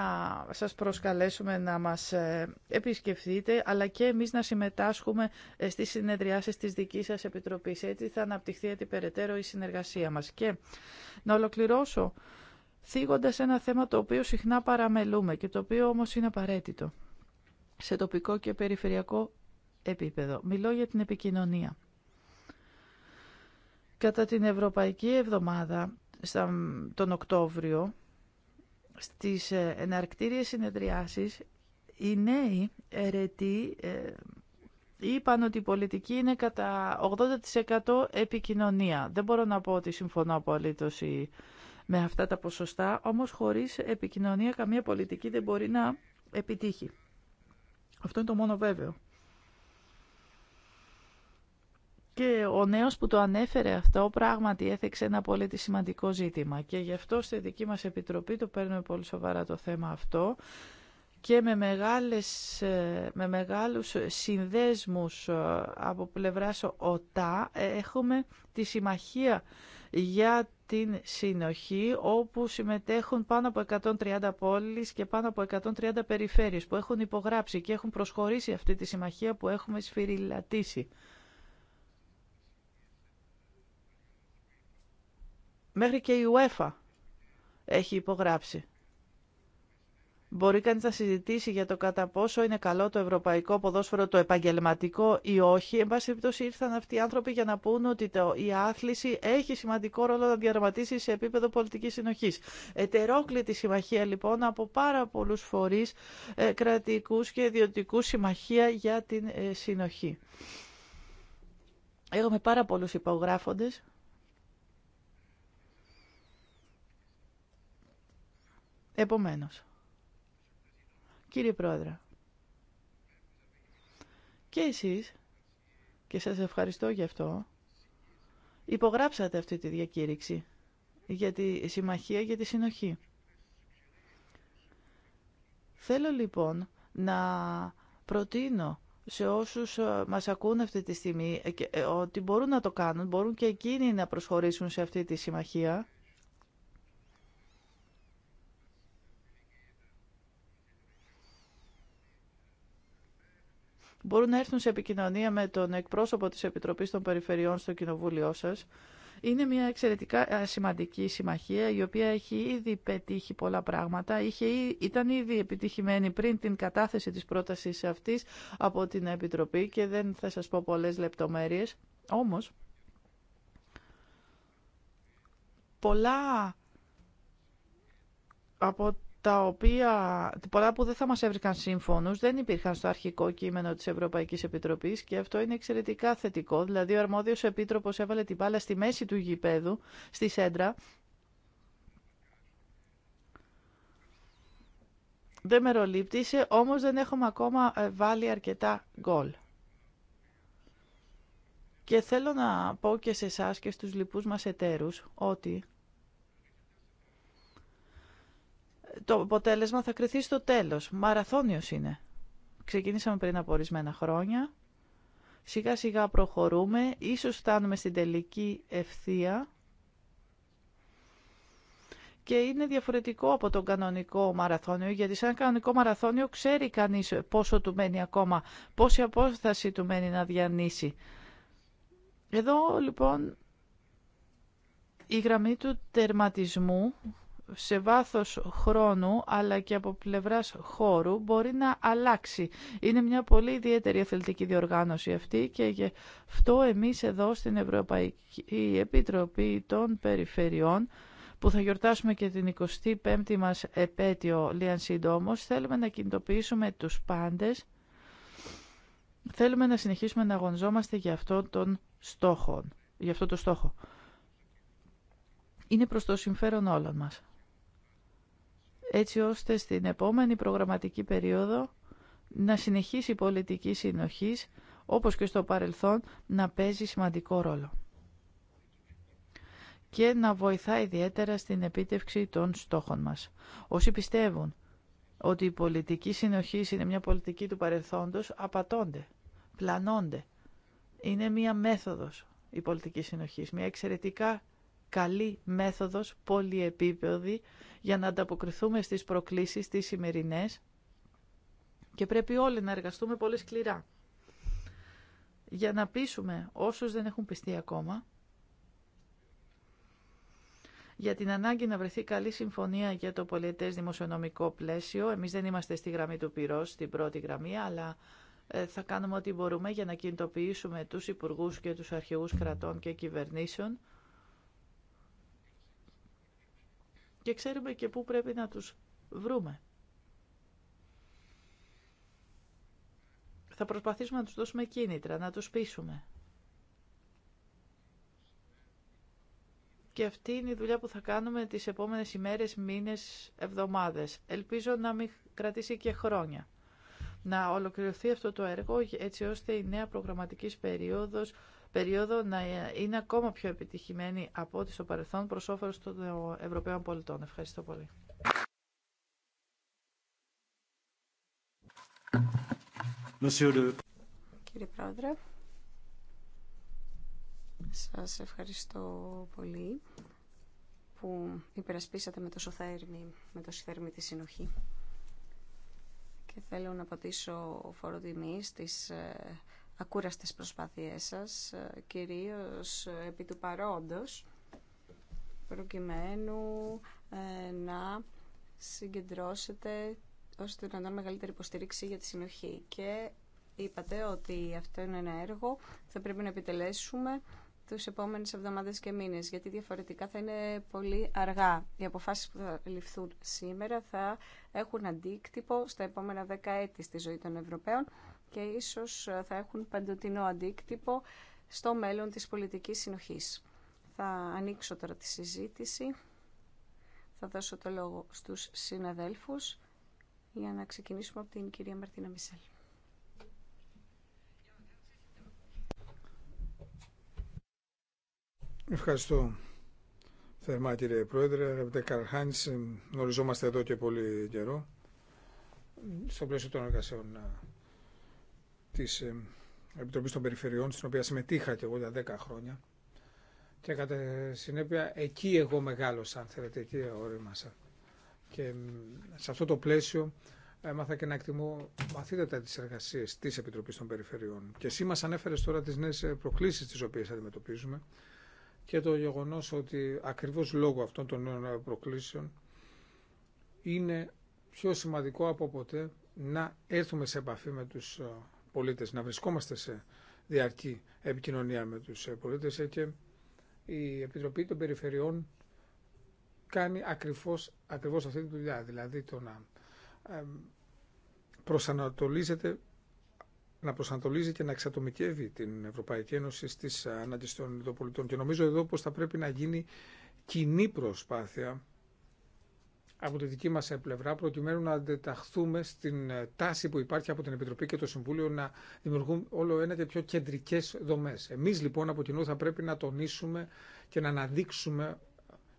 Speaker 1: σας προσκαλέσουμε να μας ε, επισκεφθείτε, αλλά και εμείς να συμμετάσχουμε ε, στις συνεδριάσεις της δικής σας Επιτροπής. Έτσι θα αναπτυχθεί έτσι περαιτέρω η συνεργασία μας. Και να ολοκληρώσω θίγοντας ένα θέμα το οποίο συχνά παραμελούμε και το οποίο όμως είναι απαραίτητο σε τοπικό και περιφερειακό επίπεδο. Μιλώ για την επικοινωνία. Κατά την Ευρωπαϊκή Εβδομάδα, τον Οκτώβριο, στις ε, εναρκτήριες συνεδριάσεις, οι νέοι αιρετοί ε, είπαν ότι η πολιτική είναι κατά 80% επικοινωνία. Δεν μπορώ να πω ότι συμφωνώ απολύτως με αυτά τα ποσοστά, όμως χωρίς επικοινωνία καμία πολιτική δεν μπορεί να επιτύχει. Αυτό είναι το μόνο βέβαιο. Και ο νέος που το ανέφερε αυτό πράγματι έθεξε ένα πολύ σημαντικό ζήτημα και γι' αυτό στη δική μας Επιτροπή το παίρνουμε πολύ σοβαρά το θέμα αυτό και με, μεγάλες, ε, με μεγάλους συνδέσμους ε, από πλευράς ΟΤΑ ε, έχουμε τη Συμμαχία για την συνοχή όπου συμμετέχουν πάνω από 130 πόλεις και πάνω από 130 περιφέρειες που έχουν υπογράψει και έχουν προσχωρήσει αυτή τη συμμαχία που έχουμε σφυριλατήσει. Μέχρι και η UEFA έχει υπογράψει. Μπορεί κανείς να συζητήσει για το κατά πόσο είναι καλό το ευρωπαϊκό ποδόσφαιρο, το επαγγελματικό ή όχι. Εν πάση περιπτώσει ήρθαν αυτοί οι άνθρωποι για να πούν ότι το, η άθληση έχει σημαντικό ρόλο να διαρροματίσει σε επίπεδο πολιτικής συνοχής. Ετερόκλητη συμμαχία λοιπόν από πάρα πολλούς φορείς ε, κρατικούς και ιδιωτικού συμμαχία για την ε, συνοχή. Έχουμε πάρα πολλούς υπογράφοντες. Επομένως. Κύριε Πρόεδρε, και εσείς, και σας ευχαριστώ γι' αυτό, υπογράψατε αυτή τη διακήρυξη για τη συμμαχία για τη συνοχή. Θέλω λοιπόν να προτείνω σε όσους ε, μας ακούν αυτή τη στιγμή ε, ε, ότι μπορούν να το κάνουν, μπορούν και εκείνοι να προσχωρήσουν σε αυτή τη συμμαχία μπορούν να έρθουν σε επικοινωνία με τον εκπρόσωπο της Επιτροπής των Περιφερειών στο κοινοβούλιο σας. Είναι μια εξαιρετικά ε, σημαντική συμμαχία η οποία έχει ήδη πετύχει πολλά πράγματα. Είχε, ήταν ήδη επιτυχημένη πριν την κατάθεση της πρότασης αυτής από την Επιτροπή και δεν θα σας πω πολλές λεπτομέρειες. Όμως, πολλά από τα οποία, πολλά που δεν θα μας έβρισκαν σύμφωνους, δεν υπήρχαν στο αρχικό κείμενο της Ευρωπαϊκής Επιτροπής και αυτό είναι εξαιρετικά θετικό. Δηλαδή ο αρμόδιος επίτροπος έβαλε την μπάλα στη μέση του γηπέδου, στη σέντρα. Δεν μεροληπτήσε, όμως δεν έχουμε ακόμα ε, βάλει αρκετά γκολ. Και θέλω να πω και σε εσά και στους λοιπούς μας εταίρους ότι το αποτέλεσμα θα κρυθεί στο τέλος. Μαραθώνιος είναι. Ξεκινήσαμε πριν από ορισμένα χρόνια. Σιγά σιγά προχωρούμε. Ίσως φτάνουμε στην τελική ευθεία. Και είναι διαφορετικό από τον κανονικό μαραθώνιο, γιατί σαν κανονικό μαραθώνιο ξέρει κανείς πόσο του μένει ακόμα, πόση απόσταση του μένει να διανύσει. Εδώ λοιπόν η γραμμή του τερματισμού σε βάθος χρόνου αλλά και από πλευράς χώρου μπορεί να αλλάξει. Είναι μια πολύ ιδιαίτερη αθλητική διοργάνωση αυτή και γι' αυτό εμείς εδώ στην Ευρωπαϊκή Επιτροπή των Περιφερειών που θα γιορτάσουμε και την 25η μας επέτειο Λίαν Σύντομος, θέλουμε να κινητοποιήσουμε τους πάντες, θέλουμε να συνεχίσουμε να αγωνιζόμαστε για αυτό τον στόχο. Για αυτό το στόχο. Είναι προς το συμφέρον όλων μας έτσι ώστε στην επόμενη προγραμματική περίοδο να συνεχίσει η πολιτική συνοχής, όπως και στο παρελθόν, να παίζει σημαντικό ρόλο και να βοηθά ιδιαίτερα στην επίτευξη των στόχων μας. Όσοι πιστεύουν ότι η πολιτική συνοχή είναι μια πολιτική του παρελθόντος, απατώνται, πλανώνται. Είναι μια μέθοδος η πολιτική συνοχή, μια εξαιρετικά καλή μέθοδος, πολυεπίπεδη, για να ανταποκριθούμε στις προκλήσεις τις σημερινές και πρέπει όλοι να εργαστούμε πολύ σκληρά για να πείσουμε όσους δεν έχουν πιστεί ακόμα για την ανάγκη να βρεθεί καλή συμφωνία για το πολιετές δημοσιονομικό πλαίσιο. Εμείς δεν είμαστε στη γραμμή του πυρός, στην πρώτη γραμμή, αλλά ε, θα κάνουμε ό,τι μπορούμε για να κινητοποιήσουμε τους υπουργούς και τους αρχηγούς κρατών και κυβερνήσεων και ξέρουμε και πού πρέπει να τους βρούμε. Θα προσπαθήσουμε να τους δώσουμε κίνητρα, να τους πείσουμε. Και αυτή είναι η δουλειά που θα κάνουμε τις επόμενες ημέρες, μήνες, εβδομάδες. Ελπίζω να μην κρατήσει και χρόνια. Να ολοκληρωθεί αυτό το έργο έτσι ώστε η νέα προγραμματικής περίοδος περίοδο να είναι ακόμα πιο επιτυχημένη από ό,τι στο παρελθόν προ όφελο των Ευρωπαίων πολιτών. Ευχαριστώ πολύ. Κύριε Πρόεδρε,
Speaker 2: σας ευχαριστώ πολύ που υπερασπίσατε με τόσο θέρμη, με τόσο θέρμη τη συνοχή. Και θέλω να πατήσω φόρο τιμή στις ε, ακούραστες προσπάθειές σας, ε, κυρίως ε, επί του παρόντος, προκειμένου ε, να συγκεντρώσετε ώστε να δώσουμε μεγαλύτερη υποστήριξη για τη συνοχή. Και είπατε ότι αυτό είναι ένα έργο που θα πρέπει να επιτελέσουμε τους επόμενες εβδομάδες και μήνες, γιατί διαφορετικά θα είναι πολύ αργά. Οι αποφάσεις που θα ληφθούν σήμερα θα έχουν αντίκτυπο στα επόμενα δέκα έτη στη ζωή των Ευρωπαίων και ίσως θα έχουν παντοτινό αντίκτυπο στο μέλλον της πολιτικής συνοχής. Θα ανοίξω τώρα τη συζήτηση. Θα δώσω το λόγο στους συναδέλφους για να ξεκινήσουμε από την κυρία Μαρτίνα Μισελ.
Speaker 3: Ευχαριστώ θερμά κύριε Πρόεδρε. Αγαπητέ Καρχάνης, γνωριζόμαστε εδώ και πολύ καιρό στο πλαίσιο των εργασιών ε, της ε, Επιτροπής των Περιφερειών, στην οποία συμμετείχα και εγώ για 10 χρόνια. Και κατά συνέπεια εκεί εγώ μεγάλωσα, αν θέλετε, εκεί ορίμασα. Και σε αυτό το πλαίσιο έμαθα και να εκτιμώ βαθύτατα τις εργασίες της Επιτροπής των Περιφερειών. Και εσύ μας ανέφερες τώρα τις νέες ε, προκλήσεις τις οποίες αντιμετωπίζουμε και το γεγονός ότι ακριβώς λόγω αυτών των νέων ε, προκλήσεων είναι πιο σημαντικό από ποτέ να έρθουμε σε επαφή με τους πολίτες, να βρισκόμαστε σε διαρκή επικοινωνία με τους ε, πολίτες ε, και η Επιτροπή των Περιφερειών κάνει ακριβώς, ακριβώς αυτή τη δουλειά, δηλαδή το να προσανατολίζεται να και να εξατομικεύει την Ευρωπαϊκή Ένωση στις ανάγκες των πολιτών. Και νομίζω εδώ πως θα πρέπει να γίνει κοινή προσπάθεια από τη δική μας πλευρά προκειμένου να αντεταχθούμε στην ε, τάση που υπάρχει από την Επιτροπή και το Συμβούλιο να δημιουργούν όλο ένα και πιο κεντρικές δομές. Εμείς λοιπόν από κοινού θα πρέπει να τονίσουμε και να αναδείξουμε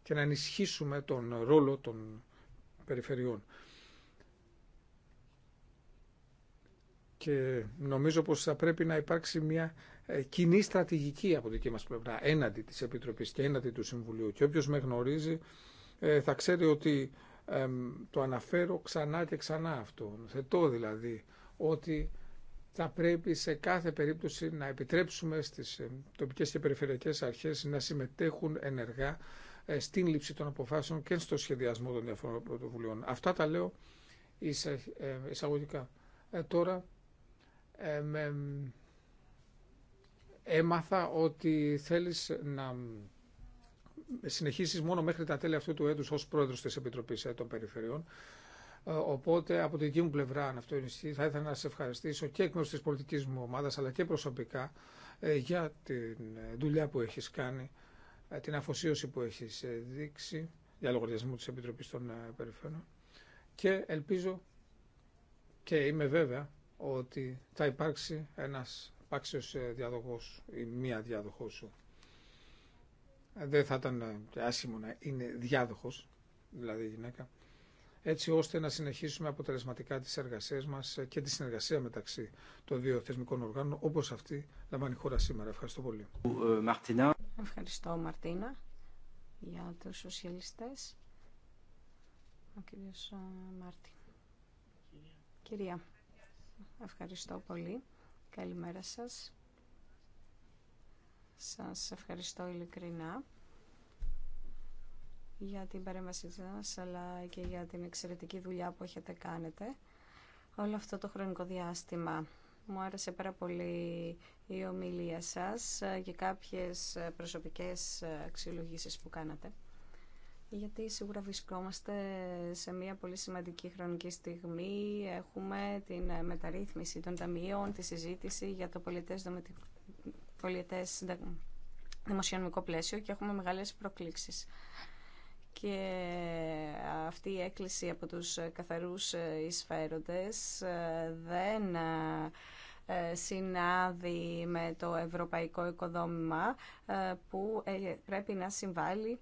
Speaker 3: και να ενισχύσουμε τον ρόλο των περιφερειών. Και νομίζω πως θα πρέπει να υπάρξει μια ε, κοινή στρατηγική από δική μας πλευρά έναντι της Επιτροπής και έναντι του Συμβουλίου. Και όποιος με γνωρίζει ε, θα ξέρει ότι το αναφέρω ξανά και ξανά αυτό. Θετώ δηλαδή ότι θα πρέπει σε κάθε περίπτωση να επιτρέψουμε στις τοπικές και περιφερειακές αρχές να συμμετέχουν ενεργά ε, στην λήψη των αποφάσεων και στο σχεδιασμό των διαφορών πρωτοβουλίων. Αυτά τα λέω ε, εισαγωγικά. Ε, τώρα έμαθα ότι θέλεις να συνεχίσεις μόνο μέχρι τα τέλη αυτού του έτους ως πρόεδρος της Επιτροπής ε, των Περιφερειών. Ε, οπότε από την δική μου πλευρά, αν αυτό ενισχύει, θα ήθελα να σε ευχαριστήσω και εκ μέρους της πολιτικής μου ομάδας, αλλά και προσωπικά ε, για την δουλειά που έχεις κάνει, την αφοσίωση που έχεις δείξει για λογαριασμό της Επιτροπής των Περιφερειών. Και ελπίζω και είμαι βέβαια ότι θα υπάρξει ένας πάξιος διαδοχός ή μία διαδοχός σου δεν θα ήταν ε, άσχημο να είναι διάδοχος, δηλαδή η γυναίκα, έτσι ώστε να συνεχίσουμε αποτελεσματικά τις εργασίες μας ε, και τη συνεργασία μεταξύ των δύο θεσμικών οργάνων, όπως αυτή λαμβάνει η χώρα σήμερα. Ευχαριστώ πολύ. Ε,
Speaker 2: ευχαριστώ, Μαρτίνα, για τους σοσιαλιστές. Ο κύριος Μάρτιν. Κυρία, ευχαριστώ πολύ. Καλημέρα σας. Σας ευχαριστώ ειλικρινά για την παρέμβασή σας, αλλά και για την εξαιρετική δουλειά που έχετε κάνετε όλο αυτό το χρονικό διάστημα. Μου άρεσε πάρα πολύ η ομιλία σας και κάποιες προσωπικές αξιολογήσεις που κάνατε. Γιατί σίγουρα βρισκόμαστε σε μια πολύ σημαντική χρονική στιγμή. Έχουμε την μεταρρύθμιση των ταμείων, τη συζήτηση για το πολιτές πολιετέ δημοσιονομικό πλαίσιο και έχουμε μεγάλες προκλήσεις. Και αυτή η έκκληση από τους καθαρούς ε, εισφέροντες ε, δεν ε, συνάδει με το ευρωπαϊκό οικοδόμημα που πρέπει να συμβάλλει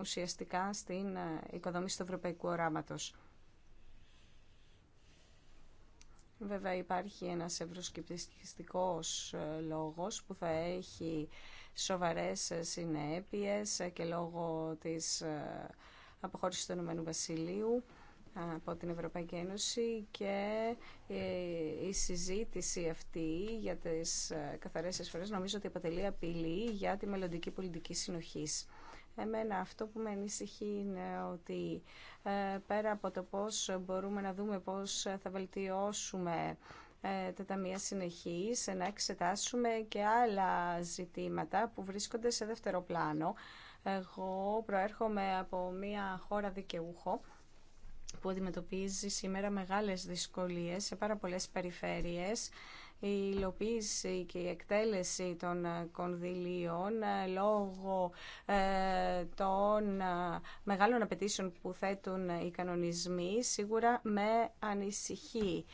Speaker 2: ουσιαστικά στην οικοδόμηση του ευρωπαϊκού οράματος. Βέβαια υπάρχει ένας ευρωσκεπτιστικός ε, λόγος που θα έχει σοβαρές ε, συνέπειες ε, και λόγω της αποχώρησης του Ηνωμένου Βασιλείου από την Ευρωπαϊκή Ένωση και η συζήτηση αυτή για τις καθαρές εισφορές νομίζω ότι αποτελεί απειλή για τη μελλοντική πολιτική συνοχής. Εμένα αυτό που με ανησυχεί είναι ότι ε, πέρα από το πώς μπορούμε να δούμε πώς θα βελτιώσουμε ε, τα ταμεία συνεχής, να εξετάσουμε και άλλα ζητήματα που βρίσκονται σε δεύτερο πλάνο. Εγώ προέρχομαι από μια χώρα δικαιούχο που αντιμετωπίζει σήμερα μεγάλες δυσκολίες σε πάρα πολλές περιφέρειες η υλοποίηση και η εκτέλεση των κονδυλίων ε, λόγω ε, των ε, μεγάλων απαιτήσεων που θέτουν οι κανονισμοί σίγουρα με ανησυχεί.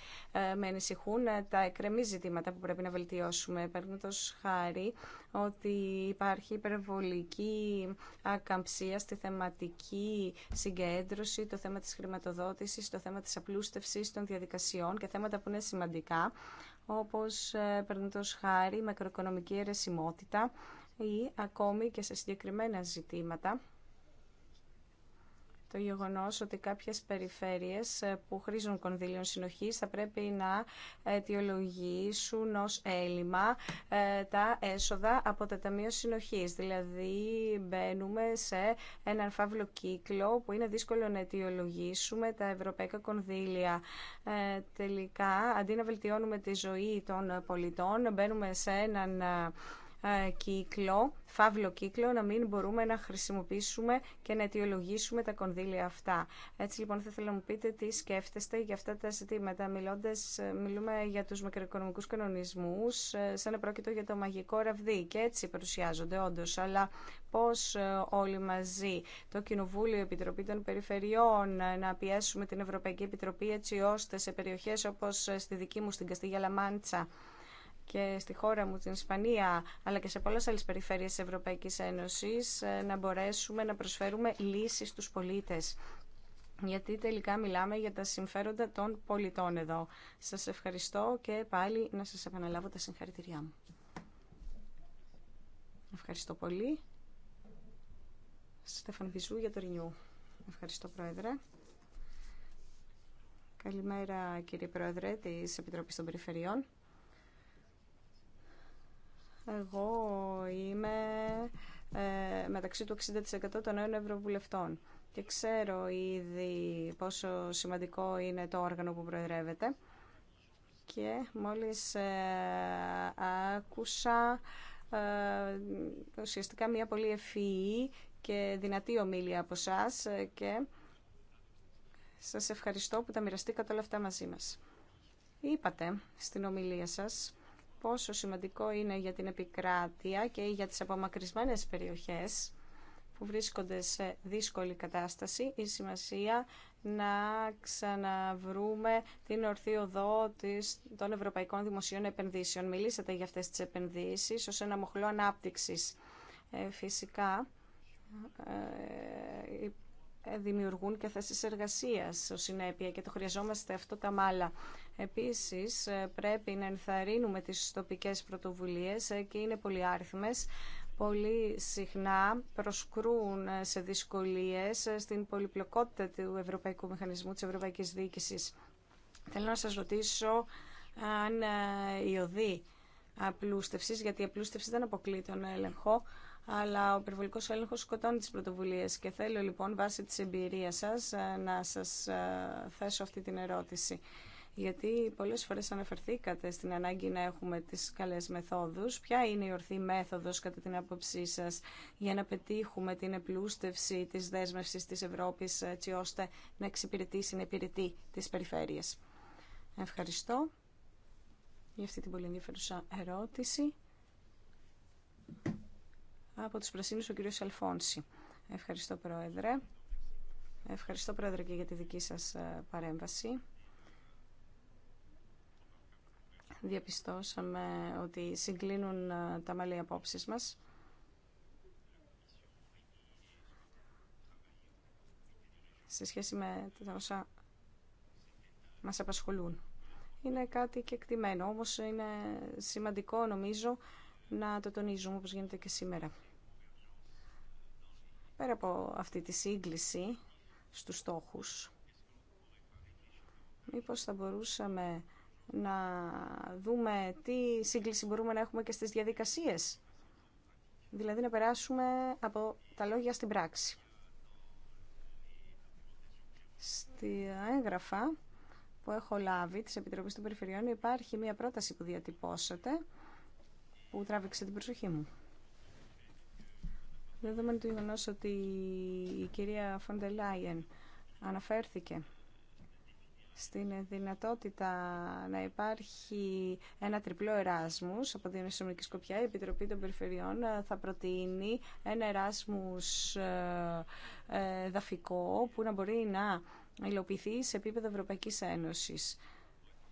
Speaker 2: Με ανησυχούν τα εκκρεμή ζητήματα που πρέπει να βελτιώσουμε. Παίρνοντα χάρη ότι υπάρχει υπερβολική ακαμψία στη θεματική συγκέντρωση, το θέμα της χρηματοδότησης, το θέμα της απλούστευσης των διαδικασιών και θέματα που είναι σημαντικά όπως ε, παραδείγματος χάρη μακροοικονομική αιρεσιμότητα ή ακόμη και σε συγκεκριμένα ζητήματα το γεγονός ότι κάποιες περιφέρειες ε, που χρήζουν κονδύλιων συνοχής θα πρέπει να αιτιολογήσουν ως έλλειμμα ε, τα έσοδα από τα ταμεία Συνοχής. Δηλαδή μπαίνουμε σε έναν φαύλο κύκλο που είναι δύσκολο να αιτιολογήσουμε τα ευρωπαϊκά κονδύλια. Ε, τελικά, αντί να βελτιώνουμε τη ζωή των πολιτών, μπαίνουμε σε έναν ε, κύκλο, φαύλο κύκλο, να μην μπορούμε να χρησιμοποιήσουμε και να αιτιολογήσουμε τα κονδύλια αυτά. Έτσι λοιπόν θα ήθελα να μου πείτε τι σκέφτεστε για αυτά τα ζητήματα. Μιλώντας, ε, μιλούμε για τους μικροοικονομικούς κανονισμούς, ε, σαν να πρόκειται για το μαγικό ραβδί και έτσι παρουσιάζονται όντω, αλλά πώς όλοι μαζί, το Κοινοβούλιο, Επιτροπή των Περιφερειών, να πιέσουμε την Ευρωπαϊκή Επιτροπή έτσι ώστε σε περιοχές όπως στη δική μου στην Καστίγια Λαμάντσα, και στη χώρα μου, την Ισπανία, αλλά και σε πολλές άλλες περιφέρειες τη Ευρωπαϊκής Ένωσης, ε, να μπορέσουμε να προσφέρουμε λύσεις στους πολίτες. Γιατί τελικά μιλάμε για τα συμφέροντα των πολιτών εδώ. Σας ευχαριστώ και πάλι να σας επαναλάβω τα συγχαρητηριά μου. Ευχαριστώ πολύ. Στέφαν Βυζού για το Ρινιού. Ευχαριστώ, Πρόεδρε. Καλημέρα, κύριε Πρόεδρε της Επιτροπής των Περιφερειών. Εγώ είμαι ε, μεταξύ του 60% των νέων ευρωβουλευτών και ξέρω ήδη πόσο σημαντικό είναι το όργανο που προεδρεύεται και μόλις ε, άκουσα ε, ουσιαστικά μια πολύ ευφυή και δυνατή ομίλια από σας και σας ευχαριστώ που τα μοιραστήκατε όλα αυτά μαζί μας. Είπατε στην ομιλία σας πόσο σημαντικό είναι για την επικράτεια και για τις απομακρυσμένες περιοχές που βρίσκονται σε δύσκολη κατάσταση η σημασία να ξαναβρούμε την ορθή οδό της, των Ευρωπαϊκών Δημοσίων Επενδύσεων. Μιλήσατε για αυτές τις επενδύσεις ως ένα μοχλό ανάπτυξης. Ε, φυσικά ε, δημιουργούν και θέσεις εργασίας ως συνέπεια και το χρειαζόμαστε αυτό τα μάλα. Επίσης, ε, πρέπει να ενθαρρύνουμε τις τοπικές πρωτοβουλίες ε, και είναι πολύ Πολύ συχνά προσκρούν ε, σε δυσκολίες στην πολυπλοκότητα του Ευρωπαϊκού Μηχανισμού της Ευρωπαϊκής Διοίκησης. Θέλω να σας ρωτήσω αν η οδή απλούστευσης, γιατί η απλούστευση δεν αποκλεί τον έλεγχο, αλλά ο περιβολικός έλεγχος σκοτώνει τις πρωτοβουλίες και θέλω λοιπόν βάσει της εμπειρίας σας να σας θέσω αυτή την ερώτηση γιατί πολλές φορές αναφερθήκατε στην ανάγκη να έχουμε τις καλές μεθόδους. Ποια είναι η ορθή μέθοδος κατά την άποψή σας για να πετύχουμε την επλούστευση της δέσμευσης της Ευρώπης έτσι ώστε να εξυπηρετήσει, να υπηρετεί τις περιφέρειες. Ευχαριστώ για αυτή την πολύ ενδιαφέρουσα ερώτηση. Από τους Πρασίνους ο κύριος Αλφόνση. Ευχαριστώ Πρόεδρε. Ευχαριστώ Πρόεδρε και για τη δική σας ε, παρέμβαση διαπιστώσαμε ότι συγκλίνουν ε, τα μέλη απόψεις μας. σε σχέση με τα όσα μας απασχολούν. Είναι κάτι και εκτιμένο, όμως είναι σημαντικό νομίζω να το τονίζουμε όπως γίνεται και σήμερα. Πέρα από αυτή τη σύγκληση στους στόχους, μήπως θα μπορούσαμε να δούμε τι σύγκληση μπορούμε να έχουμε και στις διαδικασίες. Δηλαδή να περάσουμε από τα λόγια στην πράξη. Στη έγγραφα που έχω λάβει της Επιτροπής των Περιφερειών υπάρχει μια πρόταση που διατυπώσατε που τράβηξε την προσοχή μου. Δεδομένου του γεγονό ότι η κυρία Φοντελάιεν αναφέρθηκε στην δυνατότητα να υπάρχει ένα τριπλό Εράσμους από την Ισομική Σκοπιά. Η Επιτροπή των Περιφερειών ε, θα προτείνει ένα Εράσμους ε, ε, δαφικό που να μπορεί να υλοποιηθεί σε επίπεδο Ευρωπαϊκής Ένωσης.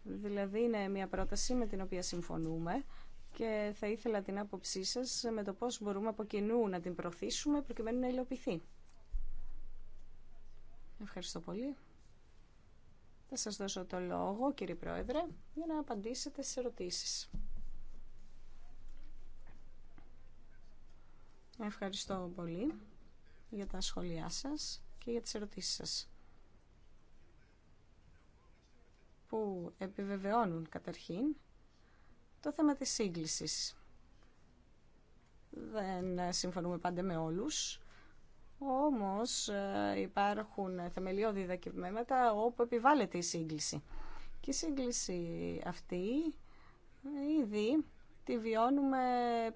Speaker 2: Δηλαδή είναι μια πρόταση με την οποία συμφωνούμε και θα ήθελα την άποψή σας με το πώς μπορούμε από κοινού να την προωθήσουμε προκειμένου να υλοποιηθεί. Ευχαριστώ πολύ. Θα σας δώσω το λόγο, κύριε Πρόεδρε, για να απαντήσετε στις ερωτήσεις. Ευχαριστώ πολύ για τα σχόλιά σας και για τις ερωτήσεις σας που επιβεβαιώνουν καταρχήν το θέμα της σύγκλησης. Δεν συμφωνούμε πάντα με όλους όμως ε, υπάρχουν θεμελιώδη δακευμένα όπου επιβάλλεται η σύγκληση. Και η σύγκληση αυτή ήδη τη βιώνουμε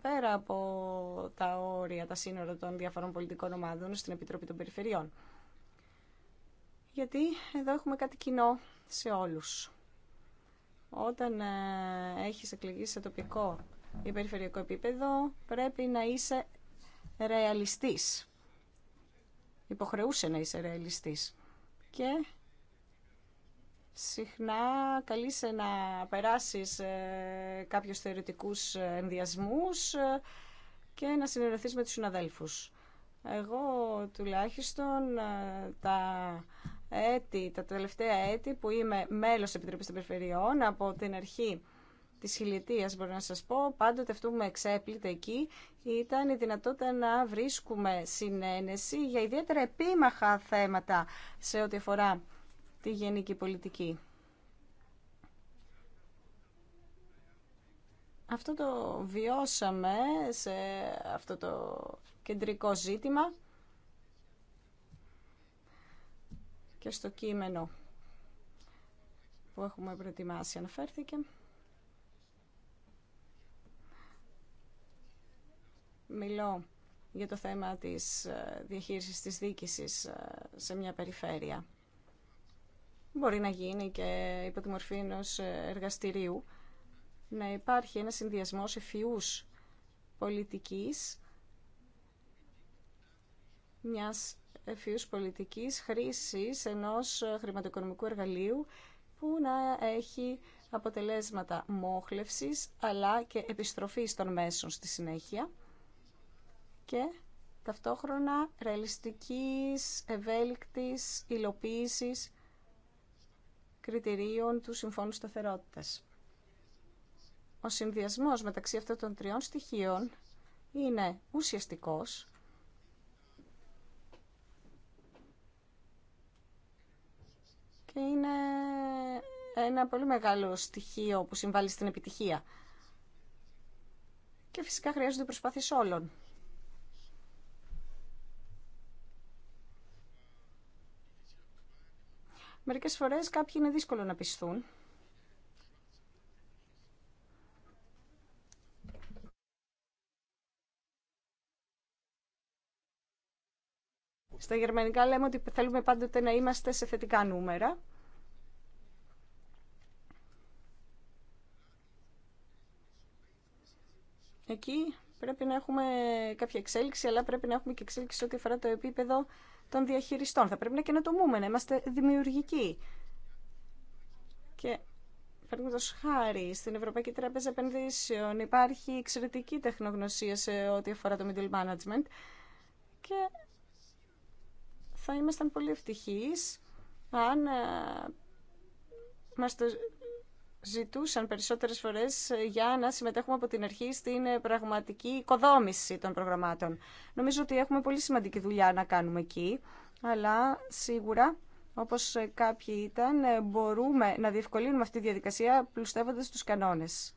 Speaker 2: πέρα από τα όρια, τα σύνορα των διαφορών πολιτικών ομάδων στην Επιτροπή των Περιφερειών. Γιατί εδώ έχουμε κάτι κοινό σε όλους. Όταν ε, έχεις εκλεγεί σε τοπικό ή περιφερειακό επίπεδο, πρέπει να είσαι ρεαλιστής υποχρεούσε να είσαι ρεαλιστής. Και συχνά καλείσαι να περάσεις ε, κάποιους θεωρητικούς ε, ενδιασμούς ε, και να συνεργαθείς με τους συναδέλφους. Εγώ τουλάχιστον ε, τα έτη, τα τελευταία έτη που είμαι μέλος Επιτροπής των Περιφερειών από την αρχή Τη χιλιετία μπορώ να σας πω, πάντοτε αυτό που με εξέπλητε εκεί ήταν η δυνατότητα να βρίσκουμε συνένεση για ιδιαίτερα επίμαχα θέματα σε ό,τι αφορά τη γενική πολιτική. Αυτό το βιώσαμε σε αυτό το κεντρικό ζήτημα και στο κείμενο που έχουμε προετοιμάσει αναφέρθηκε. μιλώ για το θέμα της ε, διαχείρισης της δίκησης ε, σε μια περιφέρεια. Μπορεί να γίνει και υπό τη μορφή ενός ε, εργαστηρίου να υπάρχει ένα συνδυασμός εφιούς πολιτικής μιας εφιούς πολιτικής χρήσης ενός χρηματοοικονομικού εργαλείου που να έχει αποτελέσματα μόχλευσης αλλά και επιστροφής των μέσων στη συνέχεια και ταυτόχρονα ρεαλιστικής, ευέλικτης υλοποίησης κριτηρίων του Συμφώνου σταθερότητα. Ο συνδυασμός μεταξύ αυτών των τριών στοιχείων είναι ουσιαστικός και είναι ένα πολύ μεγάλο στοιχείο που συμβάλλει στην επιτυχία. Και φυσικά χρειάζονται προσπάθειες όλων. Μερικές φορές κάποιοι είναι δύσκολο να πιστούν. Στα γερμανικά λέμε ότι θέλουμε πάντοτε να είμαστε σε θετικά νούμερα. Εκεί πρέπει να έχουμε κάποια εξέλιξη, αλλά πρέπει να έχουμε και εξέλιξη ό,τι αφορά το επίπεδο των διαχειριστών. Θα πρέπει να καινοτομούμε, να είμαστε δημιουργικοί. Και Παραδείγματο χάρη, στην Ευρωπαϊκή Τράπεζα Επενδύσεων υπάρχει εξαιρετική τεχνογνωσία σε ό,τι αφορά το middle management και θα ήμασταν πολύ ευτυχεί. αν ε, μας το ζητούσαν περισσότερες φορές ε, για να συμμετέχουμε από την αρχή στην ε, πραγματική οικοδόμηση των προγραμμάτων. Νομίζω ότι έχουμε πολύ σημαντική δουλειά να κάνουμε εκεί, αλλά σίγουρα, όπως ε, κάποιοι ήταν, μπορούμε να διευκολύνουμε αυτή τη διαδικασία πλουστεύοντας τους κανόνες.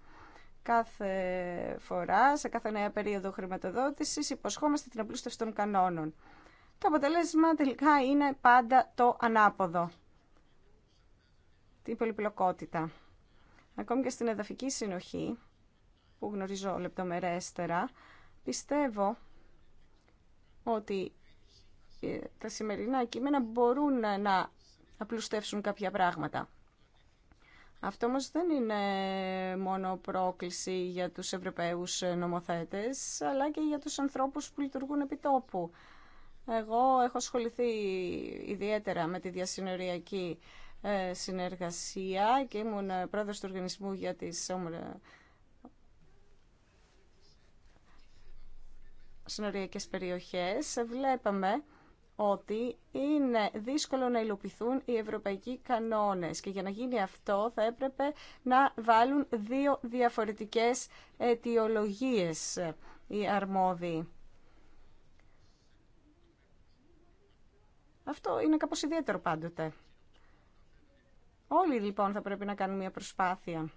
Speaker 2: Κάθε φορά, σε κάθε νέα περίοδο χρηματοδότησης, υποσχόμαστε την απλούστευση των κανόνων. Το αποτέλεσμα τελικά είναι πάντα το ανάποδο. Την πολυπλοκότητα ακόμη και στην εδαφική συνοχή, που γνωρίζω λεπτομερέστερα, πιστεύω ότι ε, τα σημερινά κείμενα μπορούν να απλουστεύσουν κάποια πράγματα. Αυτό όμως δεν είναι μόνο πρόκληση για τους Ευρωπαίους νομοθέτες, αλλά και για τους ανθρώπους που λειτουργούν επί τόπου. Εγώ έχω ασχοληθεί ιδιαίτερα με τη διασυνοριακή ε, συνεργασία και ήμουν πρόεδρος του οργανισμού για τις συνοριακές περιοχές. Βλέπαμε ότι είναι δύσκολο να υλοποιηθούν οι ευρωπαϊκοί κανόνες και για να γίνει αυτό θα έπρεπε να βάλουν δύο διαφορετικές αιτιολογίες οι αρμόδιοι. Αυτό είναι κάπως ιδιαίτερο πάντοτε. Όλοι λοιπόν θα πρέπει να κάνουμε μια προσπάθεια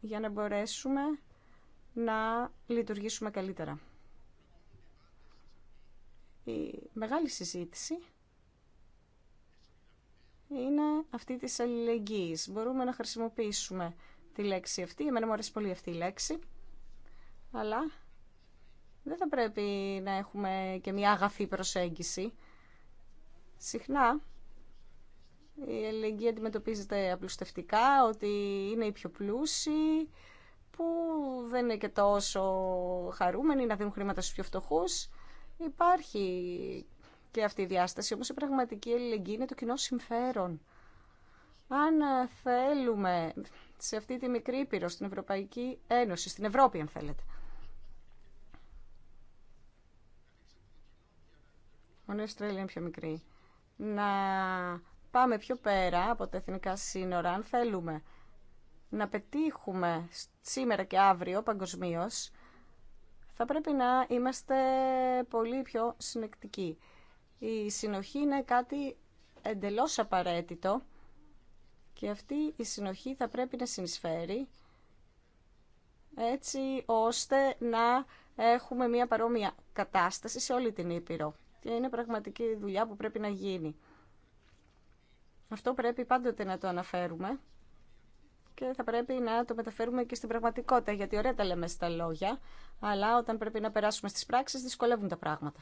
Speaker 2: για να μπορέσουμε να λειτουργήσουμε καλύτερα. Η μεγάλη συζήτηση είναι αυτή της αλληλεγγύης. Μπορούμε να χρησιμοποιήσουμε τη λέξη αυτή. Εμένα μου αρέσει πολύ αυτή η λέξη. Αλλά δεν θα πρέπει να έχουμε και μια αγαθή προσέγγιση. Συχνά η αλληλεγγύη αντιμετωπίζεται απλουστευτικά, ότι είναι οι πιο πλούσιοι, που δεν είναι και τόσο χαρούμενοι να δίνουν χρήματα στους πιο φτωχούς. Υπάρχει και αυτή η διάσταση, όμως η πραγματική αλληλεγγύη είναι το κοινό συμφέρον. Αν θέλουμε σε αυτή τη μικρή πυρο στην Ευρωπαϊκή Ένωση, στην Ευρώπη αν θέλετε, ο Νέος είναι πιο μικρή, να πάμε πιο πέρα από τα εθνικά σύνορα, αν θέλουμε να πετύχουμε σήμερα και αύριο παγκοσμίω, θα πρέπει να είμαστε πολύ πιο συνεκτικοί. Η συνοχή είναι κάτι εντελώς απαραίτητο και αυτή η συνοχή θα πρέπει να συνεισφέρει έτσι ώστε να έχουμε μια παρόμοια κατάσταση σε όλη την Ήπειρο. Και είναι πραγματική δουλειά που πρέπει να γίνει. Αυτό πρέπει πάντοτε να το αναφέρουμε και θα πρέπει να το μεταφέρουμε και στην πραγματικότητα, γιατί ωραία τα λέμε στα λόγια, αλλά όταν πρέπει να περάσουμε στις πράξεις δυσκολεύουν τα πράγματα.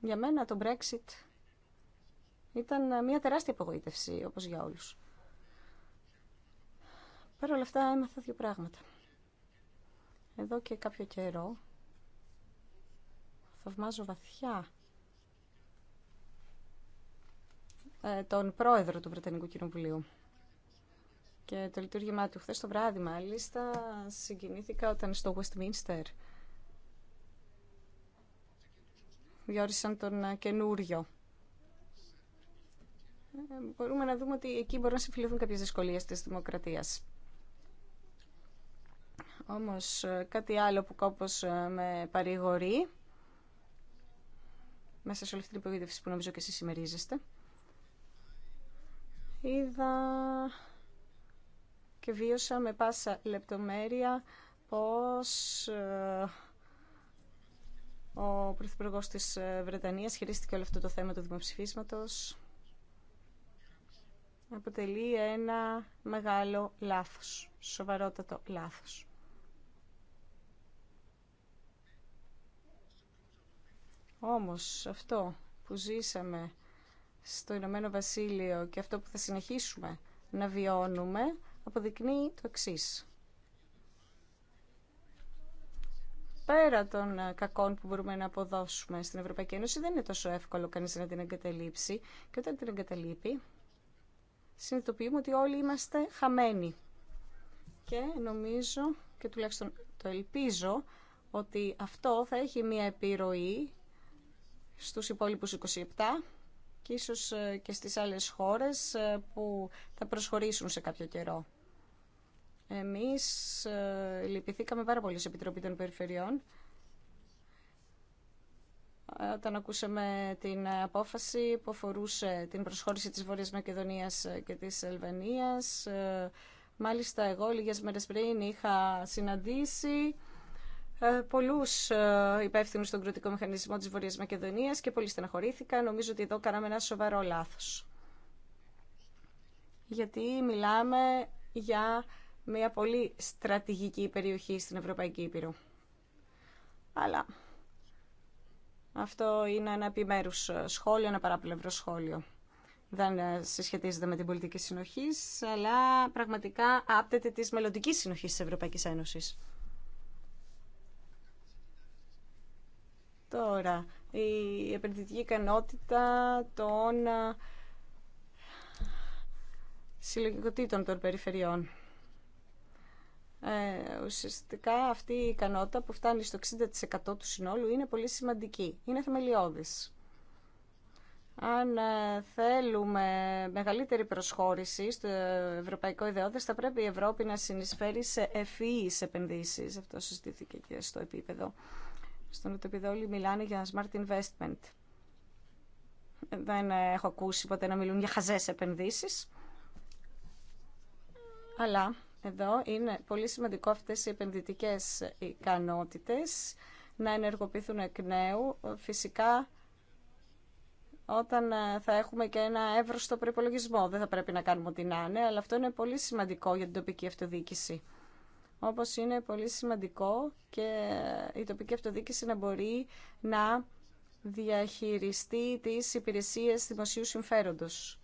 Speaker 2: Για μένα το Brexit ήταν μια τεράστια απογοήτευση, όπως για όλους. Παρ' όλα αυτά έμαθα δύο πράγματα. Εδώ και κάποιο καιρό θαυμάζω βαθιά Ε, τον πρόεδρο του Βρετανικού Κοινοβουλίου. Και το λειτουργήμά του χθε το βράδυ, μάλιστα, συγκινήθηκα όταν στο Westminster διόρισαν τον ε, καινούριο. Ε, μπορούμε να δούμε ότι εκεί μπορούν να συμφιλειωθούν κάποιες δυσκολίες της δημοκρατίας. Όμως κάτι άλλο που κόπως με παρηγορεί μέσα σε όλη αυτή την υπογοήτευση που νομίζω και εσείς συμμερίζεστε είδα και βίωσα με πάσα λεπτομέρεια πως ε, ο Πρωθυπουργό της ε, Βρετανίας χειρίστηκε όλο αυτό το θέμα του δημοψηφίσματος. Αποτελεί ένα μεγάλο λάθος, σοβαρότατο λάθος. Όμως αυτό που ζήσαμε στο Ηνωμένο Βασίλειο και αυτό που θα συνεχίσουμε να βιώνουμε αποδεικνύει το εξή. Πέρα των ε, κακών που μπορούμε να αποδώσουμε στην Ευρωπαϊκή Ένωση, δεν είναι τόσο εύκολο κανείς να την εγκαταλείψει. Και όταν την εγκαταλείπει, συνειδητοποιούμε ότι όλοι είμαστε χαμένοι. Και νομίζω, και τουλάχιστον το ελπίζω, ότι αυτό θα έχει μία επιρροή στους υπόλοιπους 27 και ίσως ε, και στις άλλες χώρες ε, που θα προσχωρήσουν σε κάποιο καιρό. Εμείς ε, λυπηθήκαμε πάρα πολύ σε Επιτροπή των Περιφερειών όταν ακούσαμε την απόφαση που αφορούσε την προσχώρηση της Βόρειας Μακεδονίας και της Αλβανίας. Μάλιστα εγώ λίγες μέρες πριν είχα συναντήσει ε, Πολλού ε, υπεύθυνου στον κροτικό μηχανισμό της Βορειάς Μακεδονίας και πολλοί στεναχωρήθηκαν. Νομίζω ότι εδώ κάναμε ένα σοβαρό λάθος. Γιατί μιλάμε για μια πολύ στρατηγική περιοχή στην Ευρωπαϊκή Ήπειρο. Αλλά αυτό είναι ένα επιμέρους ε, σχόλιο, ένα παράπλευρο σχόλιο. Δεν συσχετίζεται με την πολιτική συνοχή, αλλά πραγματικά άπτεται τη μελλοντική συνοχή τη Ευρωπαϊκή Ένωση. Τώρα, η επενδυτική ικανότητα των συλλογικοτήτων των περιφερειών. Ε, ουσιαστικά αυτή η ικανότητα που φτάνει στο 60% του συνόλου είναι πολύ σημαντική. Είναι θεμελιώδης. Αν ε, θέλουμε μεγαλύτερη προσχώρηση στο ευρωπαϊκό ιδεώδες, θα πρέπει η Ευρώπη να συνεισφέρει σε ευφυείς επενδύσεις. Αυτό συζητήθηκε και στο επίπεδο στον οποίο όλοι μιλάνε για smart investment. Δεν έχω ακούσει ποτέ να μιλούν για χαζές επενδύσεις. Αλλά εδώ είναι πολύ σημαντικό αυτές οι επενδυτικές ικανότητες να ενεργοποιηθούν εκ νέου. Φυσικά όταν θα έχουμε και ένα εύρωστο προπολογισμό. Δεν θα πρέπει να κάνουμε ό,τι να είναι, αλλά αυτό είναι πολύ σημαντικό για την τοπική αυτοδιοίκηση όπως είναι πολύ σημαντικό και η τοπική αυτοδιοίκηση να μπορεί να διαχειριστεί τις υπηρεσίες δημοσίου συμφέροντος.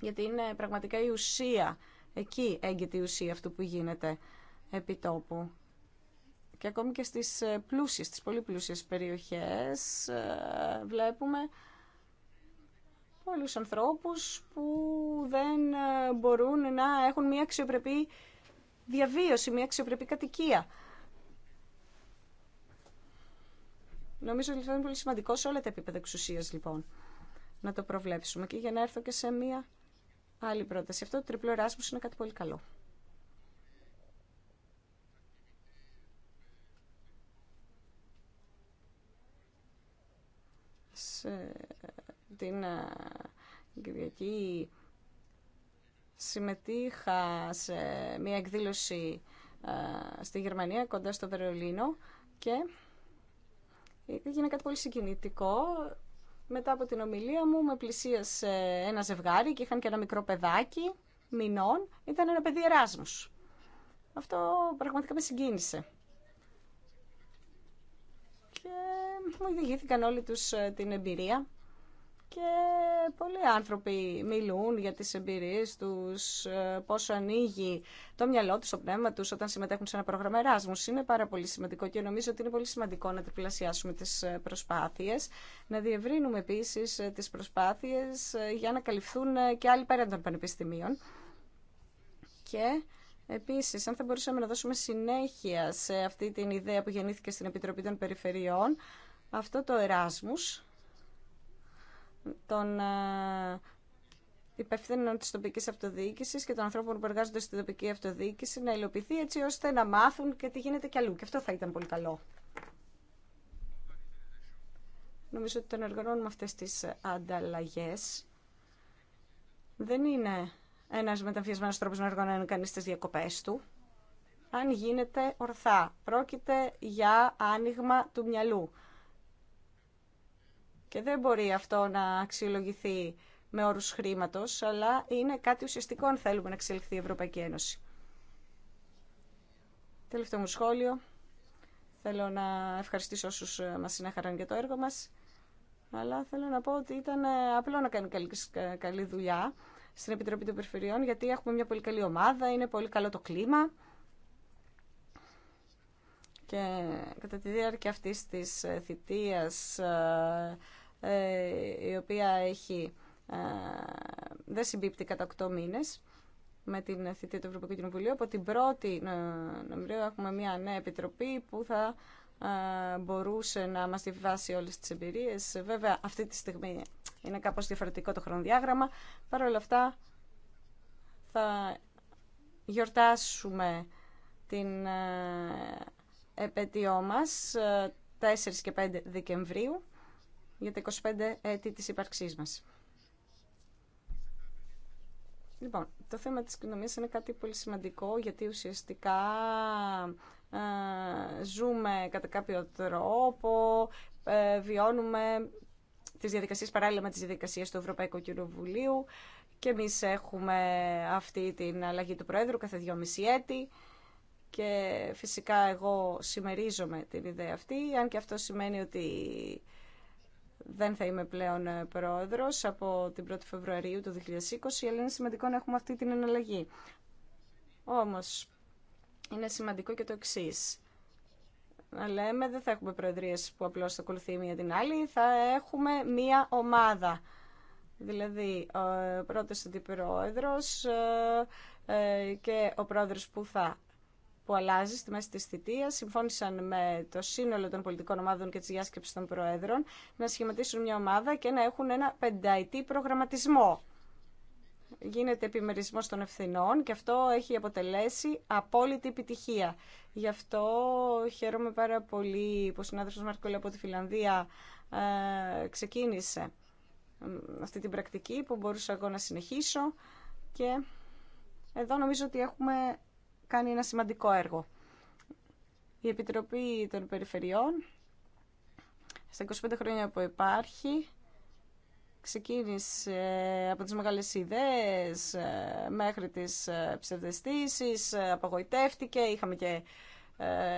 Speaker 2: Γιατί είναι πραγματικά η ουσία, εκεί έγκυται η ουσία αυτού που γίνεται επί τόπου. Και ακόμη και στις πλούσιες, στις πολύ πλούσιες περιοχές ε, βλέπουμε πολλούς ανθρώπους που δεν ε, μπορούν να έχουν μια αξιοπρεπή διαβίωση, μια αξιοπρεπή κατοικία. Νομίζω ότι λοιπόν, είναι πολύ σημαντικό σε όλα τα επίπεδα εξουσία λοιπόν να το προβλέψουμε. Και για να έρθω και σε μία άλλη πρόταση. Αυτό το τριπλό εράσμο είναι κάτι πολύ καλό. Σε την ε, Κυριακή συμμετείχα σε μια εκδήλωση ε, στη Γερμανία, κοντά στο Βερολίνο και έγινε κάτι πολύ συγκινητικό. Μετά από την ομιλία μου με πλησίασε ένα ζευγάρι και είχαν και ένα μικρό παιδάκι μηνών. Ήταν ένα παιδί Εράσμους. Αυτό πραγματικά με συγκίνησε. Και μου διηγήθηκαν όλοι τους ε, την εμπειρία και πολλοί άνθρωποι μιλούν για τις εμπειρίες τους, ε, πόσο ανοίγει το μυαλό τους, το πνεύμα τους όταν συμμετέχουν σε ένα πρόγραμμα Εράσμους. Είναι πάρα πολύ σημαντικό και νομίζω ότι είναι πολύ σημαντικό να τριπλασιάσουμε τις ε, προσπάθειες, να διευρύνουμε επίσης ε, τις προσπάθειες για να καλυφθούν και άλλοι πέραν των πανεπιστημίων. Και Επίσης, αν θα μπορούσαμε να δώσουμε συνέχεια σε αυτή την ιδέα που γεννήθηκε στην Επιτροπή των Περιφερειών, αυτό το Εράσμους των ε, υπευθύνων τη τοπική αυτοδιοίκηση και των ανθρώπων που εργάζονται στην τοπική αυτοδιοίκηση να υλοποιηθεί έτσι ώστε να μάθουν και τι γίνεται κι αλλού. Και αυτό θα ήταν πολύ καλό. Νομίζω ότι τον οργανώνουμε αυτέ τι ανταλλαγέ. Δεν είναι ένα μεταμφιασμένο τρόπο να εργανώνει κανεί τι διακοπέ του. Αν γίνεται ορθά, πρόκειται για άνοιγμα του μυαλού. Και δεν μπορεί αυτό να αξιολογηθεί με όρους χρήματος, αλλά είναι κάτι ουσιαστικό αν θέλουμε να εξελιχθεί η Ευρωπαϊκή Ένωση. Τελευταίο μου σχόλιο. Θέλω να ευχαριστήσω όσους ε, μας συνέχαραν για το έργο μας. Αλλά θέλω να πω ότι ήταν ε, απλό να κάνει ε, καλή, δουλειά στην Επιτροπή των Περιφερειών, γιατί έχουμε μια πολύ καλή ομάδα, είναι πολύ καλό το κλίμα. Και κατά τη διάρκεια αυτής της θητείας ε, η οποία έχει, ε, δεν συμπίπτει κατά 8 μήνες με την θητεία του Ευρωπαϊκού Κοινοβουλίου. Από την 1η ε, Νοεμβρίου έχουμε μια νέα επιτροπή που θα μπορούσε να μας διαβάσει όλες τις εμπειρίες. Βέβαια, αυτή τη στιγμή είναι κάπως διαφορετικό το χρονοδιάγραμμα. Παρ' όλα αυτά, θα γιορτάσουμε την επέτειό μας 4 και 5 Δεκεμβρίου για τα 25 έτη της ύπαρξής μας. Λοιπόν, το θέμα της κοινωνίας είναι κάτι πολύ σημαντικό γιατί ουσιαστικά ε, ζούμε κατά κάποιο τρόπο, ε, βιώνουμε τις διαδικασίες παράλληλα με τις διαδικασίες του Ευρωπαϊκού Κοινοβουλίου και εμείς έχουμε αυτή την αλλαγή του Πρόεδρου κάθε μισή έτη και φυσικά εγώ συμμερίζομαι την ιδέα αυτή, αν και αυτό σημαίνει ότι δεν θα είμαι πλέον ε, πρόεδρος από την 1η Φεβρουαρίου του 2020, αλλά είναι σημαντικό να έχουμε αυτή την εναλλαγή. Όμως, είναι σημαντικό και το εξή. Να λέμε, δεν θα έχουμε προεδρίες που απλώς θα ακολουθεί μία την άλλη, θα έχουμε μία ομάδα. Δηλαδή, ο πρώτος αντιπρόεδρος ε, ε, και ο πρόεδρος που θα που αλλάζει στη μέση τη θητεία. Συμφώνησαν με το σύνολο των πολιτικών ομάδων και τη διάσκεψη των Προέδρων να σχηματίσουν μια ομάδα και να έχουν ένα πενταετή προγραμματισμό. Γίνεται επιμερισμός των ευθυνών και αυτό έχει αποτελέσει απόλυτη επιτυχία. Γι' αυτό χαίρομαι πάρα πολύ που ο συνάδελφο Μαρκολέ από τη Φιλανδία ε, ξεκίνησε αυτή την πρακτική που μπορούσα εγώ να συνεχίσω και εδώ νομίζω ότι έχουμε κάνει ένα σημαντικό έργο. Η Επιτροπή των Περιφερειών, στα 25 χρόνια που υπάρχει, ξεκίνησε από τις μεγάλες ιδέες ε, μέχρι τις ε, ψευδεστήσεις, ε, απογοητεύτηκε, είχαμε και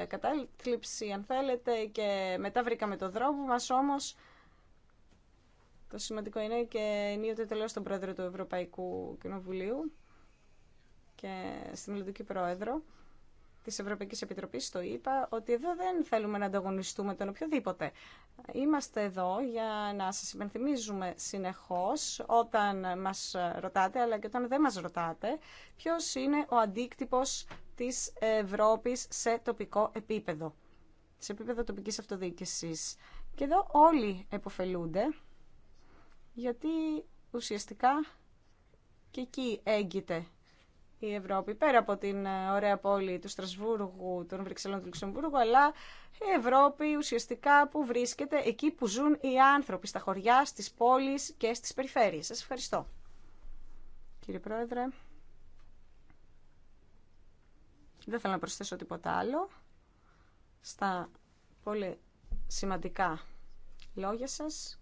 Speaker 2: κατάληψη αν θέλετε και μετά βρήκαμε το δρόμο μας όμως το σημαντικό είναι και ενίοτε τελείως τον πρόεδρο του Ευρωπαϊκού Κοινοβουλίου και στη ελληνική πρόεδρο τη Ευρωπαϊκή Επιτροπή, το είπα, ότι εδώ δεν θέλουμε να ανταγωνιστούμε τον οποιοδήποτε. Είμαστε εδώ για να σα υπενθυμίζουμε συνεχώς όταν μας ρωτάτε, αλλά και όταν δεν μας ρωτάτε, ποιο είναι ο αντίκτυπος της Ευρώπης σε τοπικό επίπεδο, σε επίπεδο τοπικής αυτοδιοίκηση. Και εδώ όλοι εποφελούνται γιατί ουσιαστικά και εκεί έγκυται η Ευρώπη, πέρα από την ε, ωραία πόλη του Στρασβούργου, των Βρυξελών του Λουξεμβούργου, αλλά η Ευρώπη ουσιαστικά που βρίσκεται εκεί που ζουν οι άνθρωποι, στα χωριά, στις πόλεις και στις περιφέρειες. Σας ευχαριστώ. Κύριε Πρόεδρε, δεν θέλω να προσθέσω τίποτα άλλο στα πολύ σημαντικά λόγια σας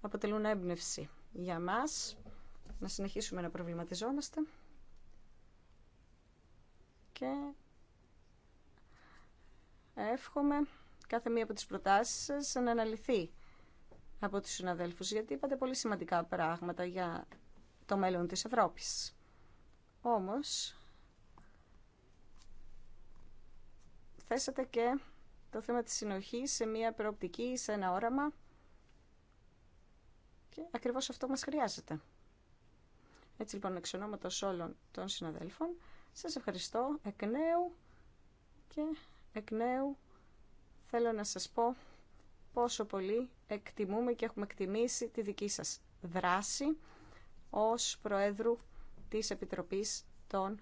Speaker 2: αποτελούν έμπνευση για μας να συνεχίσουμε να προβληματιζόμαστε και εύχομαι κάθε μία από τις προτάσεις σας να αναλυθεί από τους συναδέλφους, γιατί είπατε πολύ σημαντικά πράγματα για το μέλλον της Ευρώπης. Όμως, θέσατε και το θέμα της συνοχής σε μία προοπτική, σε ένα όραμα και ακριβώς αυτό μας χρειάζεται. Έτσι λοιπόν, εξ ονόματος όλων των συναδέλφων, σας ευχαριστώ εκ νέου και εκ νέου θέλω να σας πω πόσο πολύ εκτιμούμε και έχουμε εκτιμήσει τη δική σας δράση ως Προέδρου της Επιτροπής των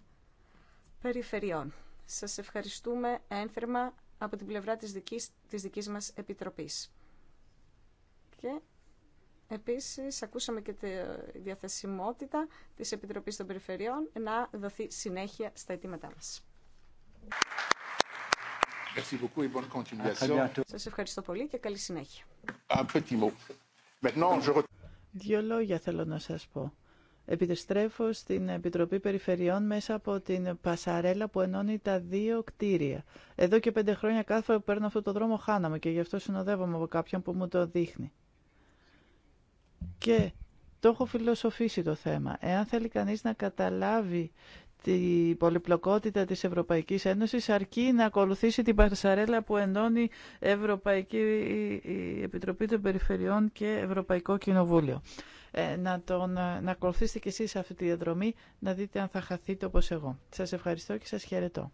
Speaker 2: Περιφερειών. Σας ευχαριστούμε ένθερμα από την πλευρά της δικής, της δικής μας Επιτροπής. Και Επίσης, ακούσαμε και τη διαθεσιμότητα της Επιτροπής των Περιφερειών να δοθεί συνέχεια στα αιτήματά μας. Σας ευχαριστώ πολύ
Speaker 1: και καλή συνέχεια. Δύο λόγια θέλω να σας πω. Επιστρέφω στην Επιτροπή Περιφερειών μέσα από την Πασαρέλα που ενώνει τα δύο κτίρια. Εδώ και πέντε χρόνια κάθε φορά που παίρνω αυτό το δρόμο χάναμε και γι' αυτό συνοδεύομαι από κάποιον που μου το δείχνει. Και το έχω φιλοσοφήσει το θέμα. Εάν θέλει κανείς να καταλάβει τη πολυπλοκότητα της Ευρωπαϊκής Ένωσης αρκεί να ακολουθήσει την παρσαρέλα που ενώνει Ευρωπαϊκή η Επιτροπή των Περιφερειών και Ευρωπαϊκό Κοινοβούλιο. Ε, να, τον, να ακολουθήσετε κι εσείς αυτή τη διαδρομή, να δείτε αν θα χαθείτε όπως εγώ. Σας ευχαριστώ και σας χαιρετώ.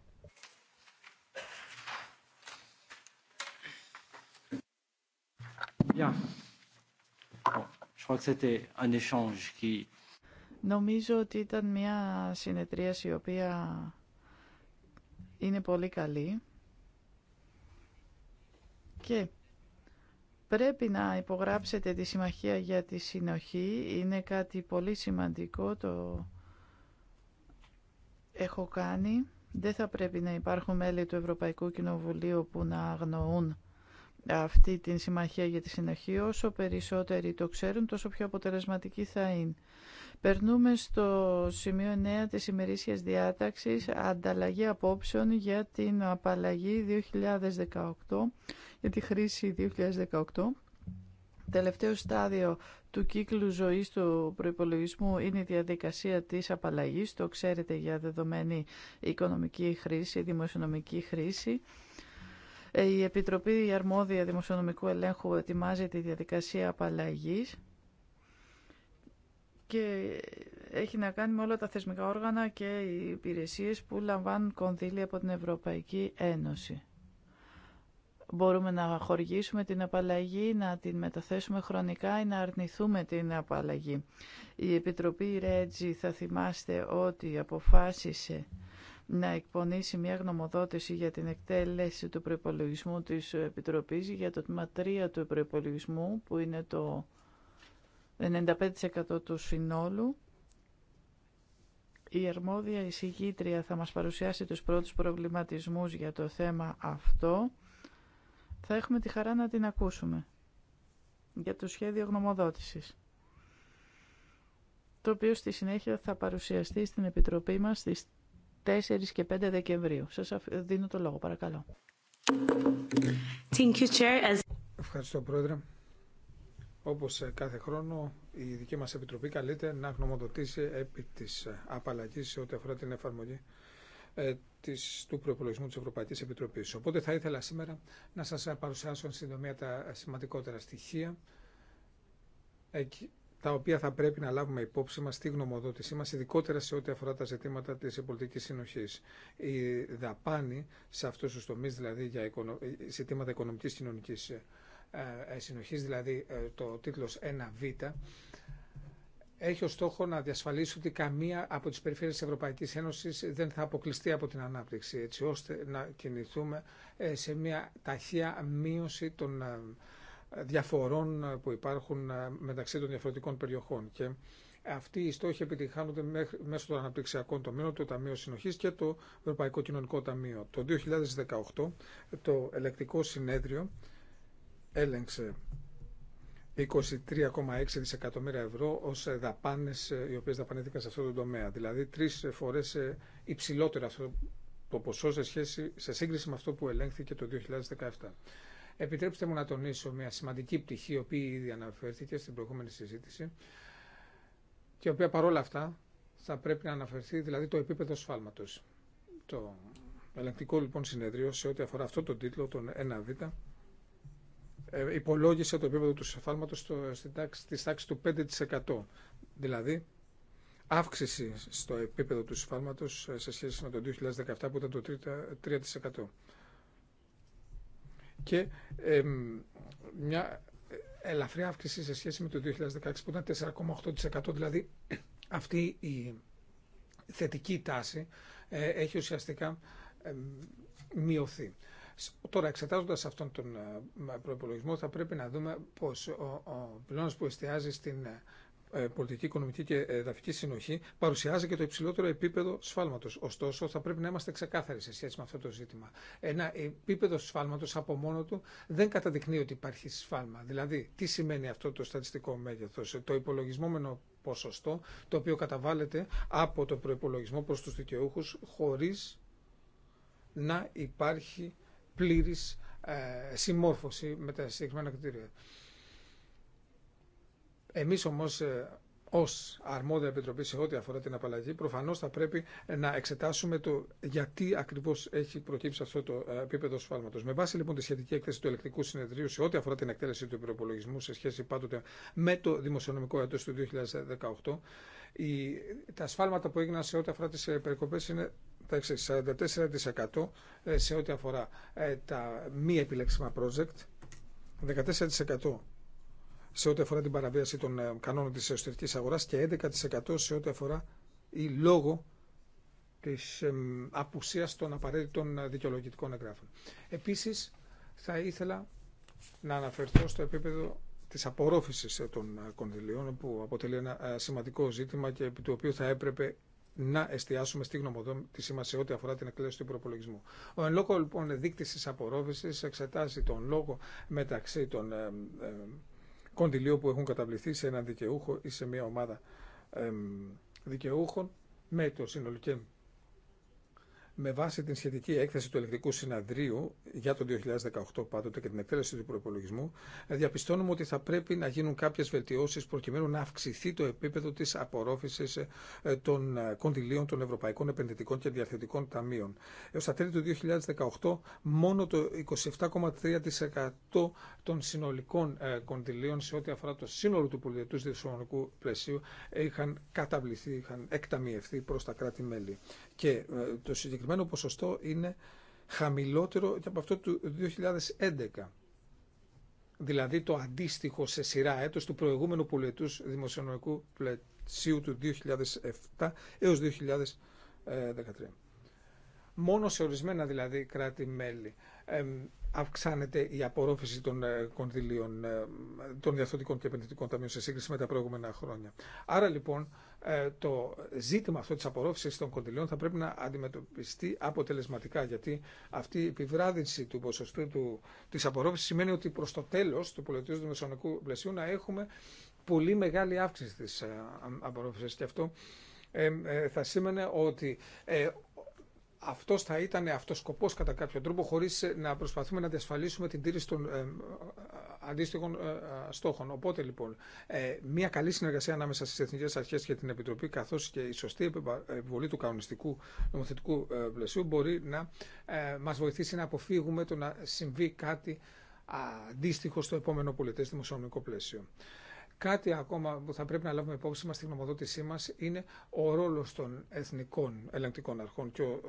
Speaker 1: Νομίζω ότι ήταν μια συνεδρίαση η οποία είναι πολύ καλή και πρέπει να υπογράψετε τη Συμμαχία για τη Συνοχή. Είναι κάτι πολύ σημαντικό, το έχω κάνει. Δεν θα πρέπει να υπάρχουν μέλη του Ευρωπαϊκού Κοινοβουλίου που να αγνοούν αυτή την συμμαχία για τη συνοχή. Όσο περισσότεροι το ξέρουν, τόσο πιο αποτελεσματική θα είναι. Περνούμε στο σημείο 9 της ημερήσιας διάταξης, ανταλλαγή απόψεων για την απαλλαγή 2018, για τη χρήση 2018. Τελευταίο στάδιο του κύκλου ζωής του προϋπολογισμού είναι η διαδικασία της απαλλαγής, το ξέρετε για δεδομένη οικονομική χρήση, δημοσιονομική χρήση. Ε, η Επιτροπή η Αρμόδια Δημοσιονομικού Ελέγχου ετοιμάζει τη διαδικασία απαλλαγής και έχει να κάνει με όλα τα θεσμικά όργανα και οι υπηρεσίες που λαμβάνουν κονδύλια από την Ευρωπαϊκή Ένωση. Μπορούμε να χορηγήσουμε την απαλλαγή, να την μεταθέσουμε χρονικά ή να αρνηθούμε την απαλλαγή. Η Επιτροπή Ρέτζη θα θυμάστε ότι αποφάσισε να εκπονήσει μια γνωμοδότηση για την εκτέλεση του προϋπολογισμού της Επιτροπής για το τμήμα 3 του προϋπολογισμού που είναι το 95% του συνόλου. Η αρμόδια εισηγήτρια θα μας παρουσιάσει τους πρώτους προβληματισμούς για το θέμα αυτό. Θα έχουμε τη χαρά να την ακούσουμε για το σχέδιο γνωμοδότησης το οποίο στη συνέχεια θα παρουσιαστεί στην Επιτροπή μας στις 4 και 5 Δεκεμβρίου. Σας δίνω το λόγο, παρακαλώ. Thank you, Chair.
Speaker 3: Ευχαριστώ, Πρόεδρε. Όπω ε, κάθε χρόνο, η δική μας Επιτροπή καλείται να γνωμοδοτήσει επί της ε, απαλλαγή σε ό,τι αφορά την εφαρμογή ε, της, του προπολογισμού της Ευρωπαϊκής Επιτροπής. Οπότε θα ήθελα σήμερα να σας παρουσιάσω συντομία τα σημαντικότερα στοιχεία τα οποία θα πρέπει να λάβουμε υπόψη μας στη γνωμοδότησή μας, ειδικότερα σε ό,τι αφορά τα ζητήματα της πολιτικής συνοχής. Η δαπάνη σε αυτούς τους τομείς, δηλαδή για ζητήματα οικονομικής κοινωνικής ε, ε, συνοχής, δηλαδή ε, το τίτλος 1β, έχει ως στόχο να διασφαλίσει ότι καμία από τις περιφέρειες της Ευρωπαϊκής Ένωσης δεν θα αποκλειστεί από την ανάπτυξη, έτσι ώστε να κινηθούμε σε μια ταχεία μείωση των διαφορών ε, που υπάρχουν ε, μεταξύ των διαφορετικών περιοχών. Και αυτοί οι στόχοι επιτυγχάνονται μέσω των αναπτυξιακών τομείων, το Ταμείο Συνοχής και το Ευρωπαϊκό Κοινωνικό Ταμείο. Το 2018 το ελεκτικό συνέδριο έλεγξε 23,6 δισεκατομμύρια ευρώ ως δαπάνες ε, οι οποίες δαπανήθηκαν σε αυτό το τομέα. Δηλαδή τρεις φορές υψηλότερο αυτό το ποσό σε, σχέση, σε σύγκριση με αυτό που ελέγχθηκε το 2017. Επιτρέψτε μου να τονίσω μια σημαντική πτυχή, η οποία ήδη αναφέρθηκε στην προηγούμενη συζήτηση και η οποία παρόλα αυτά θα πρέπει να αναφερθεί, δηλαδή το επίπεδο σφάλματος. Το ελεγκτικό λοιπόν συνεδρίο σε ό,τι αφορά αυτό τον τίτλο, τον 1β, ε, υπολόγισε το επίπεδο του σφάλματος στο, στην τάξη, του 5%. Δηλαδή, αύξηση στο επίπεδο του σφάλματος ε, σε σχέση με το 2017 που ήταν το 3% και μια ε, ελαφριά αύξηση σε σχέση με το 2016 που ήταν 4,8%. Δηλαδή αυτή η θετική τάση ε, έχει ουσιαστικά μειωθεί. Τώρα, εξετάζοντας αυτόν τον ε, προπολογισμό, θα πρέπει να δούμε πως ο, ο που εστιάζει στην ε, πολιτική, οικονομική και εδαφική συνοχή παρουσιάζει και το υψηλότερο επίπεδο σφάλματο. Ωστόσο, θα πρέπει να είμαστε ξεκάθαροι σε σχέση με αυτό το ζήτημα. Ένα επίπεδο σφάλματος από μόνο του δεν καταδεικνύει ότι υπάρχει σφάλμα. Δηλαδή, τι σημαίνει αυτό το στατιστικό μέγεθο, το υπολογισμόμενο ποσοστό, το οποίο καταβάλλεται από το προπολογισμό προ του δικαιούχου χωρί να υπάρχει πλήρης ε, συμμόρφωση με τα συγκεκριμένα κριτήρια. Εμείς όμως ε, ως αρμόδια επιτροπή σε ό,τι αφορά την απαλλαγή, προφανώς θα πρέπει να εξετάσουμε το γιατί ακριβώς έχει προκύψει αυτό το ε, επίπεδο σφάλματος. Με βάση λοιπόν τη σχετική έκθεση του ελεκτικού συνεδρίου σε ό,τι αφορά την εκτέλεση του προπολογισμού σε σχέση πάντοτε με το δημοσιονομικό έτος του 2018, η, τα σφάλματα που έγιναν σε ό,τι αφορά τις ε, περικοπές είναι τα 44% σε ό,τι αφορά τα μη επιλέξιμα project, 14% σε ό,τι αφορά την παραβίαση των ε, κανόνων της εσωτερικής αγοράς και 11% σε ό,τι αφορά ή λόγω της απουσίας των απαραίτητων δικαιολογητικών εγγράφων. Επίσης, θα ήθελα να αναφερθώ στο επίπεδο της απορρόφησης ε, των ε, κονδυλίων που αποτελεί ένα σημαντικό ζήτημα και επί του οποίου θα έπρεπε να εστιάσουμε στη γνωμοδότησή μα σε ό,τι αφορά την εκτέλεση του προπολογισμού. Ο εν λόγω λοιπόν δείκτη τη απορρόφηση εξετάζει τον λόγο μεταξύ των κόντιλιο που έχουν καταβληθεί σε έναν δικαιούχο ή σε μια ομάδα δικαιούχων με το συνολικό με βάση την σχετική έκθεση του Ελεκτικού Συναδρίου για το 2018 πάντοτε και την εκτέλεση του προπολογισμού, διαπιστώνουμε ότι θα πρέπει να γίνουν κάποιε βελτιώσει προκειμένου να αυξηθεί το επίπεδο τη απορρόφηση ε, των ε, κονδυλίων των Ευρωπαϊκών Επενδυτικών και Διαθετικών Ταμείων. Έω τα τέλη του 2018, μόνο το 27,3% των συνολικών ε, κονδυλίων σε ό,τι αφορά το σύνολο του πολιτικού διευθυντικού πλαισίου είχαν καταβληθεί, είχαν εκταμιευθεί προ τα κράτη-μέλη. Και το συγκεκριμένο ποσοστό είναι χαμηλότερο από αυτό του 2011 δηλαδή το αντίστοιχο σε σειρά έτος του προηγούμενου πολιετούς δημοσιονομικού πλαισίου του 2007 έως 2013. Μόνο σε ορισμένα δηλαδή κράτη-μέλη αυξάνεται η απορρόφηση των ε, κονδυλίων, ε, των διαθωτικών και επενδυτικών ταμείων σε σύγκριση με τα προηγούμενα χρόνια. Άρα λοιπόν ε, το ζήτημα αυτό της απορρόφησης των κοντιλιών θα πρέπει να αντιμετωπιστεί αποτελεσματικά γιατί αυτή η επιβράδυνση του ποσοστού του, της απορρόφησης σημαίνει ότι προς το τέλος του πολιτικού δημοσιονομικού πλαισίου να έχουμε πολύ μεγάλη αύξηση της ε, απορρόφησης και αυτό ε, θα σήμαινε ότι αυτό θα ήταν αυτό σκοπό κατά κάποιο τρόπο, χωρί ε, να προσπαθούμε να διασφαλίσουμε την τήρηση των ε, αντίστοιχων ε, ε, στόχων. Οπότε λοιπόν, μια καλή συνεργασία ανάμεσα στι Εθνικέ Αρχέ και την Επιτροπή, καθώ και η σωστή επιβολή του κανονιστικού νομοθετικού πλαισίου, μπορεί να μα βοηθήσει να αποφύγουμε το να συμβεί κάτι αντίστοιχο στο επόμενο πολιτέ δημοσιονομικό πλαίσιο. Κάτι ακόμα που θα πρέπει να λάβουμε υπόψη μας στη γνωμοδότησή μας είναι ο ρόλος των εθνικών ελεγκτικών αρχών και ο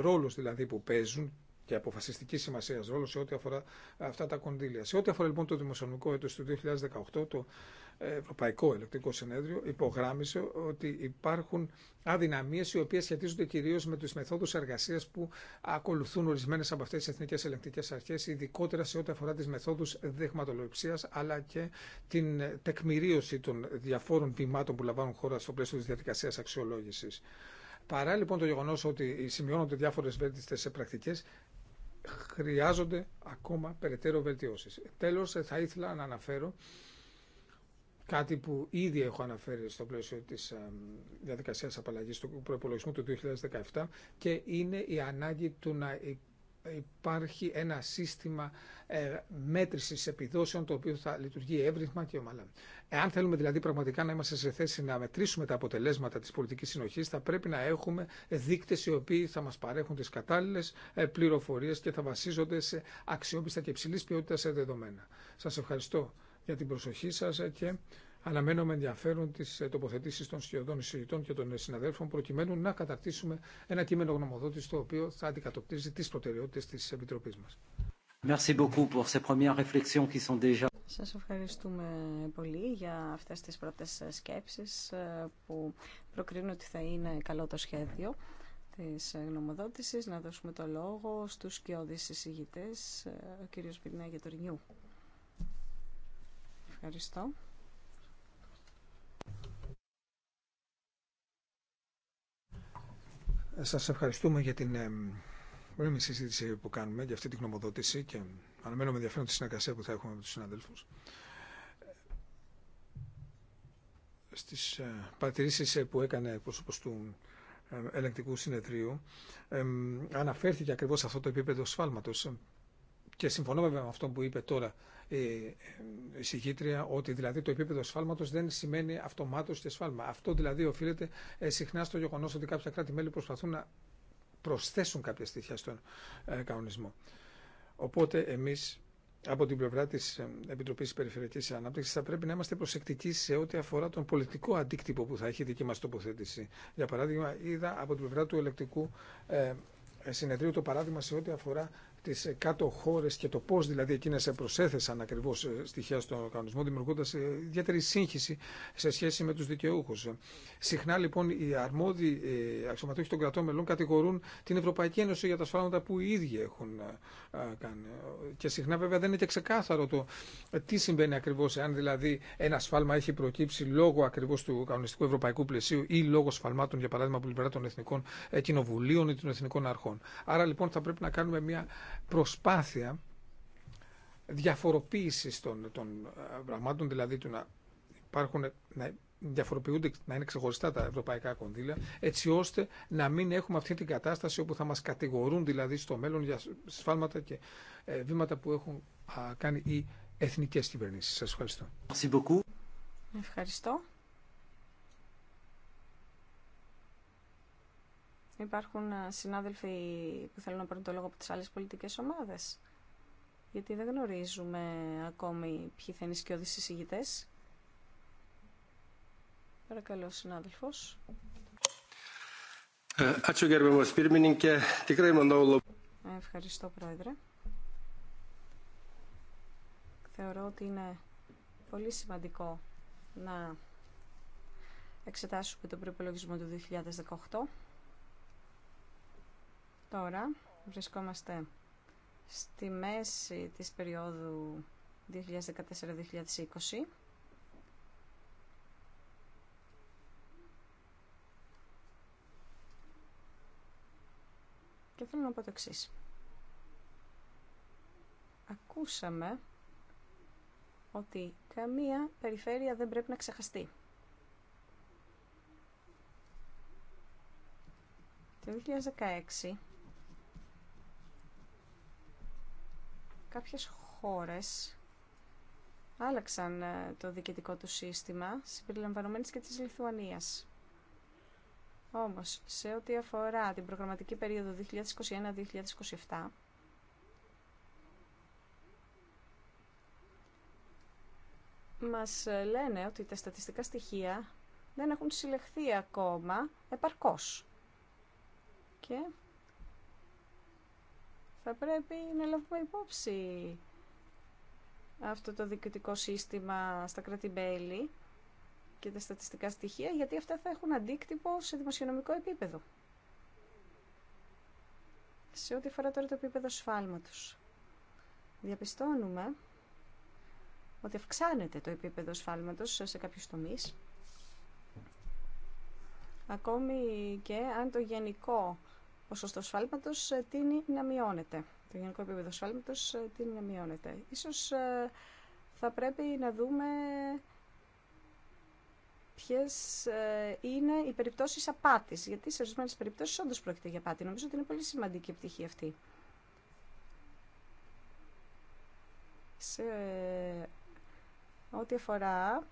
Speaker 3: ρόλος δηλαδή που παίζουν και αποφασιστική σημασία ρόλο σε ό,τι αφορά αυτά τα κονδύλια. Σε ό,τι αφορά λοιπόν το δημοσιονομικό έτος του 2018, το Ευρωπαϊκό Ελεκτικό Συνέδριο υπογράμμισε ότι υπάρχουν αδυναμίες οι οποίε σχετίζονται κυρίω με τι μεθόδου εργασία που ακολουθούν ορισμένε από αυτέ τι εθνικέ ελεγκτικές αρχέ, ειδικότερα σε ό,τι αφορά τι μεθόδου δεχματοληψίας αλλά και την τεκμηρίωση των διαφόρων βημάτων που λαμβάνουν χώρα στο πλαίσιο τη διαδικασία αξιολόγηση. Παρά λοιπόν το γεγονό ότι σημειώνονται διάφορε βέλτιστε πρακτικέ, χρειάζονται ακόμα περαιτέρω βελτιώσει. Τέλο, θα ήθελα να αναφέρω κάτι που ήδη έχω αναφέρει στο πλαίσιο της ε, διαδικασίας απαλλαγής του προπολογισμού του 2017 και είναι η ανάγκη του να υπάρχει ένα σύστημα ε, μέτρησης επιδόσεων το οποίο θα λειτουργεί εύρυθμα και ομαλά. Εάν θέλουμε δηλαδή πραγματικά να είμαστε σε θέση να μετρήσουμε τα αποτελέσματα της πολιτικής συνοχής θα πρέπει να έχουμε δείκτες οι οποίοι θα μας παρέχουν τις κατάλληλες ε, πληροφορίες και θα βασίζονται σε αξιόπιστα και υψηλής σε δεδομένα. Σας ευχαριστώ για την προσοχή σας και αναμένω με ενδιαφέρον τις ε, τοποθετήσεις των σχεδόν εισηγητών και των ε, συναδέλφων προκειμένου να καταρτήσουμε ένα κείμενο γνωμοδότηση το οποίο θα αντικατοπτρίζει τις προτεραιότητε τη Επιτροπής μας.
Speaker 1: Merci beaucoup pour ces premières réflexions qui sont
Speaker 3: déjà...
Speaker 2: Σας ευχαριστούμε πολύ για αυτές τις πρώτες ε, σκέψεις που προκρίνουν ότι θα είναι καλό το σχέδιο της γνωμοδότηση Να δώσουμε το λόγο στους κοιόδης εισηγητές, ο κύριος Πυρνά Γετορνιού. Ευχαριστώ.
Speaker 3: Σας ευχαριστούμε για την πολύ συζήτηση που κάνουμε, για αυτή την γνωμοδότηση και αναμένω με ενδιαφέρον τη συνεργασία που θα έχουμε με τους συναδέλφους. Στις ε, παρατηρήσεις ε, που έκανε πρόσωπος του ε, ελεγκτικού συνεδρίου αναφέρθηκε ακριβώς αυτό το επίπεδο σφάλματος και συμφωνώ με αυτό που είπε τώρα ε, ε, εισηγήτρια ότι δηλαδή το επίπεδο σφάλματο δεν σημαίνει αυτομάτω και σφάλμα. Αυτό δηλαδή οφείλεται ε, συχνά στο γεγονό οτι ότι κάποια κράτη-μέλη προσπαθούν να προσθέσουν κάποια στοιχεία στον κανονισμό. Οπότε εμεί, από την πλευρά τη Επιτροπή Περιφερειακής ανάπτυξη, θα πρέπει να είμαστε προσεκτικοί σε ό,τι αφορά τον πολιτικό αντίκτυπο που θα έχει η δική μα τοποθέτηση. Για παράδειγμα, είδα από την πλευρά του ελεκτικού συνεδρίου το παράδειγμα σε ό,τι αφορά τι ε, κάτω χώρε και το πώ δηλαδή εκείνε προσέθεσαν ακριβώ ε, στοιχεία στον κανονισμό δημιουργώντα ε, ιδιαίτερη σύγχυση σε σχέση με του δικαιούχου. Συχνά λοιπόν οι αρμόδιοι αξιωματούχοι των κρατών μελών κατηγορούν την Ευρωπαϊκή Ένωση για τα σφάλματα που οι ίδιοι έχουν κάνει. Και συχνά βέβαια δεν είναι και ξεκάθαρο το τι συμβαίνει ακριβώ, αν δηλαδή ένα σφάλμα έχει προκύψει λόγω ακριβώ του κανονιστικού ευρωπαϊκού πλαισίου ή λόγω σφαλμάτων για παράδειγμα που των εθνικών κοινοβουλίων ή των εθνικών αρχών. Άρα λοιπόν θα πρέπει να κάνουμε μια προσπάθεια διαφοροποίησης των, των ε, πραγμάτων, δηλαδή του να υπάρχουν, να διαφοροποιούνται, να είναι ξεχωριστά τα ευρωπαϊκά κονδύλια, έτσι ώστε να μην έχουμε αυτή την κατάσταση όπου θα μας κατηγορούν δηλαδή στο μέλλον για σφάλματα και ε, βήματα που έχουν κάνει οι εθνικές κυβερνήσεις. Σας ευχαριστώ. Ευχαριστώ.
Speaker 2: Υπάρχουν ε, συνάδελφοι που θέλουν να πάρουν το λόγο από τι άλλε πολιτικέ ομάδε Γιατί δεν γνωρίζουμε ακόμη ποιοι θα είναι οι σκιώδει συζητητέ. Παρακαλώ, συνάδελφο. Ε, Ευχαριστώ, Πρόεδρε. Θεωρώ ότι είναι πολύ σημαντικό να εξετάσουμε τον προπολογισμό του 2018 Τώρα βρισκόμαστε στη μέση της περίοδου 2014-2020 και θέλω να πω το εξή. Ακούσαμε ότι καμία περιφέρεια δεν πρέπει να ξεχαστεί. Το 2016 Κάποιες χώρες άλλαξαν ε, το διοικητικό του σύστημα, συμπεριλαμβανομένης και της Λιθουανίας. Όμως, σε ό,τι αφορά την προγραμματική περίοδο 2021-2027, μας ε, λένε ότι τα στατιστικά στοιχεία δεν έχουν συλλεχθεί ακόμα επαρκώς. Και θα πρέπει να λάβουμε υπόψη αυτό το διοικητικό σύστημα στα κρατη και τα στατιστικά στοιχεία, γιατί αυτά θα έχουν αντίκτυπο σε δημοσιονομικό επίπεδο. Σε ό,τι αφορά τώρα το επίπεδο σφάλματος. Διαπιστώνουμε ότι αυξάνεται το επίπεδο σφάλματος σε κάποιους τομείς. Ακόμη και αν το γενικό ποσοστό σφάλματος ε, τίνει να μειώνεται. Το γενικό επίπεδο σφάλματος ε, τίνει να μειώνεται. Ίσως ε, θα πρέπει να δούμε ποιε είναι οι περιπτώσει απάτη. Γιατί σε ορισμένε περιπτώσει όντω πρόκειται για απάτη. Νομίζω ότι είναι πολύ σημαντική η πτυχή αυτή. Σε ό,τι αφορά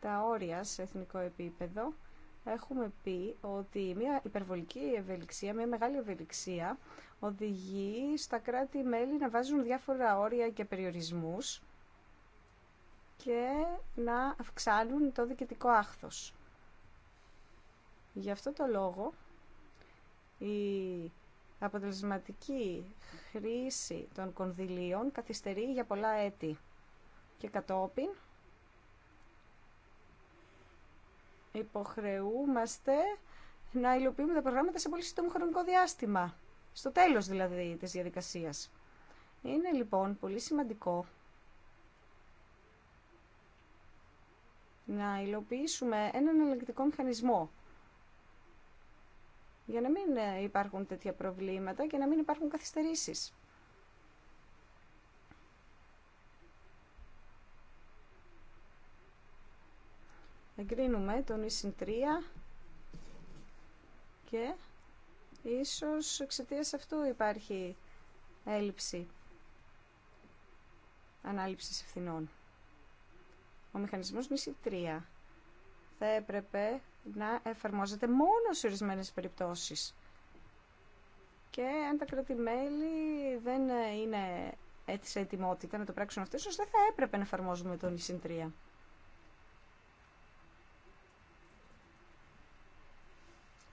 Speaker 2: τα όρια σε εθνικό επίπεδο, έχουμε πει ότι μια υπερβολική ευελιξία, μια μεγάλη ευελιξία οδηγεί στα κράτη-μέλη να βάζουν διάφορα όρια και περιορισμούς και να αυξάνουν το διοικητικό άχθος. Γι' αυτό το λόγο η αποτελεσματική χρήση των κονδυλίων καθυστερεί για πολλά έτη και κατόπιν υποχρεούμαστε να υλοποιούμε τα προγράμματα σε πολύ σύντομο χρονικό διάστημα. Στο τέλος δηλαδή της διαδικασίας. Είναι λοιπόν πολύ σημαντικό να υλοποιήσουμε έναν ελεγκτικό μηχανισμό για να μην υπάρχουν τέτοια προβλήματα και να μην υπάρχουν καθυστερήσεις. εγκρίνουμε τον ΙΣΙΝΤΡΙΑ 3 και ίσως εξαιτία αυτού υπάρχει έλλειψη ανάληψης ευθυνών. Ο μηχανισμός ΙΣΙΝΤΡΙΑ 3 θα έπρεπε να εφαρμόζεται μόνο σε ορισμένες περιπτώσεις. Και αν τα κρατημέλη δεν είναι σε ετοιμότητα να το πράξουν αυτό, ίσως δεν θα έπρεπε να εφαρμόζουμε τον νησί 3.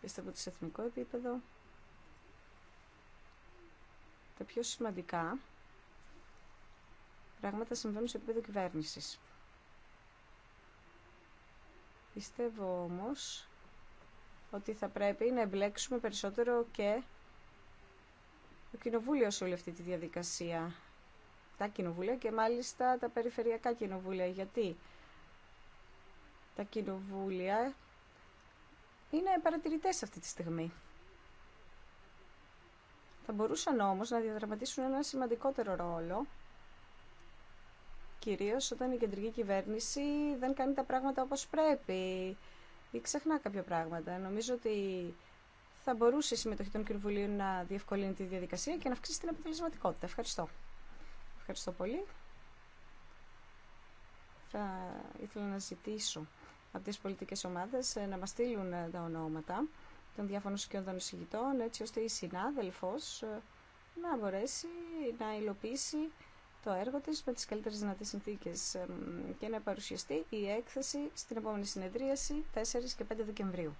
Speaker 2: πιστεύω ότι σε εθνικό επίπεδο τα πιο σημαντικά πράγματα συμβαίνουν σε επίπεδο κυβέρνησης. Πιστεύω όμως ότι θα πρέπει να εμπλέξουμε περισσότερο και το κοινοβούλιο σε όλη αυτή τη διαδικασία. Τα κοινοβούλια και μάλιστα τα περιφερειακά κοινοβούλια. Γιατί τα κοινοβούλια είναι παρατηρητές αυτή τη στιγμή. Θα μπορούσαν όμως να διαδραματίσουν ένα σημαντικότερο ρόλο, κυρίως όταν η κεντρική κυβέρνηση δεν κάνει τα πράγματα όπως πρέπει ή ξεχνά κάποια πράγματα. Νομίζω ότι θα μπορούσε η συμμετοχή των κυρβουλίων να διευκολύνει τη διαδικασία και να αυξήσει την αποτελεσματικότητα. Ευχαριστώ. Ευχαριστώ πολύ. Θα ήθελα να ζητήσω από τις πολιτικές ομάδες ε, να μας στείλουν ε, τα ονόματα των διάφορων σκιών εισηγητών, έτσι ώστε η συνάδελφος ε, να μπορέσει να υλοποιήσει το έργο της με τις καλύτερες δυνατές συνθήκες και να παρουσιαστεί η έκθεση στην επόμενη συνεδρίαση 4 και 5 Δεκεμβρίου.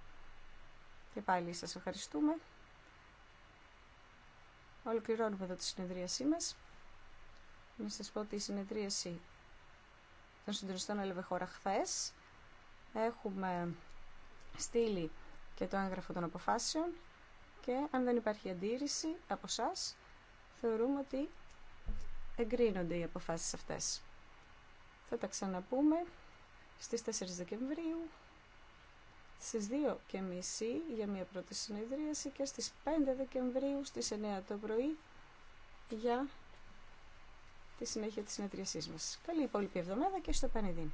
Speaker 2: Και πάλι σας ευχαριστούμε. Ολοκληρώνουμε εδώ τη συνεδρίασή μας. Να σας πω ότι η συνεδρίαση των συντονιστών έλαβε χώρα χθες. Έχουμε στείλει και το έγγραφο των αποφάσεων και αν δεν υπάρχει αντίρρηση από εσά, θεωρούμε ότι εγκρίνονται οι αποφάσεις αυτές. Θα τα ξαναπούμε στις 4 Δεκεμβρίου, στις 2 και μισή για μια πρώτη συνεδρίαση και στις 5 Δεκεμβρίου στις 9 το πρωί για τη συνέχεια της συνεδριασής μας. Καλή υπόλοιπη εβδομάδα και στο Πανεδίν.